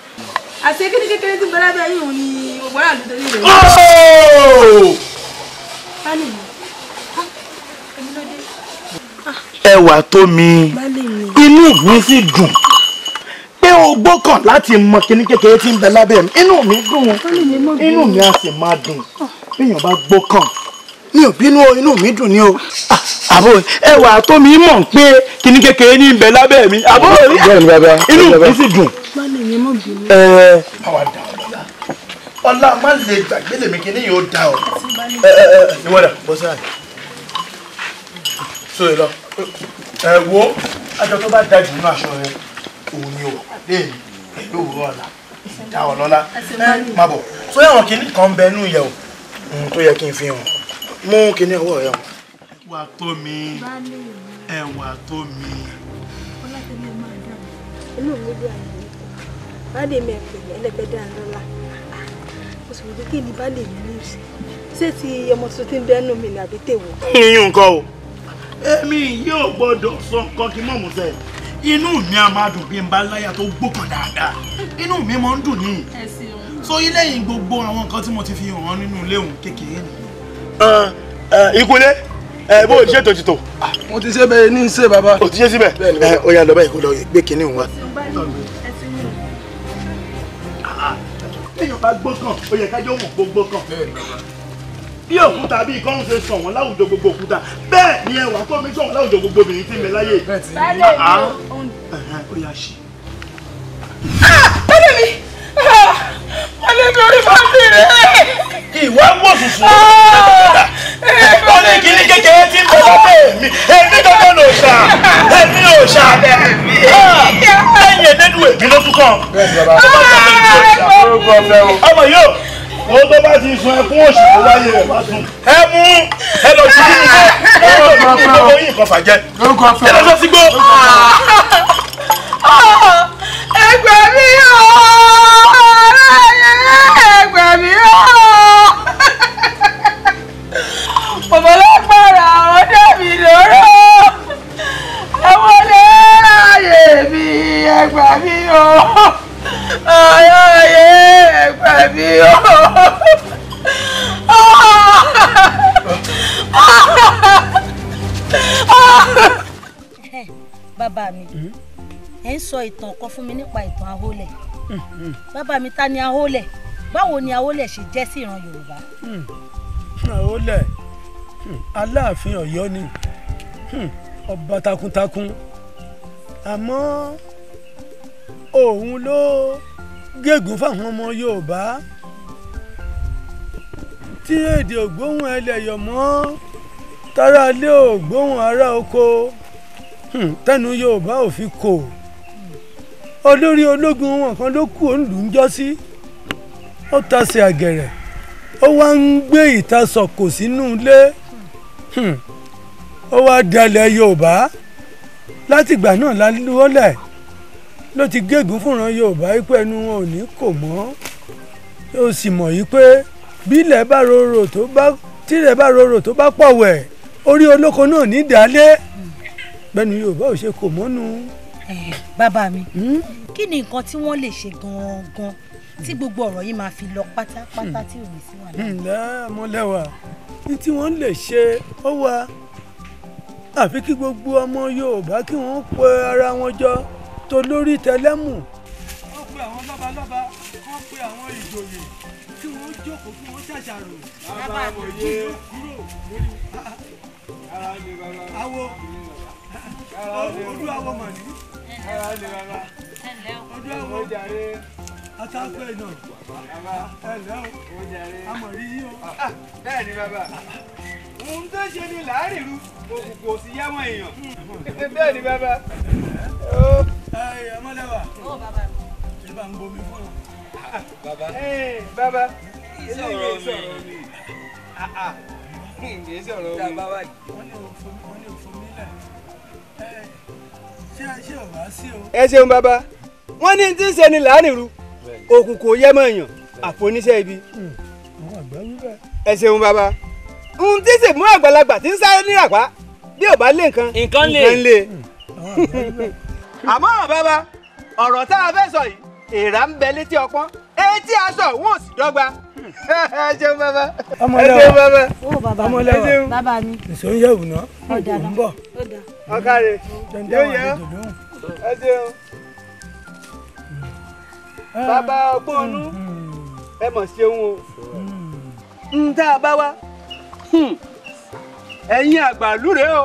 àti kí ni kékeré tí bọ́lá bẹ́ẹ̀ yìí òun ni gbogbo aráàlú tó nílò. ẹwà tó mi inú mi sì dùn pé o gbọ́kàn láti mọ kíní kékeré tí ń bẹ lábẹ́ mi inú mi dùn inú mi á sì máa dùn èèyàn bá gbọ́kàn mi ò bínú o inú mi dùn ni o. Ah, àbò ẹwà tó mi mọ̀ pé kíní kékeré ní ń bẹ lábẹ́ mi àbò ah, inú mi sì dùn. ọlá má lè gbàgbé lèmi kíní yóò da o. ẹ ẹ ẹ ìwọ́n dà bọ́sẹ̀ àná. sóye lọ ẹ wo aṣọ tó bá dájú nínú aṣọ rẹ òun ni ò léèmí pẹ̀lú òwúrọ̀ ọ̀la ìdá ọ̀lọ́lá ẹ má bọ̀ tó yẹ wọn kí nǹkan bẹ nú ìyẹ̀wò ohun tó yẹ kí n fi hàn mú kíní ọwọ́ rẹ hàn. wà tó mi ẹ tó mi. báde mi ẹ̀pẹ̀ ẹlẹ́gbẹ̀dá lọ́la mo sì pé kí ni bá lè yẹn ní ìsìn ṣé ti ọmọ tuntun bẹ́ẹ̀ nù mí ni àbí tèwọ́. yíyún nǹkan o èmi yóò gbọ́dọ̀ sọ nǹkan kí mọ̀mú sẹ́ inú mi a máa dùn bí n bá láyà tó gbókàn dáadáa inú mi máa ń dùn ní. so ilé yìí gbogbo àwọn nǹkan tí mo ti fi hàn nínú ilé òun kékeré nìyẹn. ìkúlé ẹ bó o ṣe tòjìtò. mo ti ṣe bẹ́ẹ̀ ní í ṣe bàbá. o ti ṣe síbẹ̀ ẹ o yà lọ báyìí kó lọ gbé kinní òun wa. ẹ̀yọ̀ bá gbọ́kàn ó yẹ kájọ́ mọ̀ gbogbo kan bí òkúta bíi kọ́hún ṣe sàn wọ́n láwùjọ gbogbo òkúta bẹ́ẹ̀ ni ẹwà kọ́ mi sàn wọ́n láwùjọ gbogbo obìnrin tí ń láyé. báyìí ah. ah, ah, ni ó ṣe. mi orí máa ń bèrè. ìwà wọ̀ fùfù. ọ̀rẹ́ kìíní kékeré tí mo sọ pé èmi èmi kankan ló ṣà èmi ò ṣà bẹ́ẹ̀ mi. ẹ̀yìn ẹ̀dẹ́dùn èmi ló ọmọ yóò ó tó bá ti sun ẹkún òṣì tó wáyé rẹ̀ bá sun. ẹ mú ẹ lọ sí kíni ṣe ah. ẹ lọ sí gbogbo yín nǹkan fàjẹ ẹ lọ sí gbó. Ah. ẹgbẹ́ mi ò ẹgbẹ́ mi ò bàbá lágbára ọ̀rọ̀ dẹ́mi lóró ẹ wọlé ààyè mi ẹgbẹ́ mi ò ọ̀rọ̀ ayé baby! Oh! o. bàbá mi ẹ ń sọ ìtàn kan fún mi nípa ìtàn ahólẹ̀ Baba mi ta ni ahólẹ̀ báwo ni ahólẹ̀ ṣe jẹ́ sí ìran Yorùbá. ahólẹ̀ aláàfin Ọ̀yọ́ ni ọba takuntakun àmọ́ òun ló. Lo gégùn fáwọn ọmọ Yorùbá tí èdè ògbóhùn ẹlẹ́yọ̀ mọ́ tara lé ògbóhùn ara oko hmm, tẹnu Yorùbá ò fi kò olórí ológun wọn kan ló kú òǹlù ń jọ sí ó tasẹ̀ àgẹ̀rẹ̀ ó wá ń gbé ìtasọ̀kò sínú ilé hmm, ó wá dalẹ̀ Yorùbá látìgbà náà la lúwọ́lẹ̀ ló ti gégùn fúnran yorùbá yìí pé ẹnu wọn ò ní kò mọ́ ó sì mọ̀ yìí pé bílẹ̀ bá rorò tó bá tílẹ̀ bá rorò tó bá pọ̀ wẹ̀ orí olóko náà ní ìdálé bẹ́ẹ̀ni yorùbá ò ṣe kò mọ́nu. bàbá mi hmm? kí ni nǹkan tí wọ́n lè ṣe gan-an tí gbogbo ọ̀rọ̀ yìí máa fi lọ pátápátá tí ò ní sí wà. Hmm, ǹlẹ́ mọ́lẹ́wà ní tí wọ́n lè ṣe ó wà àfi kí gbogbo ọmọ yorùbá kí wọ́n pe ara wọn jọ tó lórí wọ́n pe àwọn lọ́balọ́ba wọ́n pe àwọn ìjòyè tí wọ́n jókòó kí wọ́n ṣàṣàrò. bàbá àmọ̀yé kúrò awo olú awo mọ̀ ní. ọdún awo atakọ ẹ̀ náà ẹ lẹ́ o amọ̀ rí yín o. bẹ́ẹ̀ ni bàbá ohun tó ṣe ni làárìrú òkùnkùn ò sì yáwọn èèyàn bẹ́ẹ̀ ni bàbá. ẹ ọmọlẹ́wà ẹ bá ń bomi fún ọ. bàbá bàbá eléyìí sọ̀rọ̀ mi kì í sọ̀rọ̀ omi. wọ́n ní òfin wọ́n ní òfin nílẹ̀ ṣé ṣé ò wá sí o. ẹ ṣeun bàbá wọ́n ní tí ń ṣe ni làárìrú òkùn kò yẹ mọ̀ èèyàn àfoníṣẹ́ ibi. Hmm. ẹ ṣeun bàbá ohun tí sì mú àgbàlagbà tí ń sáré ní àpá bí ò bá lé nǹkan nǹkan lè. Hmm. àmọ́ bàbá ọ̀rọ̀ tá a fẹ́ sọ yìí èèrà ń bẹ létí ọpọ́n etí aṣọ wọn ò sì dọ́gba. ẹ ṣeun bàbá ẹ ṣeun baba. ọmọlẹ wa bàbá mi. èso ń yẹ̀wò náà ọ̀dà ń bọ̀. ọ̀kàrẹ̀ yóò yẹ ẹ ṣeun bàbá ọpọ́nú hmm, hmm. ẹ mọ̀ ṣeun o ń hmm. tá a bá wá ẹ̀yin àgbàlú rèé o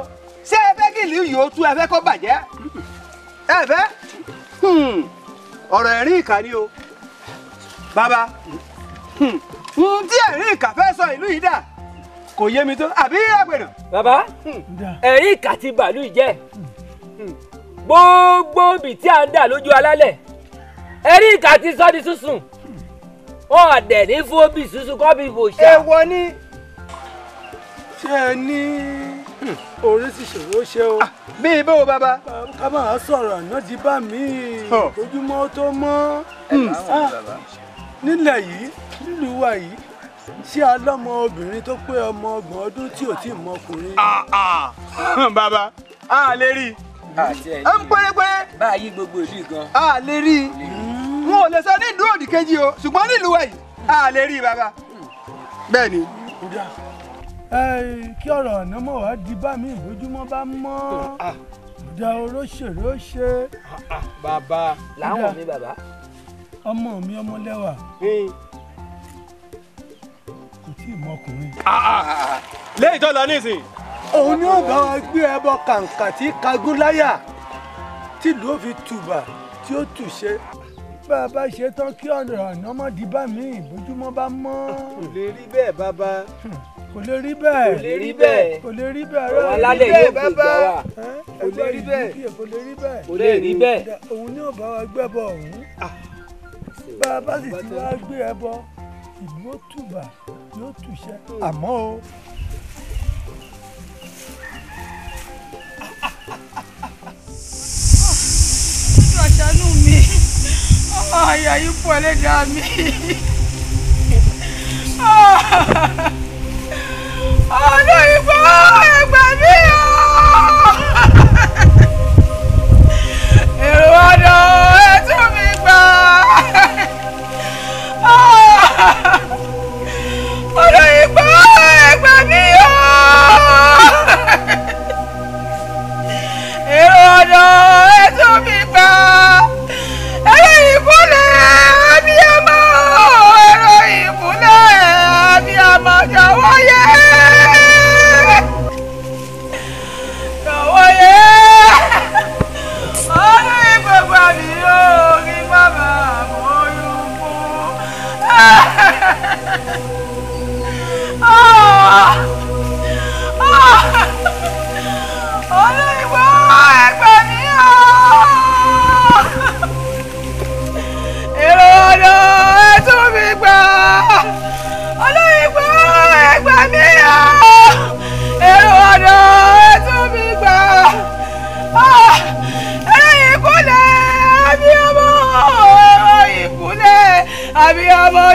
ṣé ẹ fẹ́ kí ìlú yìí tú ẹ fẹ́ kó bàjẹ́ ẹ fẹ́ ọ̀rọ̀ ẹ̀rín ìkà ni o bàbá n tí ẹ̀rín ìkà fẹ́ sọ ìlú yìí dà kò yé mi tó àbí àgbẹ̀nà. bàbá ẹ̀rín ìkà ti bàlú jẹ́ gbogbo ibi tí a ń dà lójú alálẹ̀ eric àti sọ́ọ́dì sísun ọ̀dẹ̀ ní fóbì sísun kọ́bí bòṣà. èèwọ̀ ni ṣé ẹ ní hmm, orí ti ṣòro ṣe o. bí ibẹ̀ wo bàbá. ká máa sọ̀rọ̀ àná ti bá mi ojúmọ́ tó mọ́ hmm. ah, nílẹ̀ yìí nílùú wa yìí ṣé alọ́mọ obìnrin tó pé ọmọ ọgbọ̀n ọdún tí ò tí ì mọkùnrin. Ah, ah. bàbá a lè rí i. ń pérépéré. báyìí gbogbo ìlú gan. a lè rí i wọn ò lè sọ ní ìlú òdì kejì o ṣùgbọ́n nílùú ẹ̀yìn a lè rí bàbá bẹ́ẹ̀ ni. kí ọ̀rọ̀ ọ̀nà mọ̀ wá di bá mi ìbójúmọ́ bá mọ́ ìdá ah. oróṣèré ó ṣe. bàbá làwọn mi bàbá. ọmọ mi ọmọlẹ́wà kò tí ì mọkùnrin. Ah, ah, lẹ́yìn tó lọ nísìn. òun ni ó bá wa gbé ẹbọ kàǹkà tí kagúláyà tìlú ó tùbà tí ó tù ṣe bá a bá ṣe tán kí ọ̀rọ̀ ànámọ́dì bá mi ìbójúmọ́ bá mọ́. kò lè rí bẹ́ẹ̀ bàbá. Hmm, kò lè rí bẹ́ẹ̀. kò lè rí bẹ́ẹ̀. kò lè rí bẹ́ẹ̀ rẹ̀. alálẹ̀ yóò gbé gbà wá. kò lè rí bẹ́ẹ̀. kò lè rí bẹ́ẹ̀. kò lè rí bẹ́ẹ̀. òun ni ò bá wa gbé ẹbọ ọ̀hún. Ah. bá sì ti wá gbé ẹbọ ìlú ó yóò tùṣẹ́ àmọ́ o. ṣàánú mi àyà yìí pọ̀ ẹlẹ́dàá mi. ọ̀nà ìgbà ẹgbẹ́ mi.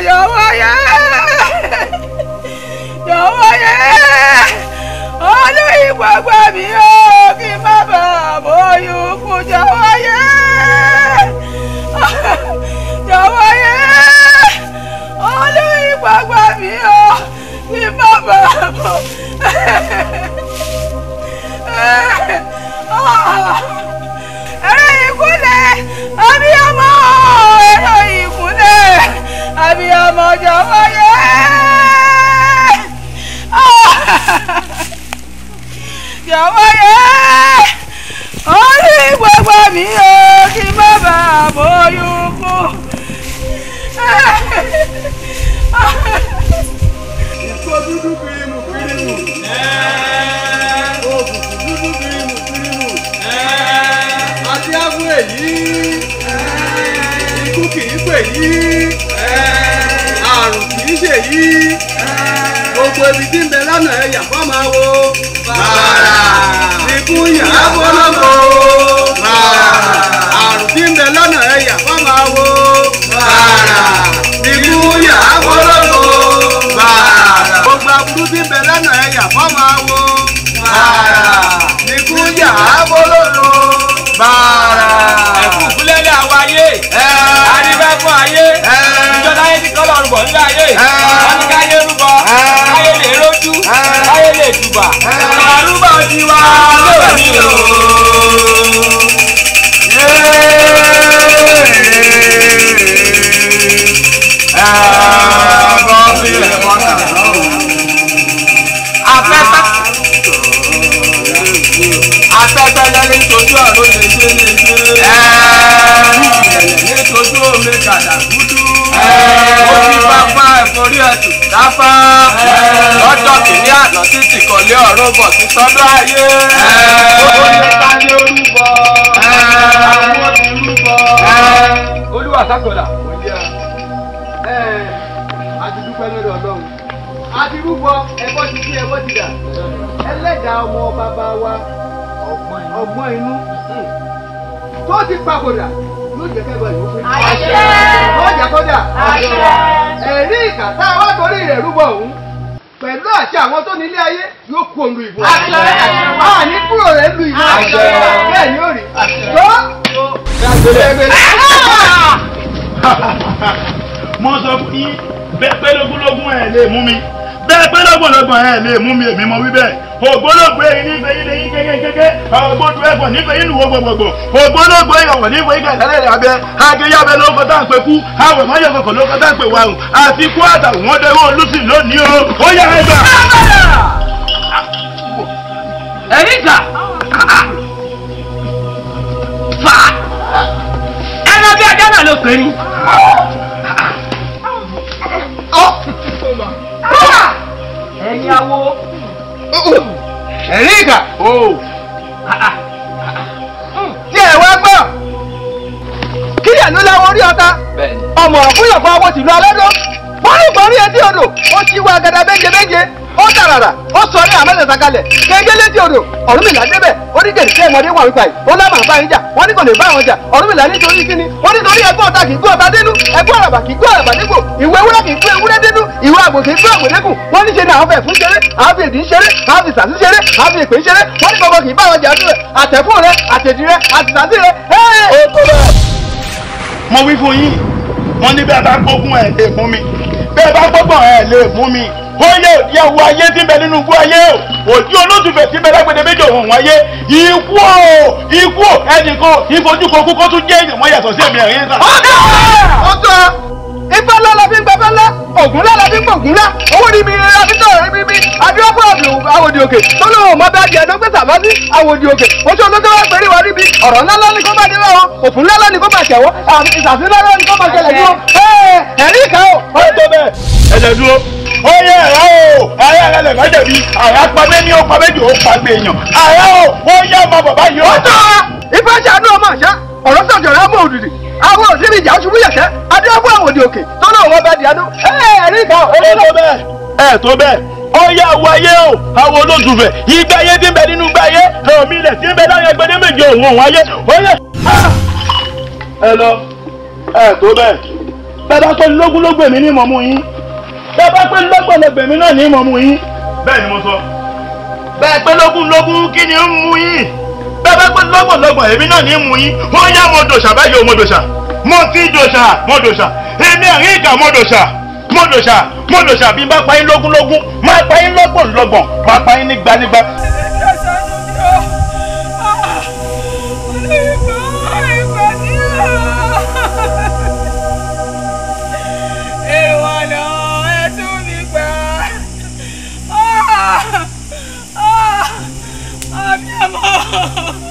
Yọ̀wọ́yẹ Yọ̀wọ́yẹ olóyìn gbogbo mi ó kí má bàa bóyú kú Yọ̀wọ́yẹ Yọ̀wọ́yẹ olóyìn gbogbo mi ó kí má ba. bóyú. ti papòdà ló jẹ́ kẹ́gbẹ́ ìlú fún. àṣẹ. ló jẹ́ àṣẹ. ẹ̀rí ìkàtà wa torí rẹ̀ rúbọ òun pẹ̀lú àti àwọn tó nílé ayé yóò kó lu ìbò. àṣẹ. a ní kúrò rẹ̀ lu ìbò. àṣẹ. bẹ́ẹ̀ ni ó rí. tó. mo sọ fún yín bẹ́ẹ̀ pẹ́ lógúnlógún ẹ̀ lè mú mi bẹ́ẹ̀ pẹ́ lọ́gbọ̀nlọ́gbọ̀n ẹ̀ lè mú mi èmi mọ wí bẹ́ẹ̀ ògbólógbò èyí nígbè yín lẹ́yìn kékékéké ògbódò ẹ̀gbọ̀n nígbè yín lùwọ́ gbogbogbò ògbólógbò ìyọ̀wọ̀ nígbè yín gàdálẹ̀ rẹ̀ abẹ́ agéyàbẹ ló tá à ń pẹ́ kú àwẹ̀ mọ́yọ̀ kọ̀kọ̀ ló tá à ń pẹ́ wàrùn àti kú àtà wọ́n dẹwọ́ olùsìn lónìí o ó yà ẹgbà. ẹ̀rí ìjà fa ẹran ajá náà ló pè ní. o tí ẹ wá gbọ́ kí ẹ̀lú láwọn orí ọ̀tá ọmọ ọ̀kúnyọ̀fọ̀ owó tìlú alẹ́dọ́ wọ́n rí ìgbọ́n rí etí odò ó ti wá agada bẹ́ńjẹ́bẹ́ńjẹ́ ó tàràrà ó sọ ní àmọ́tẹ̀sà kalẹ̀ gẹ́gẹ́ létí odò Ọ̀rúnmìlà débẹ̀ ó ní gẹ̀rẹ́sẹ̀ ọmọdé wà wípa yìí ó lámà bá yín jà wọ́n ní kò lè bá àwọn jà Ọ̀rúnmìlà nítorí kíni wọ́n nítorí ẹgbẹ́ ọ̀tá kì í gbọ́ ọ̀tá dínú ẹgbẹ́ ọ̀ràbà kì í gbọ́ ọ̀ràbà d ìwé àgbò fún àgbòdẹ́kù wọ́n ní ni àwọn fẹ̀ fún ṣeré àwọn fi èdè ń ṣeré àwọn fi ìsàsí ṣeré àwọn fi èpè ń ṣeré wọ́n ní gbogbo kì í bá wọn jà sílẹ̀ àtẹ̀fún rẹ àtẹ̀dì rẹ àtìsàsí rẹ. ó tó bẹ́ẹ̀. mo wí fún yín wọ́n ní bẹ́ẹ̀ bá gbógun ẹ̀ lè mú mi bẹ́ẹ̀ bá gbógun ẹ̀ lè mú mi oyè ìyàwó ayé ti bẹ nínú ikú ayé o òjì olótùfẹ ti bẹ lágbèdè méjì òun wáyé ikú o ikú o ẹnìkan ìfojú kan tún jẹ èèyàn wọn yàtọ̀ sí èmi ẹ̀rín sá. ọ̀gá ọ̀gá ìfẹ́ lọ́la ògúnlá láti pọ̀ ògúnlá owó ni mi ra títọ̀ rí mi adúlọ́pọ̀ àwòdì òkè tó lóun mọ bá di ẹ̀dọ́ gbé sàmá sí àwòdì òkè oṣù olóńgbò wá péré wa níbi ọ̀rọ̀ ńlá ńlá ni kó bá dé wá wọn òfin ńlá ńlá ni kó bá tẹ̀wọ́ ìsàfin ńlá ńlá ni kó bá tẹ̀lẹ̀ ní wọn ẹ̀rí ìka o. ó tó bẹ́ẹ̀ ẹ̀jẹ̀ dúró ó yẹ ẹ̀rá o ẹ̀rá ẹ̀rá lẹ̀ lọ́jẹ̀ bí àrá pamẹ́ ní ó pamẹ́ jù ó pàgbé èèyàn àrá o ó yẹ ọmọ bàbá yìí ó. ó tọ́ ifá ṣàánú ọmọ àṣà ọ̀rọ̀ sọ̀jọ̀rọ̀ ọmọ òdìdì àwọn òsínmi ìjà ṣubú yẹ̀ṣẹ́ adéwọ́ àwọn òde òkè tó náà wọ́n bá di adó ẹ̀ẹ́rì kan olóòtú. ẹ tó bẹ́ẹ̀ ẹ tó bẹ́ẹ̀ ọyá wáyé o àwọn olóṣùfẹ̀ ìgbà ayé ti ń bẹ nínú ìgbà ayé ọ̀mí ilẹ̀ ti ń bẹ láyé gbẹdẹ méje òun òun ayé ẹ lọ ẹ tó bẹ́ẹ̀ bàbá pé lógúnlógún èmi ní ìmọ̀mú yín bàbá pé lọ́gbọ̀lọ́gbọ̀ èmi náà ní ìmọ̀mú yín. bẹ́ẹ̀ ni mo sọ. bẹ́ẹ̀ pé lógúnlógún kí ni ń mú yín bá pẹ́ lọ́gbọ̀nlọ́gbọ̀n èmi náà ní mú yín ó yá mo dòṣà báyìí ó mo dòṣà mo ti dòṣà mo dòṣà èmi àrí ìkà mo dòṣà mo dòṣà mo dòṣà bí n bá pa yín lógúnlógún máa pa yín lọ́gbọ̀nlọ́gbọ̀n máa pa yín nígbànígbà. Abbiamo!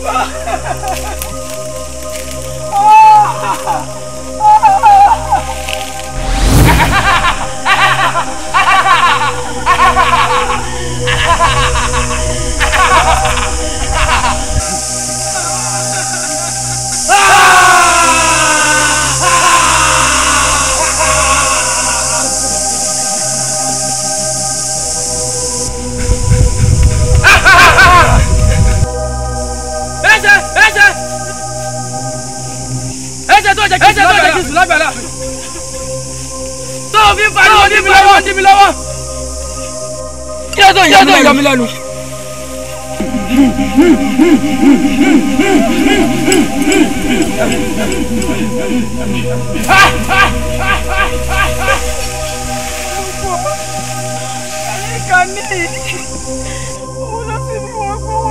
Bye. ní fariwo ní mi lọ́wọ́ ní mi lọ́wọ́. yàtọ̀ yàtọ̀ yọ mi lẹ́nu. Ah, ah, ah, ah, ah, ah kan ní òun ló sì mú ọgbọ́n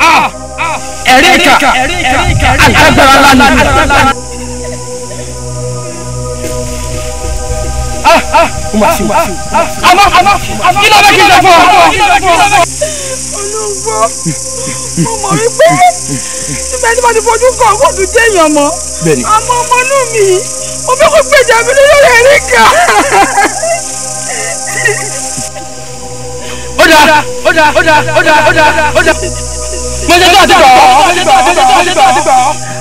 wá. ẹ̀rí ìkà alágbára lánàá. ó máa ṣe wàásù. àmọ́ àmọ́ kí ló fẹ́ kí n ṣe fún ọ. olùgbọ́ mo mọ̀ wípé nígbà tí mo ti fojú kọ kó tún jẹ́ èèyàn mọ́ àmọ́ ọmọ inú mi mo fẹ́ kó gbèjà mi lórí ẹ̀rí kan. ó dáa ó dáa ó dáa ó dáa ó dáa ó dáa mo ṣe tó àti bọ̀ ọ́ mo ṣe tó àti mo ṣe tó àti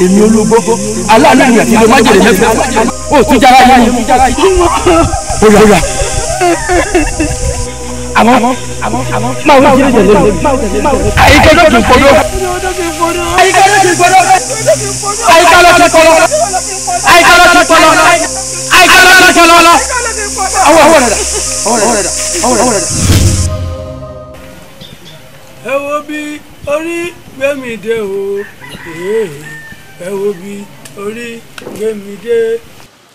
èmi ológbó aláàánú mi àti ilé májèlé mẹ́fà ó tún jára yín ni ó yà ó yà àmọ́ máa wọ́n jíjẹ lé mi àyíká ló ti fọdọ́ àyíká ló ti fọdọ́ àyíká ló ti fọdọ́ àyíká ló ti fọdọ́ àyíká ló ti fọdọ́ àwọn àwọn rẹ̀ dà àwọn rẹ̀ dà àwọn rẹ̀ dà. ẹ wo bí orí gbẹ̀mídé o ẹ wo bí orí gbẹ̀mídé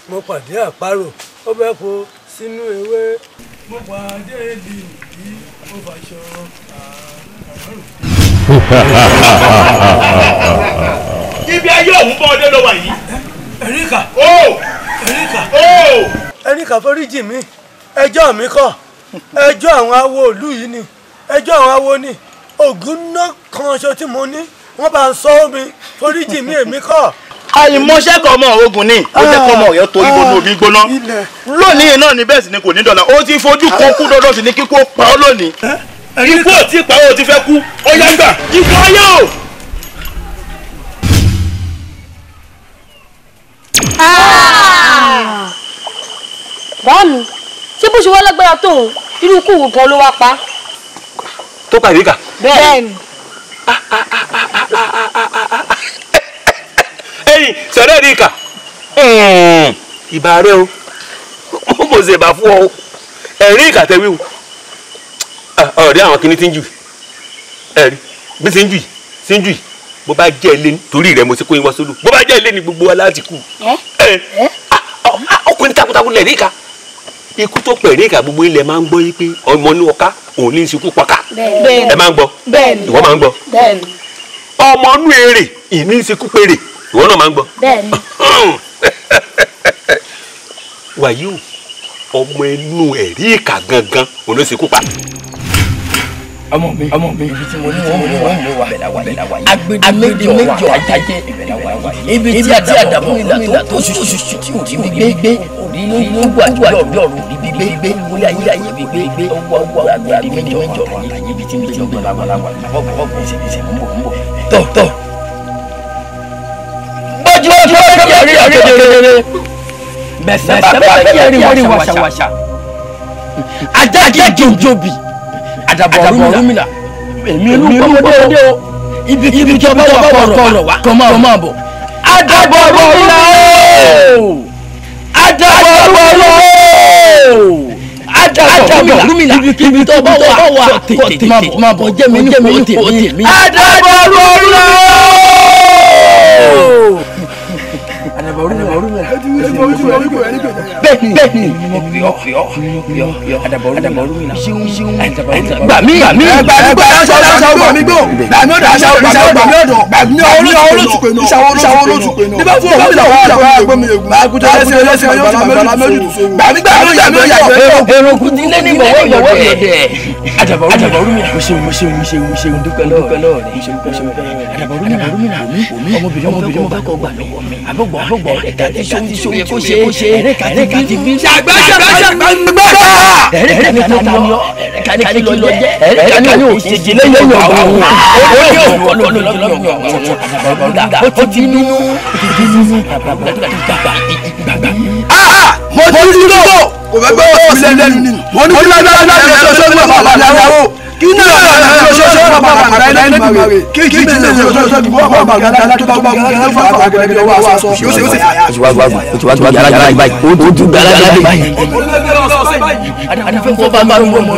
mo pàdé àparò ó bẹ́ po sínú ewé mo pàdé èdè yìí mo fàṣọ àárọ̀. ibi ayé òun bọ́ ọdẹ ló wà yìí. ẹ̀ríkà ẹ̀ríkà ẹ̀ríkà foríjì mi ẹjọ́ mi kọ́ ẹjọ́ àwọn awo ìlú yìí ni ẹjọ́ àwọn awo ni ògùn náà kan ṣo tí mo ní wọ́n bá sọ mi torí jì mí èmi kọ́. àìmọṣẹ́ kan mọ ogun ni kò jẹ́ kó mọ ọ̀yọ́ tó ibo ní omi gbóná ah, lónìí náà ni bẹ́ẹ̀ sì ni kò ní dọ̀là ó ti fojú kan kú dandan sí ni kíkó pa ọ́ lónìí eh? ikú ò tí ì pa ọ́ ò ti fẹ́ kú ó yá gbà ikú ayé o. Ah! báàmì ṣé bó ṣe wá lágbára tóun irú ikú wo gan ló wá pa á tó pa ìwéka. bẹ́ẹ̀ni. ẹyin sọ̀rọ̀ ẹ̀rí ìkà ìbà rẹ o mo mọ̀ ṣe ìbà fún ọ o ẹ̀rí ìkà tẹ wíwò ah, ọ̀rẹ́ àwọn kìíní ti ń jù ẹ̀rí bí ti ń jù ti ń jù bó bá jẹ́ ilé ní torí rẹ mo ti kó yín wá sólù bó bá jẹ́ ilé ní gbogbo wa láti kú eh, ah, ah, ọkùnrin takuntakun lẹ̀ rí ìkà ikú tó pẹ̀lú ìkà gbogbo ilẹ̀ máa ń gbọ́ yí pé ọmọ inú ọká òun ní ìsìnkú pọ̀ká ẹ máa ń gbọ́ ìwọ máa ń gbọ́ ọmọ inú èrè ìní ìsìnkú péré ìwọ náà máa ń gbọ́ wàyí o ọmọ inú ẹ̀rí ìkà gangan òun ló ṣekú pa ọmọ mi ọmọ mi ibi tí mo ní wọn mú wa bẹ̀rẹ̀ wa méjì ọ̀wà jajẹ ibi tí a ti àdàbọ̀ ìlà tó ṣoṣoṣo tí o ti mi gbé nínú gbàdúrà bí ọ̀run ibi gbé wọlé ayé ayé ibi gbé ọwọ́ ọwọ́ agbede méjì ọ̀wà yìí ibi tí mi ti gbé bàbá wa bọ̀bọ̀ bọ̀bọ̀ ìṣẹ̀lẹ̀ ń bọ̀ ń bọ̀ tọ̀ tọ̀. bọ́jú ọjọ́ yẹrí ọjọ́ kedere mẹsàn-án bá yẹrí wọ́n àdàbọ̀ Ọ̀rúnmìlà èmi olùkọ́mọdé o ibi ibi tí ọba wà kọ̀ọ̀rọ̀ wá kọ̀ máa bọ̀ àdàbọ̀ Ọ̀rúnmìlà o àdàbọ̀ Ọ̀rúnmìlà o àdàbọ̀ Ọ̀rúnmìlà ibi tí ọba wà tètè máa bọ̀ ní kò tèmi àdàbọ̀ o àdàbọ̀ bẹ́ẹ̀ni bẹ́ẹ̀ni yọ yọ yọ yọ adabaru mi na ṣeun ṣeun gbàmí gbàmí gbàmí aṣọ gbàmí gbò gbàmí ọdọ aṣọ gbàmí ọdọ gbàmí olóṣùpẹ náà ìṣàwọ olóṣùpẹ náà nígbà fún ọgbà wà lọ́wọ́ ẹgbẹ́ mi ègún àgùtà ẹsẹ̀ ẹlẹ́sẹ̀ yóò ti gbàmí méjì tó sówó gbàmí gbàmí yàgbé yàgbé eroku ti lé ní bọ̀wọ̀ bọ̀wọ̀ yẹ̀dẹ̀ adabaru mi na mo ṣeun mo ṣeun mo ṣeun mo ṣeun dúpẹ́ lọ́wọ́ rẹ̀ adabaru mi na ọmọbìnrin ọmọbìnrin ọmọ bá kọ gbà lọ́wọ́ mi àbọ̀gbọ̀ àbọ̀gbọ̀ ẹ̀ka tẹ̀sán ṣe òun kó ṣe kó ṣe ẹ̀rẹ́kà ti bí. ṣàgbá ṣàgbá ṣàgbá gbọ́ bá. ẹ̀rẹ́kà ni ta ni ọ ẹ̀rẹ́kà ni kí lọ jẹ́ ẹ̀rẹ́kà ni ò ṣe jẹ lẹ́yìn ọ̀gbà òun. ó ní òkú lọ́lọ́lọ́lọ́ ó ti bínú. mo ti rí lọ kò fẹ́ gbọ́ ọ́ sílẹ̀ lẹ́nu ni. mo ní kí lọ́dọ̀ lọ́dọ̀ lọ́dọ̀ lọ́dọ̀ lọ́dọ̀ kí ní ọ̀rọ̀ àti ọ̀ṣọ́ṣọ́ bàbá àgbàdá ẹni tó bàbá rẹ̀ kí kí ní ọ̀rọ̀ ọ̀ṣọ́ṣọ́ ti bọ́ bàbá àgbàdá tó bá gbọ́ gẹ́gẹ́ fún àgbà gẹ́gẹ́ lọ́wọ́ àwọn aṣọ yóò ṣe yóò ṣe. òtù wá gba gàlágà báyìí òtù gàlágà báyìí. adáfẹ́ fọ́ bá ń bá ń wọ́n mọ́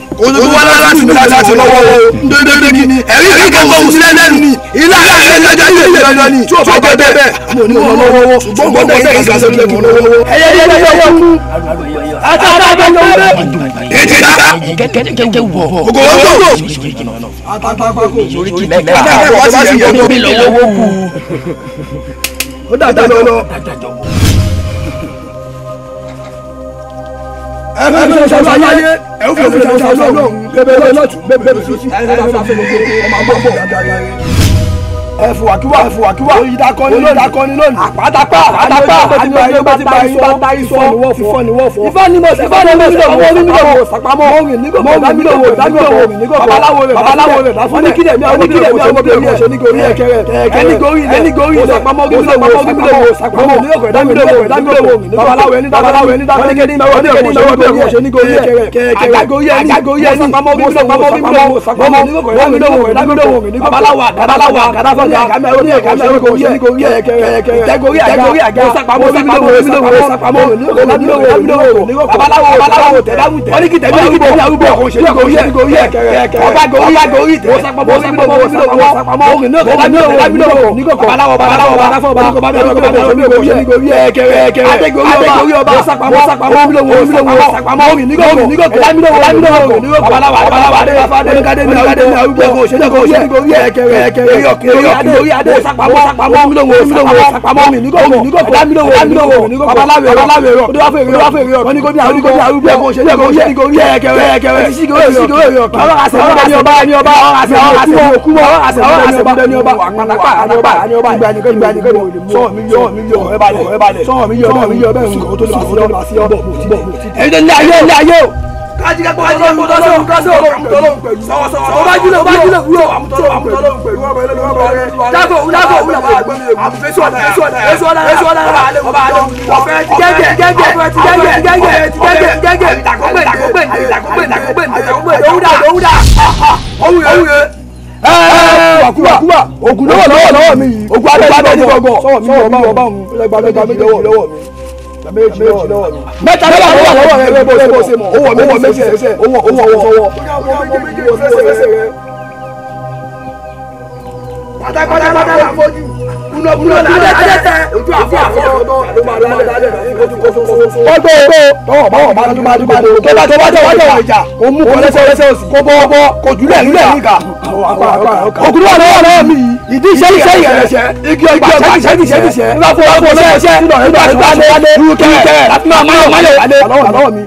olùdókòwò láti ní láti lọ́wọ́ o ndéédéé kí ni ẹ̀rí kí gbogbo mùsùlùmí lẹ́nu ni ilé àgbẹ̀ lẹ́jọ́ yóò yẹ lọ́jọ́ ni tí o fẹ́ gbẹ bẹ́ẹ̀ mo ní mọ̀ lọ́wọ́ ṣùgbọ́n mo tẹ̀ kí ìgbà sẹ́nu lẹ́nu lọ́wọ́. ẹyẹ yẹ yẹ yẹ kú àtàrà bẹ lọ rẹ. ètè tàbá kẹkẹ wọ. gbogbo wọn tó lò. àtàkùn sórí kìlẹ̀ mẹ́ta wọ́n sì yẹ kó ó dàgbà lọ́wọ́. ẹ fẹ́ fẹ́ sọ ayé ẹ fẹ́ fẹ́ sọ lọ́wọ́ bẹ́ẹ̀ bẹ́ẹ̀ lọ́tún bẹ́ẹ̀ bẹ́ẹ̀ lọ́tún ẹ fẹ́ fẹ́ sọ ọmọ àgbọ̀ ẹ̀fùwàkíwà ẹ̀fùwàkíwà lóyún ìdákọ́ni lónìí ìdákọ́ni lónìí àpátápá àpátápá àníwájúbá ìfọ́ ìfọ́ ni wọ́n fọ́ ìfọ́ ni mọ̀ sí ìfọ́ ni mọ̀ sí ọmọ orí mi lòwò sàpamọ́ orin nígbàgbọ́ mọ̀ mi lòwò dágbàwò mi nígbàgbọ́ babaláwo rẹ̀ babaláwo rẹ̀ lásán ní kílẹ̀ mi àwọn kílẹ̀ mi àwọn bẹ̀rẹ̀ ṣe ní gorí ẹ̀kẹ́ rẹ̀ ẹni gorí ilẹ̀ ẹni gorí ilẹ̀ sàpamọ́ orí mi lòwò sàpamọ́ orí mi lòwò dámi lòwò dámi lòwò babaláwo ẹni babaláwo ẹni dámi lòwò ní kẹ́ni ìnáwó bẹ̀rẹ̀ ṣe ní gorí ẹ̀kẹ́ rẹ̀ àgàgorí ẹni àgàgorí ẹni sàpamọ́ orí mi lòwò sàpamọ́ orí mi lòwò dámi lòwò dámi lòwò babaláwo àdábaláwo àdáfọ́ orí àga mẹ orí àga mẹ orí àga adé orí adé sapamọ́ sapamọ́ omilowo omilowo sapamọ́ ominigoko ominigoko ominigoko ominigoko babaláwo babaláwo èrò odúwàfọ èrò odúwàfọ èrò wọn ni kò ní àwọn oníkò ní àwọn bí ẹkọ òṣèlú ẹkọ òṣèlú kò rí ẹkẹwẹ ẹkẹwẹ ẹsísí kò rí kò rí ọkọ ọwọ àṣẹ ọwọ àṣẹ ọba ni ọba ọwọ àṣẹ ọwọ àṣẹ ọwọ kúmọ ọwọ àṣẹ ọwọ àṣẹ ọba ni ọba àpàtàkà ni ọba ni ọba ìgbà ni ìgbà ni sọ mi yọ mi yọ ẹ balẹ̀ ẹ balẹ̀ sọ mi yọ mi yọ bẹ́ẹ̀ mi kò tó lọ sí ọ bọ̀ bọ̀ bọ̀ ẹ̀yin ní ayé ní ayé o kájíkápọ̀ ọlọ́run kásò ọlọ́run pẹ̀lú sọ̀wọ́sọ̀wọ́ tó bá jùlọ mi yìí ògùn abẹ́rẹ́ gbọ́dọ̀ mi yìí méjì lọ́wọ́ mi. mẹ́ta mẹ́ta ló wà lọ́wọ́ rẹ bó ṣe mọ̀ owó méjì méjì ẹsẹ̀ owó owó owó fọwọ́. pátápátá pátápátá fojú búná búná adẹ́tẹ̀ ojú àfọ àfọ ọgbẹ́ ọgbẹ́ tọwọ́ bá wọn bá dúdú bá dúdú tó bá tó bá tẹ̀wọ́ tẹ̀wọ́ ìjà kò mú kọ lẹ́sẹ̀ lẹ́sẹ̀ òsì kò bọ́ bọ́ kò jùlẹ̀ nílẹ̀ níga òkúrú wà lọ́wọ́ lọ́wọ́ mi ìdí iṣẹ́ iṣẹ́ ìrẹsẹ̀ igi ọgbà ṣẹ́gi ṣẹ́gi ṣẹ́gi ṣẹ́ nígbà fún ọgbà ọgbà ṣẹ́ nígbà nígbà nígbà nígbà nígbà láti máa máa máa lè àlọ́wọ́ mi.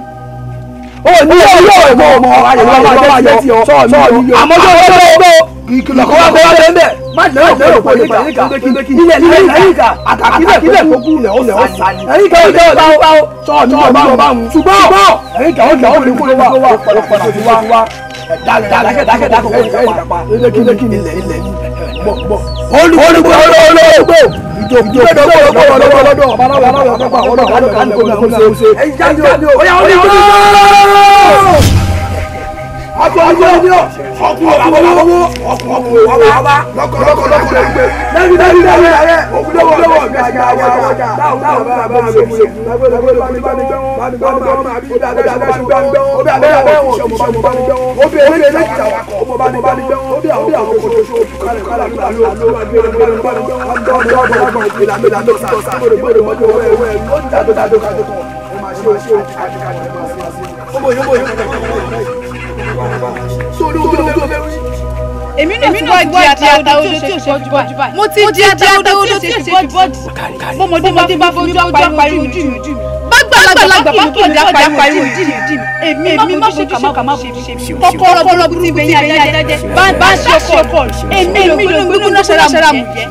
ó ní ọjọ́ ìmọ̀ ọmọ ayẹyẹ ọmọ ayẹyẹ ti ọ sọ mi yọ àmọ́jọ́ ọjọ́ ìgbó kìkìlọ̀ kọ́wá kọ́wá bẹ́ẹ̀ má lẹ́ òkú òkú ẹ̀yìnká ilẹ̀ ilẹ̀ ẹ̀yìnká àkàkílẹ̀ kílẹ̀ fokú lẹ̀ ó lẹ̀ ó sà ní. ẹ̀yìnká ó lẹ̀ báwo báwo sọ̀ọ̀nù ọ̀báwò báwo ṣùgbọ́n ẹ̀yìnká ó lẹ̀ ó lẹ̀ kó lọ́wọ́ ó ọkùnrin ọkùnrin ọkùnrin ọkùnrin ọkùnrin ọba lọkọlọkọ lọkọ lẹ gbé lẹbi lẹbi lẹbi ayẹ òkúdọwọ lọwọ gbàjà àwàjà táwọn táwọn bá bá mi ṣe lágbẹlẹgbẹ bani bani gbẹwọn bani bani gbẹwọn obì àbẹ àbẹ bani gbẹwọn obì àbẹ àbẹ wọn sọmọ bani gbẹwọn obì èlé èlé ìjà wakọ ọmọ bani bani gbẹwọn obì àwọn obì àwọn kokoso kálẹ kálẹ nígbà ló ló wà ní ẹgbẹ rẹ bani gbẹwọn ọdọ ọdọ ọdọ ọdọ ìlà ìlà ló sà sà gbọdọ gbọdọ mọdọ wẹwẹ ó ń dàdó dàdó torí ogun ló fẹ́ wí. èmi náà ti wá di àtàwọ̀dà ojú tí ò ṣe fi bọ́ọ̀dì báyìí mo ti di àtàwọ̀dà ojú tí ò ṣe fi bọ́ọ̀dì bọ́mọdé bá fojú pariwo ojú mi lágbàlagbà bá kí ìdí ọjà pariwo ìdí mi èmi èmi má ṣe kàmá kàmá bù ṣe kọkọrọ bọlọ bí ibẹ yẹn ajá jẹ bá ṣe ọkọ èmi èmi ló ń gbígbóná ṣẹlá ṣẹlá mu yẹ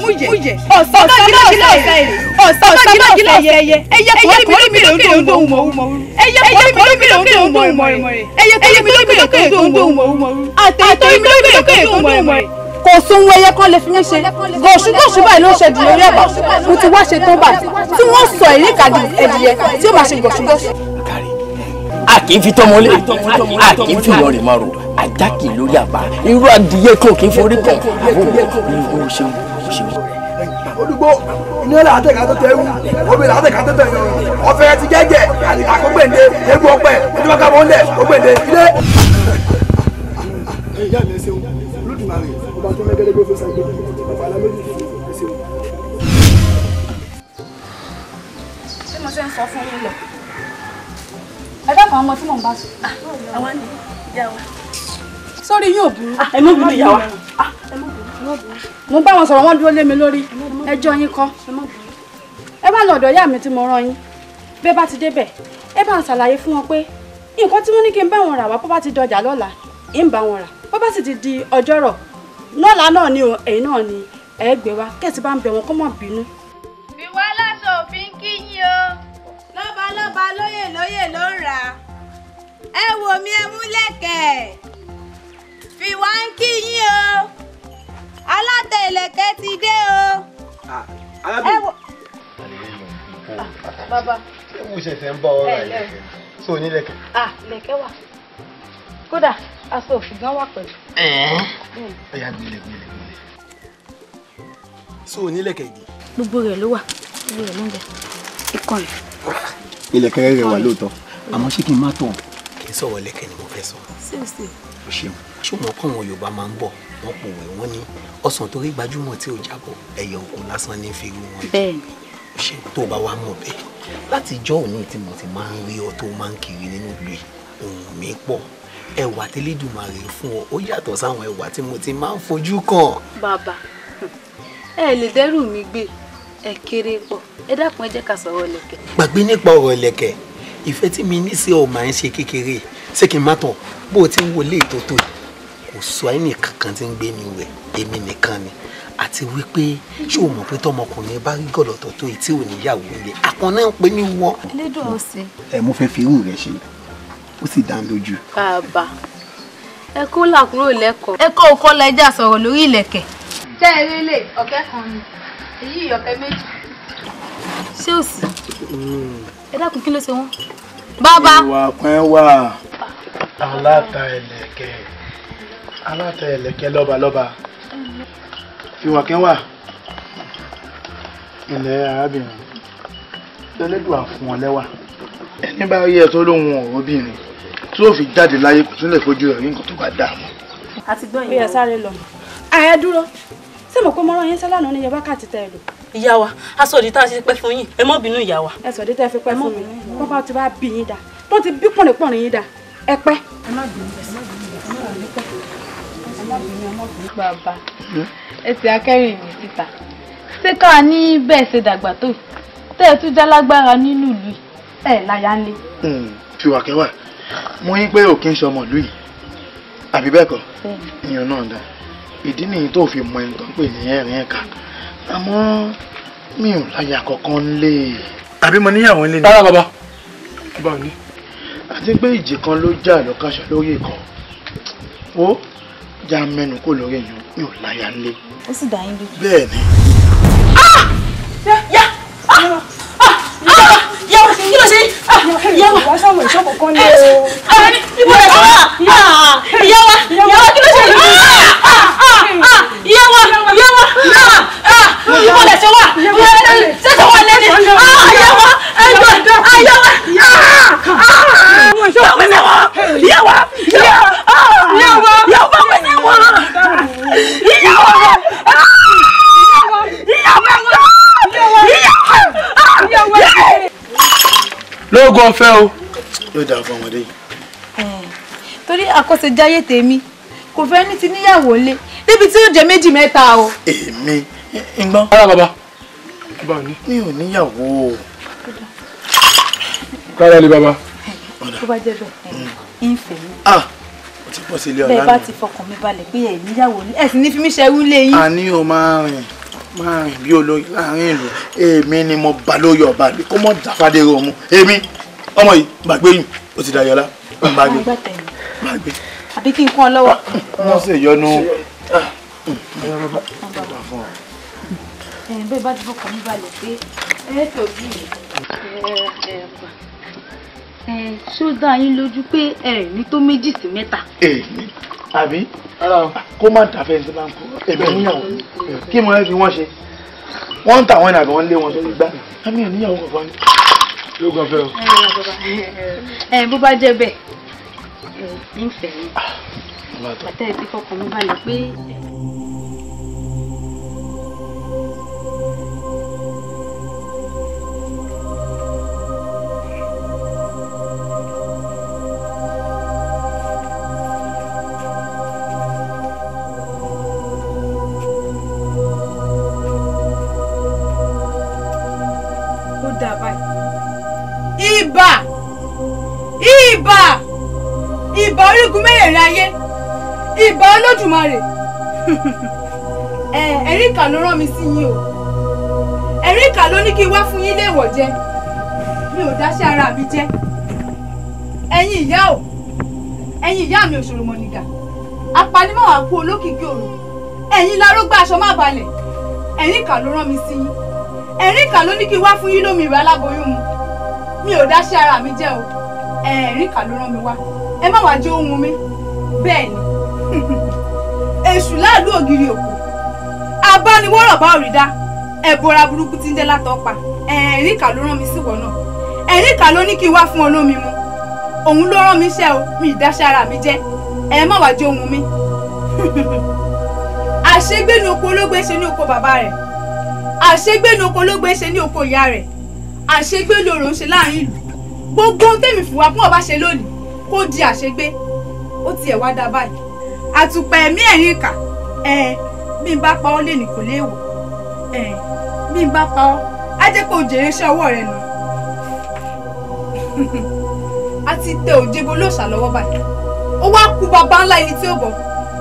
mu yẹ mu yẹ ọ̀sán gílá gílá ọ̀sán yẹ ọ̀sán gílá gílá ọ̀sán yẹ ẹyẹ kọ́rí mi ló ń dóhùn mọ̀ ọ́n mọ̀ ọ́n ẹyẹ kọ́rí mi ló ń dóhùn mọ̀ ọ́n mọ̀ ọ́n ẹyẹ kọ́rí mi ló ń dóhùn mọ̀ ọ́n mọ̀ ọ́n àtẹ̀yẹ kọ́rí mi ló ń dóhùn mọ̀ ọ́n kò sún wẹ́yẹ kán lè fi mí ṣe gòṣùgòṣù báyìí ló ń ṣe dùn lórí ẹ̀bà mo ti wá ṣe tán báyìí tí wọ́n sọ èyí kàdí ẹ̀dìyẹ tí ó máa ṣe gòṣùgòṣù. a kì í fi tọmọlé a kì í fi lọrẹ máa rò ajá kì í lórí àbá irú adìyẹ kan kì í forí kan àwọn olùkọ́ ṣe ṣe. olùgbò ní ọ̀la àtẹ̀ká tó tẹ̀ wú obìnrin àtẹ̀ká tó tẹ̀ yọ̀ ọ̀fẹ́ ti gẹ́gẹ́ àkọ́gbẹ̀ǹde egun ọ̀pẹ ẹni wọ́n ká ọba tó mẹ́gẹ́lẹ́ gbé fèsì àgbẹ̀ bàbá alámẹ́jì ẹsẹ̀ wọn. ṣé mo ṣe ń sọ fún yín lọ ẹ dábàá àwọn ọmọ tí mò ń bá sùn. Ah, àwa ni ìyá wa. sórí yóò burú. Ah, ẹ mọ̀ bínú ìyá wa. Ah, mo bá wọn sọ̀rọ̀ wọ́n dúró lé mi lórí ẹjọ́ yín kọ́ ẹ bá lọ́dọ̀ ìyá mi tí mo rán yín bẹ́ẹ̀ bá ti débẹ̀ ẹ bá ń ṣàlàyé fún wọn pé nǹkan tí wọ́n ní kí n bá wọn rà wá bó bá ti dọjà lọ́la ń bá wọn rà bó bá sì ti di ọjọ́rọ̀ lọ́la náà ni o ẹ̀yin náà ni ẹ gbé wa kẹ́sì bá ń bẹ̀ wọ́n kó mọ̀ bínú. bí wá láṣọ òfin kí yín o lọ́ba lọ́ba lóyè lóyè ló ń rà ẹ wò mí ẹ mú fi wá ń kí yín o aláta ìlẹ̀kẹ̀ ti dé o. ẹ wò. Ah, bàbá. ṣé mo ṣẹ̀ṣẹ̀ ń bá ọ ra ìlẹ̀kẹ̀ tó o ní lẹ̀kẹ̀. ah lẹ̀kẹ̀ wà kódà aṣọ òṣùgbọ́n wà pẹ̀lú. ọ̀yà hmm. gbilẹ̀ gbilẹ̀ gbilẹ̀. so onílẹ̀kẹ̀ ìdí. gbogbo rẹ̀ ló wà gbogbo rẹ̀ ló ń bẹ ikọ̀ rẹ̀. ìlẹ̀kẹ̀ rẹ̀ wà lóòótọ́ àmọ́ ṣé kí n má tọ̀. kì í sọ̀rọ̀ lẹ́kẹ̀ ni mo fẹ́ sọ. síbìsì. o ṣeun. ṣùgbọ́n kọ́ àwọn Yorùbá máa ń bọ̀ wọ́n pò wẹ̀ wọ́n ní ọ̀sán tó rí gbajúmọ̀ tí ò jábọ̀ ẹyẹ òkú lásán ní fi rú wọn. bẹ́ẹ̀ni. o ṣeun tó bá wa mọ̀ bẹ́ẹ̀ láti ìjọ́ òní tí mo ti máa ń rí ọ tó máa ń kiri nínú ìlú yìí òun mi pọ̀ ẹwà tẹlẹdùmarè fún ọ ó yàtọ̀ sáwọn ẹwà tí mo ti máa ń fojú kàn. bàbá ẹ lè dẹ́rù mi gbé ẹ kéré pọ̀ ẹ dákun ẹ jẹ́ ká sọ̀rọ̀ ẹlẹ́kẹ̀. gbàgbé nípa ọ̀rọ̀ ẹlẹ́kẹ̀ ìfẹ́ tí mi ní sí ọ máa ń ṣe kékeré ṣé kí n má tàn bó o ti ń wọlé ìtótó yìí kò sọ ẹnì kankan tí ń gbé mi wẹ̀ èmi nìkan ni àti wípé ṣé o mọ̀ pé tọmọkùnrin bá rí gọ̀lọ̀tọ̀ tó yìí tí ò níyàwó ilé àpọ̀n náà ń pè ní wọ́n. elédùn ọ̀sẹ̀. ẹ mo fẹ́ fi irú rẹ ṣe ó sì dá lójú. bàbá ẹ kó là kúrò lẹ́kọ̀ọ́ ẹ kó òkọ́ lẹ́jà sọ̀rọ̀ lórí ìlẹ̀kẹ̀. ṣé ẹ rélé ọ̀kẹ́ kan ni èyí ọ̀kẹ́ méjì. ṣé ò sí hmm. ẹ dákun kí ló ṣe wọn. bàbá ìwà kan wà aláta ẹlẹ́kẹ̀ aláta ẹlẹ́kẹ̀ lọ́balọ́ba ìwà kan wà ilẹ̀ arábìnrin lẹ́lẹ́dùn àfún ọ lẹ́wà ẹni bá rí ẹ tó lóhun ọ̀rọ̀ obìnrin tí ó fi jáde láyé kò tún lè fojú rẹ̀ rí nǹkan tó bá dààmú. àti gbọ́n ìyá bóyá sáré lọ ààyè dúró ṣé mo pé mo rán yín sẹ́lánà ní yọba káàtì tẹ ẹ lò. ìyá wa aṣọ tá a ṣe pẹ́ fún yín ẹ mọ́ bínú ìyá wa. ẹ sọ̀dí tẹ́ fi pẹ́ fún mi bọ́bá ti wá bí yín dà tó ti bí pọ̀nrẹ́pọ̀nrẹ́ yín dà ẹ pẹ́. ẹ má bínú ẹ má bínú ẹ má bínú ẹ má bínú. bàbá hm? ẹ ti akẹ́rìn mi síta ṣé káà ní bẹ́ẹ̀ ṣe dàgbà tó tẹ́ ẹ tún já lágbára nínú ìlú yìí ẹ láyà ń lé. Hmm, tiwakẹwà mo yín pé òkè ń ṣe ọmọ ìlú yìí àbí bẹ́ẹ̀ kọ́ ìyẹn náà dá ìdí nìyí tó fi mọ ẹni tó pè ní ẹ̀rín ẹ̀ka àmọ́ mi ò láyà kankan lé e. àbí mo níyàwó ń lé ni. rárá bàbá bàbá ò ní. àti pé ìjì kan ló jà lọ́kàṣọ lórí ìkọ́ ó já mẹ́nu kó lórí èèyàn mi ò láyà ń lé. ó sì dá yín lójú. bẹ́ẹ̀ ni. yá ah! yá yàwá kí ló ṣe yàwá wá sáwọn ìṣọ́kọ̀ kan ní o. ibo rẹ̀ sọ́wọ́ yàwá yàwá kí ló ṣe yàwá yàwá ibo rẹ̀ sọ́wọ́ sẹ́sọ̀ wà lẹ́nu yàwá ẹ̀gbọ́n yàwá yàwá yàwá yàwá yàwá. Yeah! lóògùn ọ̀fẹ́ o. yóò dáa fún ọmọdé yìí. torí àkọsẹ̀jáyé tèmi kò fẹ́ ní ti níyàwó lé débi tí ó jẹ méjì mẹ́ta o. èmi ìgbọ́n. ara bàbá bàbá ò ní. mi ò níyàwó o. kára lè bàbá. tó bá jẹ́ bẹ́ẹ̀ ìfẹ́ mm. mi. ah o ti pọ̀ sí ilé ọ̀la nù. bẹ́ẹ̀ bá ti fọkàn mi balẹ̀ pé ẹ̀ níyàwó ni ẹ̀ sì ní fi mí ṣe ẹrú yín. àní máa rìn máa rìn bí olórí láàrin ìlú èmi ni mo bá lórí ọba àbí kó mọ̀ dáfádé rẹ̀ ọmú èmi ọmọ yìí gbàgbé yìí ó ti dayọ̀lá gbàgbé gbàgbé. àbí kí n kún ọ lọ́wọ́. wọ́n sì yọnu. bẹ́ẹ̀ bá dúró kọ́ mi balẹ̀ pé ẹ tó bí ẹ ẹ pa. Eh, ṣó dá yín lójú pé ẹ̀ẹ̀ni tó méjì sí mẹ́ta. èyí eh, àbí kó má dàfẹ́ sí báńkò ẹ̀bẹ̀ níyàwó kí mo rẹ́ fi wọ́n ṣe wọ́n ń tà wọ́n àbí wọ́n lé wọn sórí gbá àmì ìníyàwó kankan ni ló kàn fẹ́ o. ẹ eh, bó bá jẹ́ bẹ́ẹ̀ ẹ ń fẹ́ mi àtẹ ìfọkànmí balẹ̀ pé. Olódùmarè ẹ̀rí ìkà ló rán mi sí yín o ẹ̀rí ìkà ló ní kí n wá fún yín léèwọ̀ jẹ mi ò dáṣẹ́ ara mi jẹ́ ẹ̀yin ìyá o ẹ̀yin ìyá mi òṣòro mọ̀nìgà apanimọ̀wá kú olókìkí òru ẹ̀yin larógbá aṣọ má balẹ̀ ẹ̀rí ìkà ló rán mi sí yín ẹ̀rí ìkà ló ní kí n wá fún yín lómi ìrẹ́ aláboyún mu mi ò dáṣẹ́ ara mi jẹ́ o ẹ̀rí ìkà ló mi wá ẹ má wàá jẹ́ ohun mi bẹ́ẹ̀ èṣù láàlú ògiri òkú abániwọ́rọ̀ bá òrì dá ẹ̀bọra burúkú ti ń jẹ́ látọ̀ pa ẹ̀ríkà ló rán mi síwọ̀ náà ẹ̀ríkà ló ní kí n wá fún olómi mu òun ló rán mi iṣẹ́ o mi ìdáṣẹ́ ara mi jẹ́ ẹ má wàá jẹ́ ohun mi àṣegbé ni oko olóògbé ṣe ní oko bàbá rẹ̀ àṣegbé ni oko olóògbé ṣe ní oko ìyá rẹ̀ àṣegbé lòrò ń ṣe láàrin ìlú gbogbo ohun tèmi fìwà fún ọba ṣe lónìí kó di àṣegbé ó tiẹ̀ wá dá báyìí àtùpà ẹ̀mí ẹ̀rín kà ẹ̀ bí n bá pa ọ́ lẹ́nu kò léèwọ̀ ẹ̀ bí n bá pa ọ́ á jẹ́ pé òjèrè iṣẹ́ ọwọ́ rẹ̀ nù. a ti tẹ òjebo lóòṣà lọ́wọ́ báyìí ó wá kú bàbá ńlá ẹni tí ó bọ̀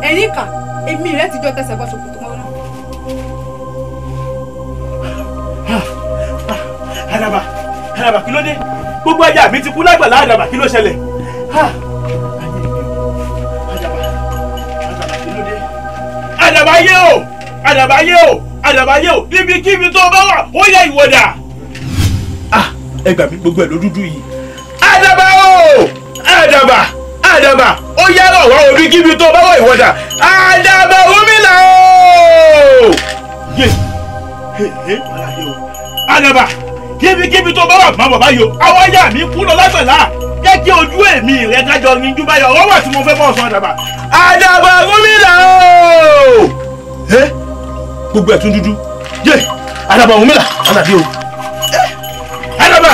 ẹ̀rín kà èmi rẹ̀ ti jọ tẹsẹ̀ bọ́ ṣòkòtò mọ́ náà. àdàbà àdàbà kí ló dé gbogbo ajá mi ti kú lágbàlá àdàbà kí ló ṣẹlẹ̀. àdàbáyé o àdàbáyé o àdàbáyé o ibikíbi tó bá wà ó yẹ ìwọ̀dà. ah ẹ gbà mí gbogbo ẹ ló dúdú yìí. àdàbà o àdàbà àdàbà ó yára ọ̀wá ibikíbi tó bá wà ìwọ̀dà àdàbà omílà o. yé àdàbà kíbikíbi tó bá wà má bọ̀ báyìí o àwọn ayá mi kú lọ lágbàlá jẹ́ kí ojú èmi rẹ̀ kájọ ní jú báyọ̀ ọwọ́ àti mo fẹ́ bọ́ ọ̀sán àdàbà. àdàbà gómìnà o. ẹ gbogbo ẹ̀ tún dúdú yé àdàbà gómìnà ànàbí o. àdàbà.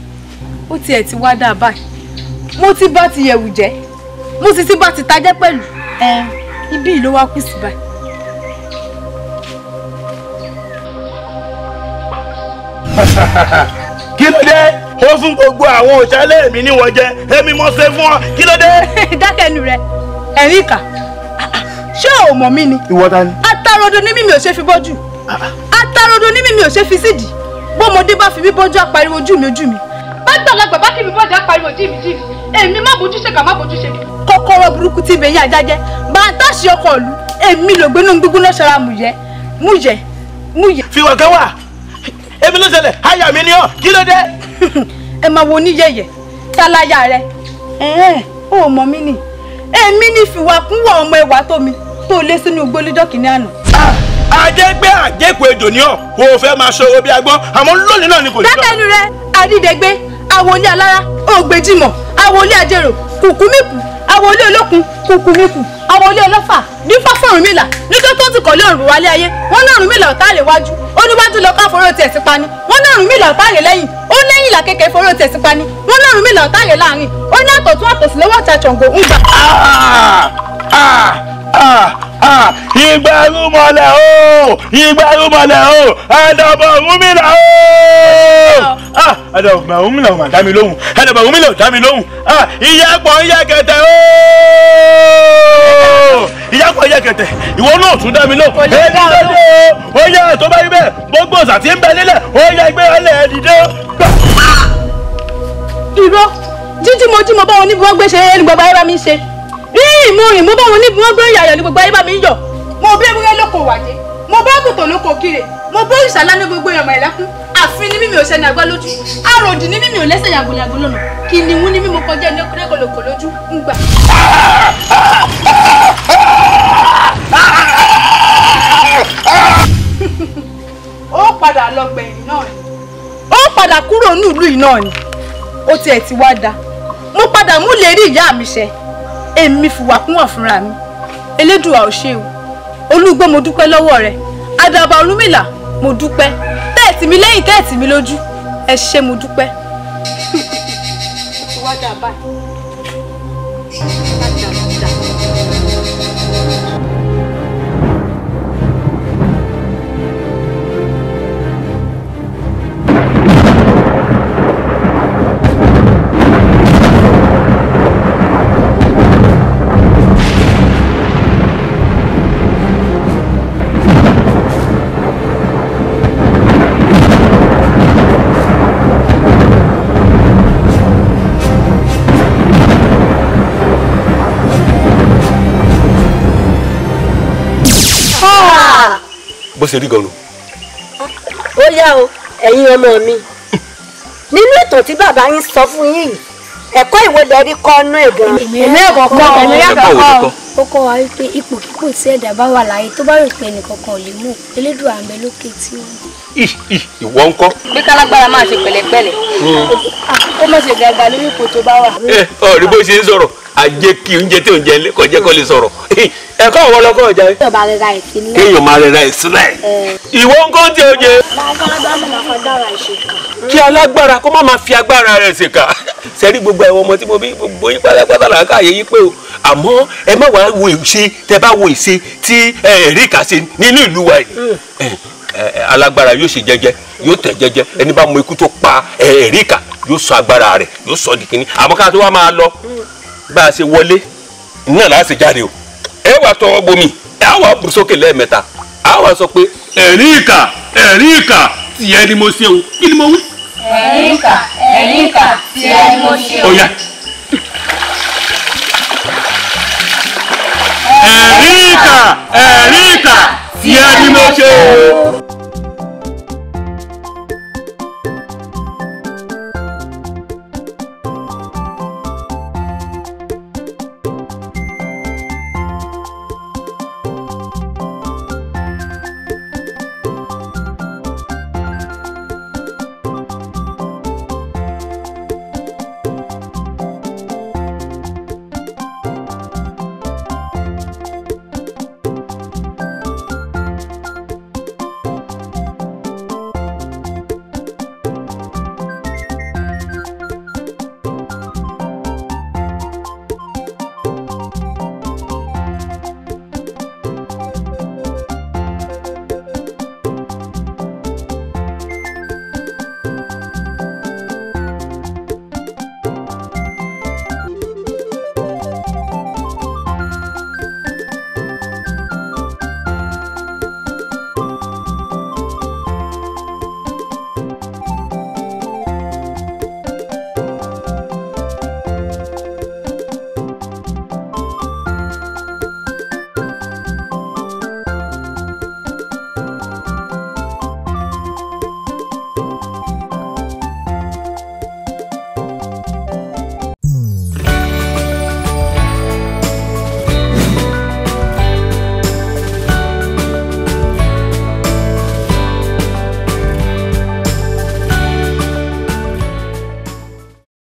ó tiẹ̀ ti wá dáa báyìí mo ti bá ti yẹ̀wù jẹ́ mú sisi bá ti tajẹ́ pẹ̀lú ibí ló wá kù sí báyìí. kí ló dé ó fún gbogbo àwọn òṣèlè mi ní wọn jẹ èmi mo ṣe fún ọ kí ló dé. dákẹ́nu rẹ ẹ̀rín kà ṣé ò mọ̀ mí ni. ìwọ ni. atarodo ni mímí ò ṣe fi bọ́jú atarodo ni mímí ò ṣe fi sídìí bọ́mọdé bá fi mí bọ́jú apariwo ojú mi ojú mi bá gbàlagbà bá kí mi bọ́jú apariwo jí mi jí mi èmi má bójú ṣe kà má bójú ṣe. kọ́kọ́rọ́ burúkú tí ibẹ̀ yá ajá jẹ́ bá a táṣì ọkọ̀ ìlú èmi ló gbénú gbígbóná ṣara mùyẹ́ mùyẹ́ mùyẹ́. fi wọ̀n kẹ́wà èmi ló ṣẹlẹ̀ àyà mi ni ọ́ kí ló dé. ẹ máa wo oníyẹyẹ táláyà rẹ ó mọ mí nì èmi ní fìwàkúwà ọmọ ẹwà tó mi tó lé sínú gbólídọ́ kìíní àná àjẹgbẹ́ àjẹkù ejò ni ọ kò fẹ́ máa ṣòro bí agbọ́n àmọ́ lónìí náà ni kò ní lọ. dákẹ́nu rẹ àdídẹ́gbẹ́ àwọn oní alára ògbéjìmọ̀ awolé ajérò kùkùmíkù awolé olókun kùkùmíkù awolé ọlọ́fà nífà fọ̀rúnmìlà nítorí tó ti kọ̀lé òrùn wálé ayé wọn ní Ọ̀rúnmìlà ọ̀tá àlè wájú ó níwájú lọ ká foró tiẹ̀ sí pani wọn ní Ọ̀rúnmìlà ọ̀tá àlè lẹ́yìn ó lẹ́yìn ìlà kékeré foró tiẹ̀ sí pani wọn ní Ọ̀rúnmìlà ọ̀tá àlè láàrin ó ní àtọ̀tún àtòsí lọ́wọ́ Ah o ìgbàrúmọlẹ̀ o ẹ̀dọ̀bọ̀ rúmìnà o ah, ẹ̀dọ̀bọ̀ rúmìnà ò mà dá mi lóhùn ẹ̀dọ̀bọ̀ rúmìnà ò dá mi lóhùn ah, ìyàpọ̀ ìyàgẹ̀tẹ̀ Iya ìyàpọ̀ ìyàgẹ̀tẹ̀ ìwọ náà tún dá mi lóhùn èyí ló dé o ó yẹ tó bá rí bẹ́ẹ̀ gbogbo ọ̀sà tí ń bẹ nílẹ̀ ó yẹ gbé ọlẹ̀ ẹ̀dìdẹ́ irọ́ mo jí mo bá wọn níbi wọ́n gbé ṣe gbogbo ayé mi ṣe ìmú ìmú báwọn oníbi wọn gbé ìyàyọ ní gbogbo ayé bá mi ń yọ. mo bẹ ewúrẹ́ lóko wàjẹ mo bá àgùntàn lóko kiri mo bó ìṣàlá ní gbogbo ìyàmọ ìlẹkùn àfin ní mímì òṣèlú àgbá lójú àròdì ní mímì òlẹsẹ yàgòyàgò lọnà kìnìún ní mímú kọjá ní ọkùnrẹkọlọkọ lójú ń gbà. ó padà lọ gbẹ̀yìn náà ni. ó padà kúrò nílùú yìí náà ni ó tiẹ̀ ti wá da mo padà mú lè rí ìyá mi ṣe èmi fìwà kúnwà fúnra mi elédùà ò ṣe o olúgbó mo dúpẹ́ lọ́wọ́ rẹ àdàbà olúmìlà mo dúpẹ́ tẹ́ẹ̀tì mi lẹ́yìn tẹ́ẹ̀tì mi lójú ẹ ṣé mo dúpẹ́. wá dà báyìí. ṣe rí gan-an. ó yá o ẹ̀yin ọmọ mi nínú ìtàn tí bàbá yín sọ fún yín yìí ẹ̀kọ́ ìwé dẹ̀rí kọ́ inú ẹ̀gàn. ìmí ẹ̀kọ́ kọ́ ìmí ẹ̀kọ́ kọ́. ó kọ́ wa wípé ipòkípò tí ẹ̀dá bá wà láàyè tó bá rò pé ẹnìkankan ò lè mú elédùn àmì lókè tí ó ń. ìwọ ń kọ́. bí kálágbára máa ṣe pẹ̀lẹ́pẹ̀lẹ́ hmm. ó má ṣe gàgà lórí ipò tó bá wà. ẹ eh, ọ rí bó ṣe ń sọ̀rọ̀ ajé kí oúnjẹ tí oúnjẹ lé kọjá kọ́ lè sọ̀rọ̀ ẹ̀kọ́ àwọn ọlọ́kọ́ ọjà yìí. kéèyàn máa rẹra ẹ̀ sílẹ̀. ìwọ ń kọ́ ti oje. kí alágbára kó má máa fi agbára rẹ̀ ṣèkà sẹ́rí gbogbo àwọn ọmọ tí mo bí gbogbo yín pátápátá là ń káàyè yín pé o àmọ́ ẹ má wàá wo ìṣe tẹ bá wo ìṣe tí ẹ̀rí kà sí nínú ìlú wa yìí hmm. alágbára yóò ṣe jẹ́jẹ́ yóò tẹ̀ jẹ́jẹ́ ẹni bá mọ ikú tó pa ẹ̀rí kà yóò sọ agbára rẹ̀ yóò sọ bá a ṣe wọlé náà láà ṣe jáde o ẹ wà tọwọ́ bomi ẹ wà bùrù sókè lẹ́ẹ̀mẹ́ta wà sọ pé ẹ̀rí ìkà ẹ̀rí ìkà tìyẹ ni mo ṣe o kí ni mo wí. ẹ̀rí ìkà ẹ̀rí ìkà tìyẹ ni mo ṣe o. ọ̀yà. ẹ̀rí ìkà ẹ̀rí ìkà tìyẹ ni mo ṣe o.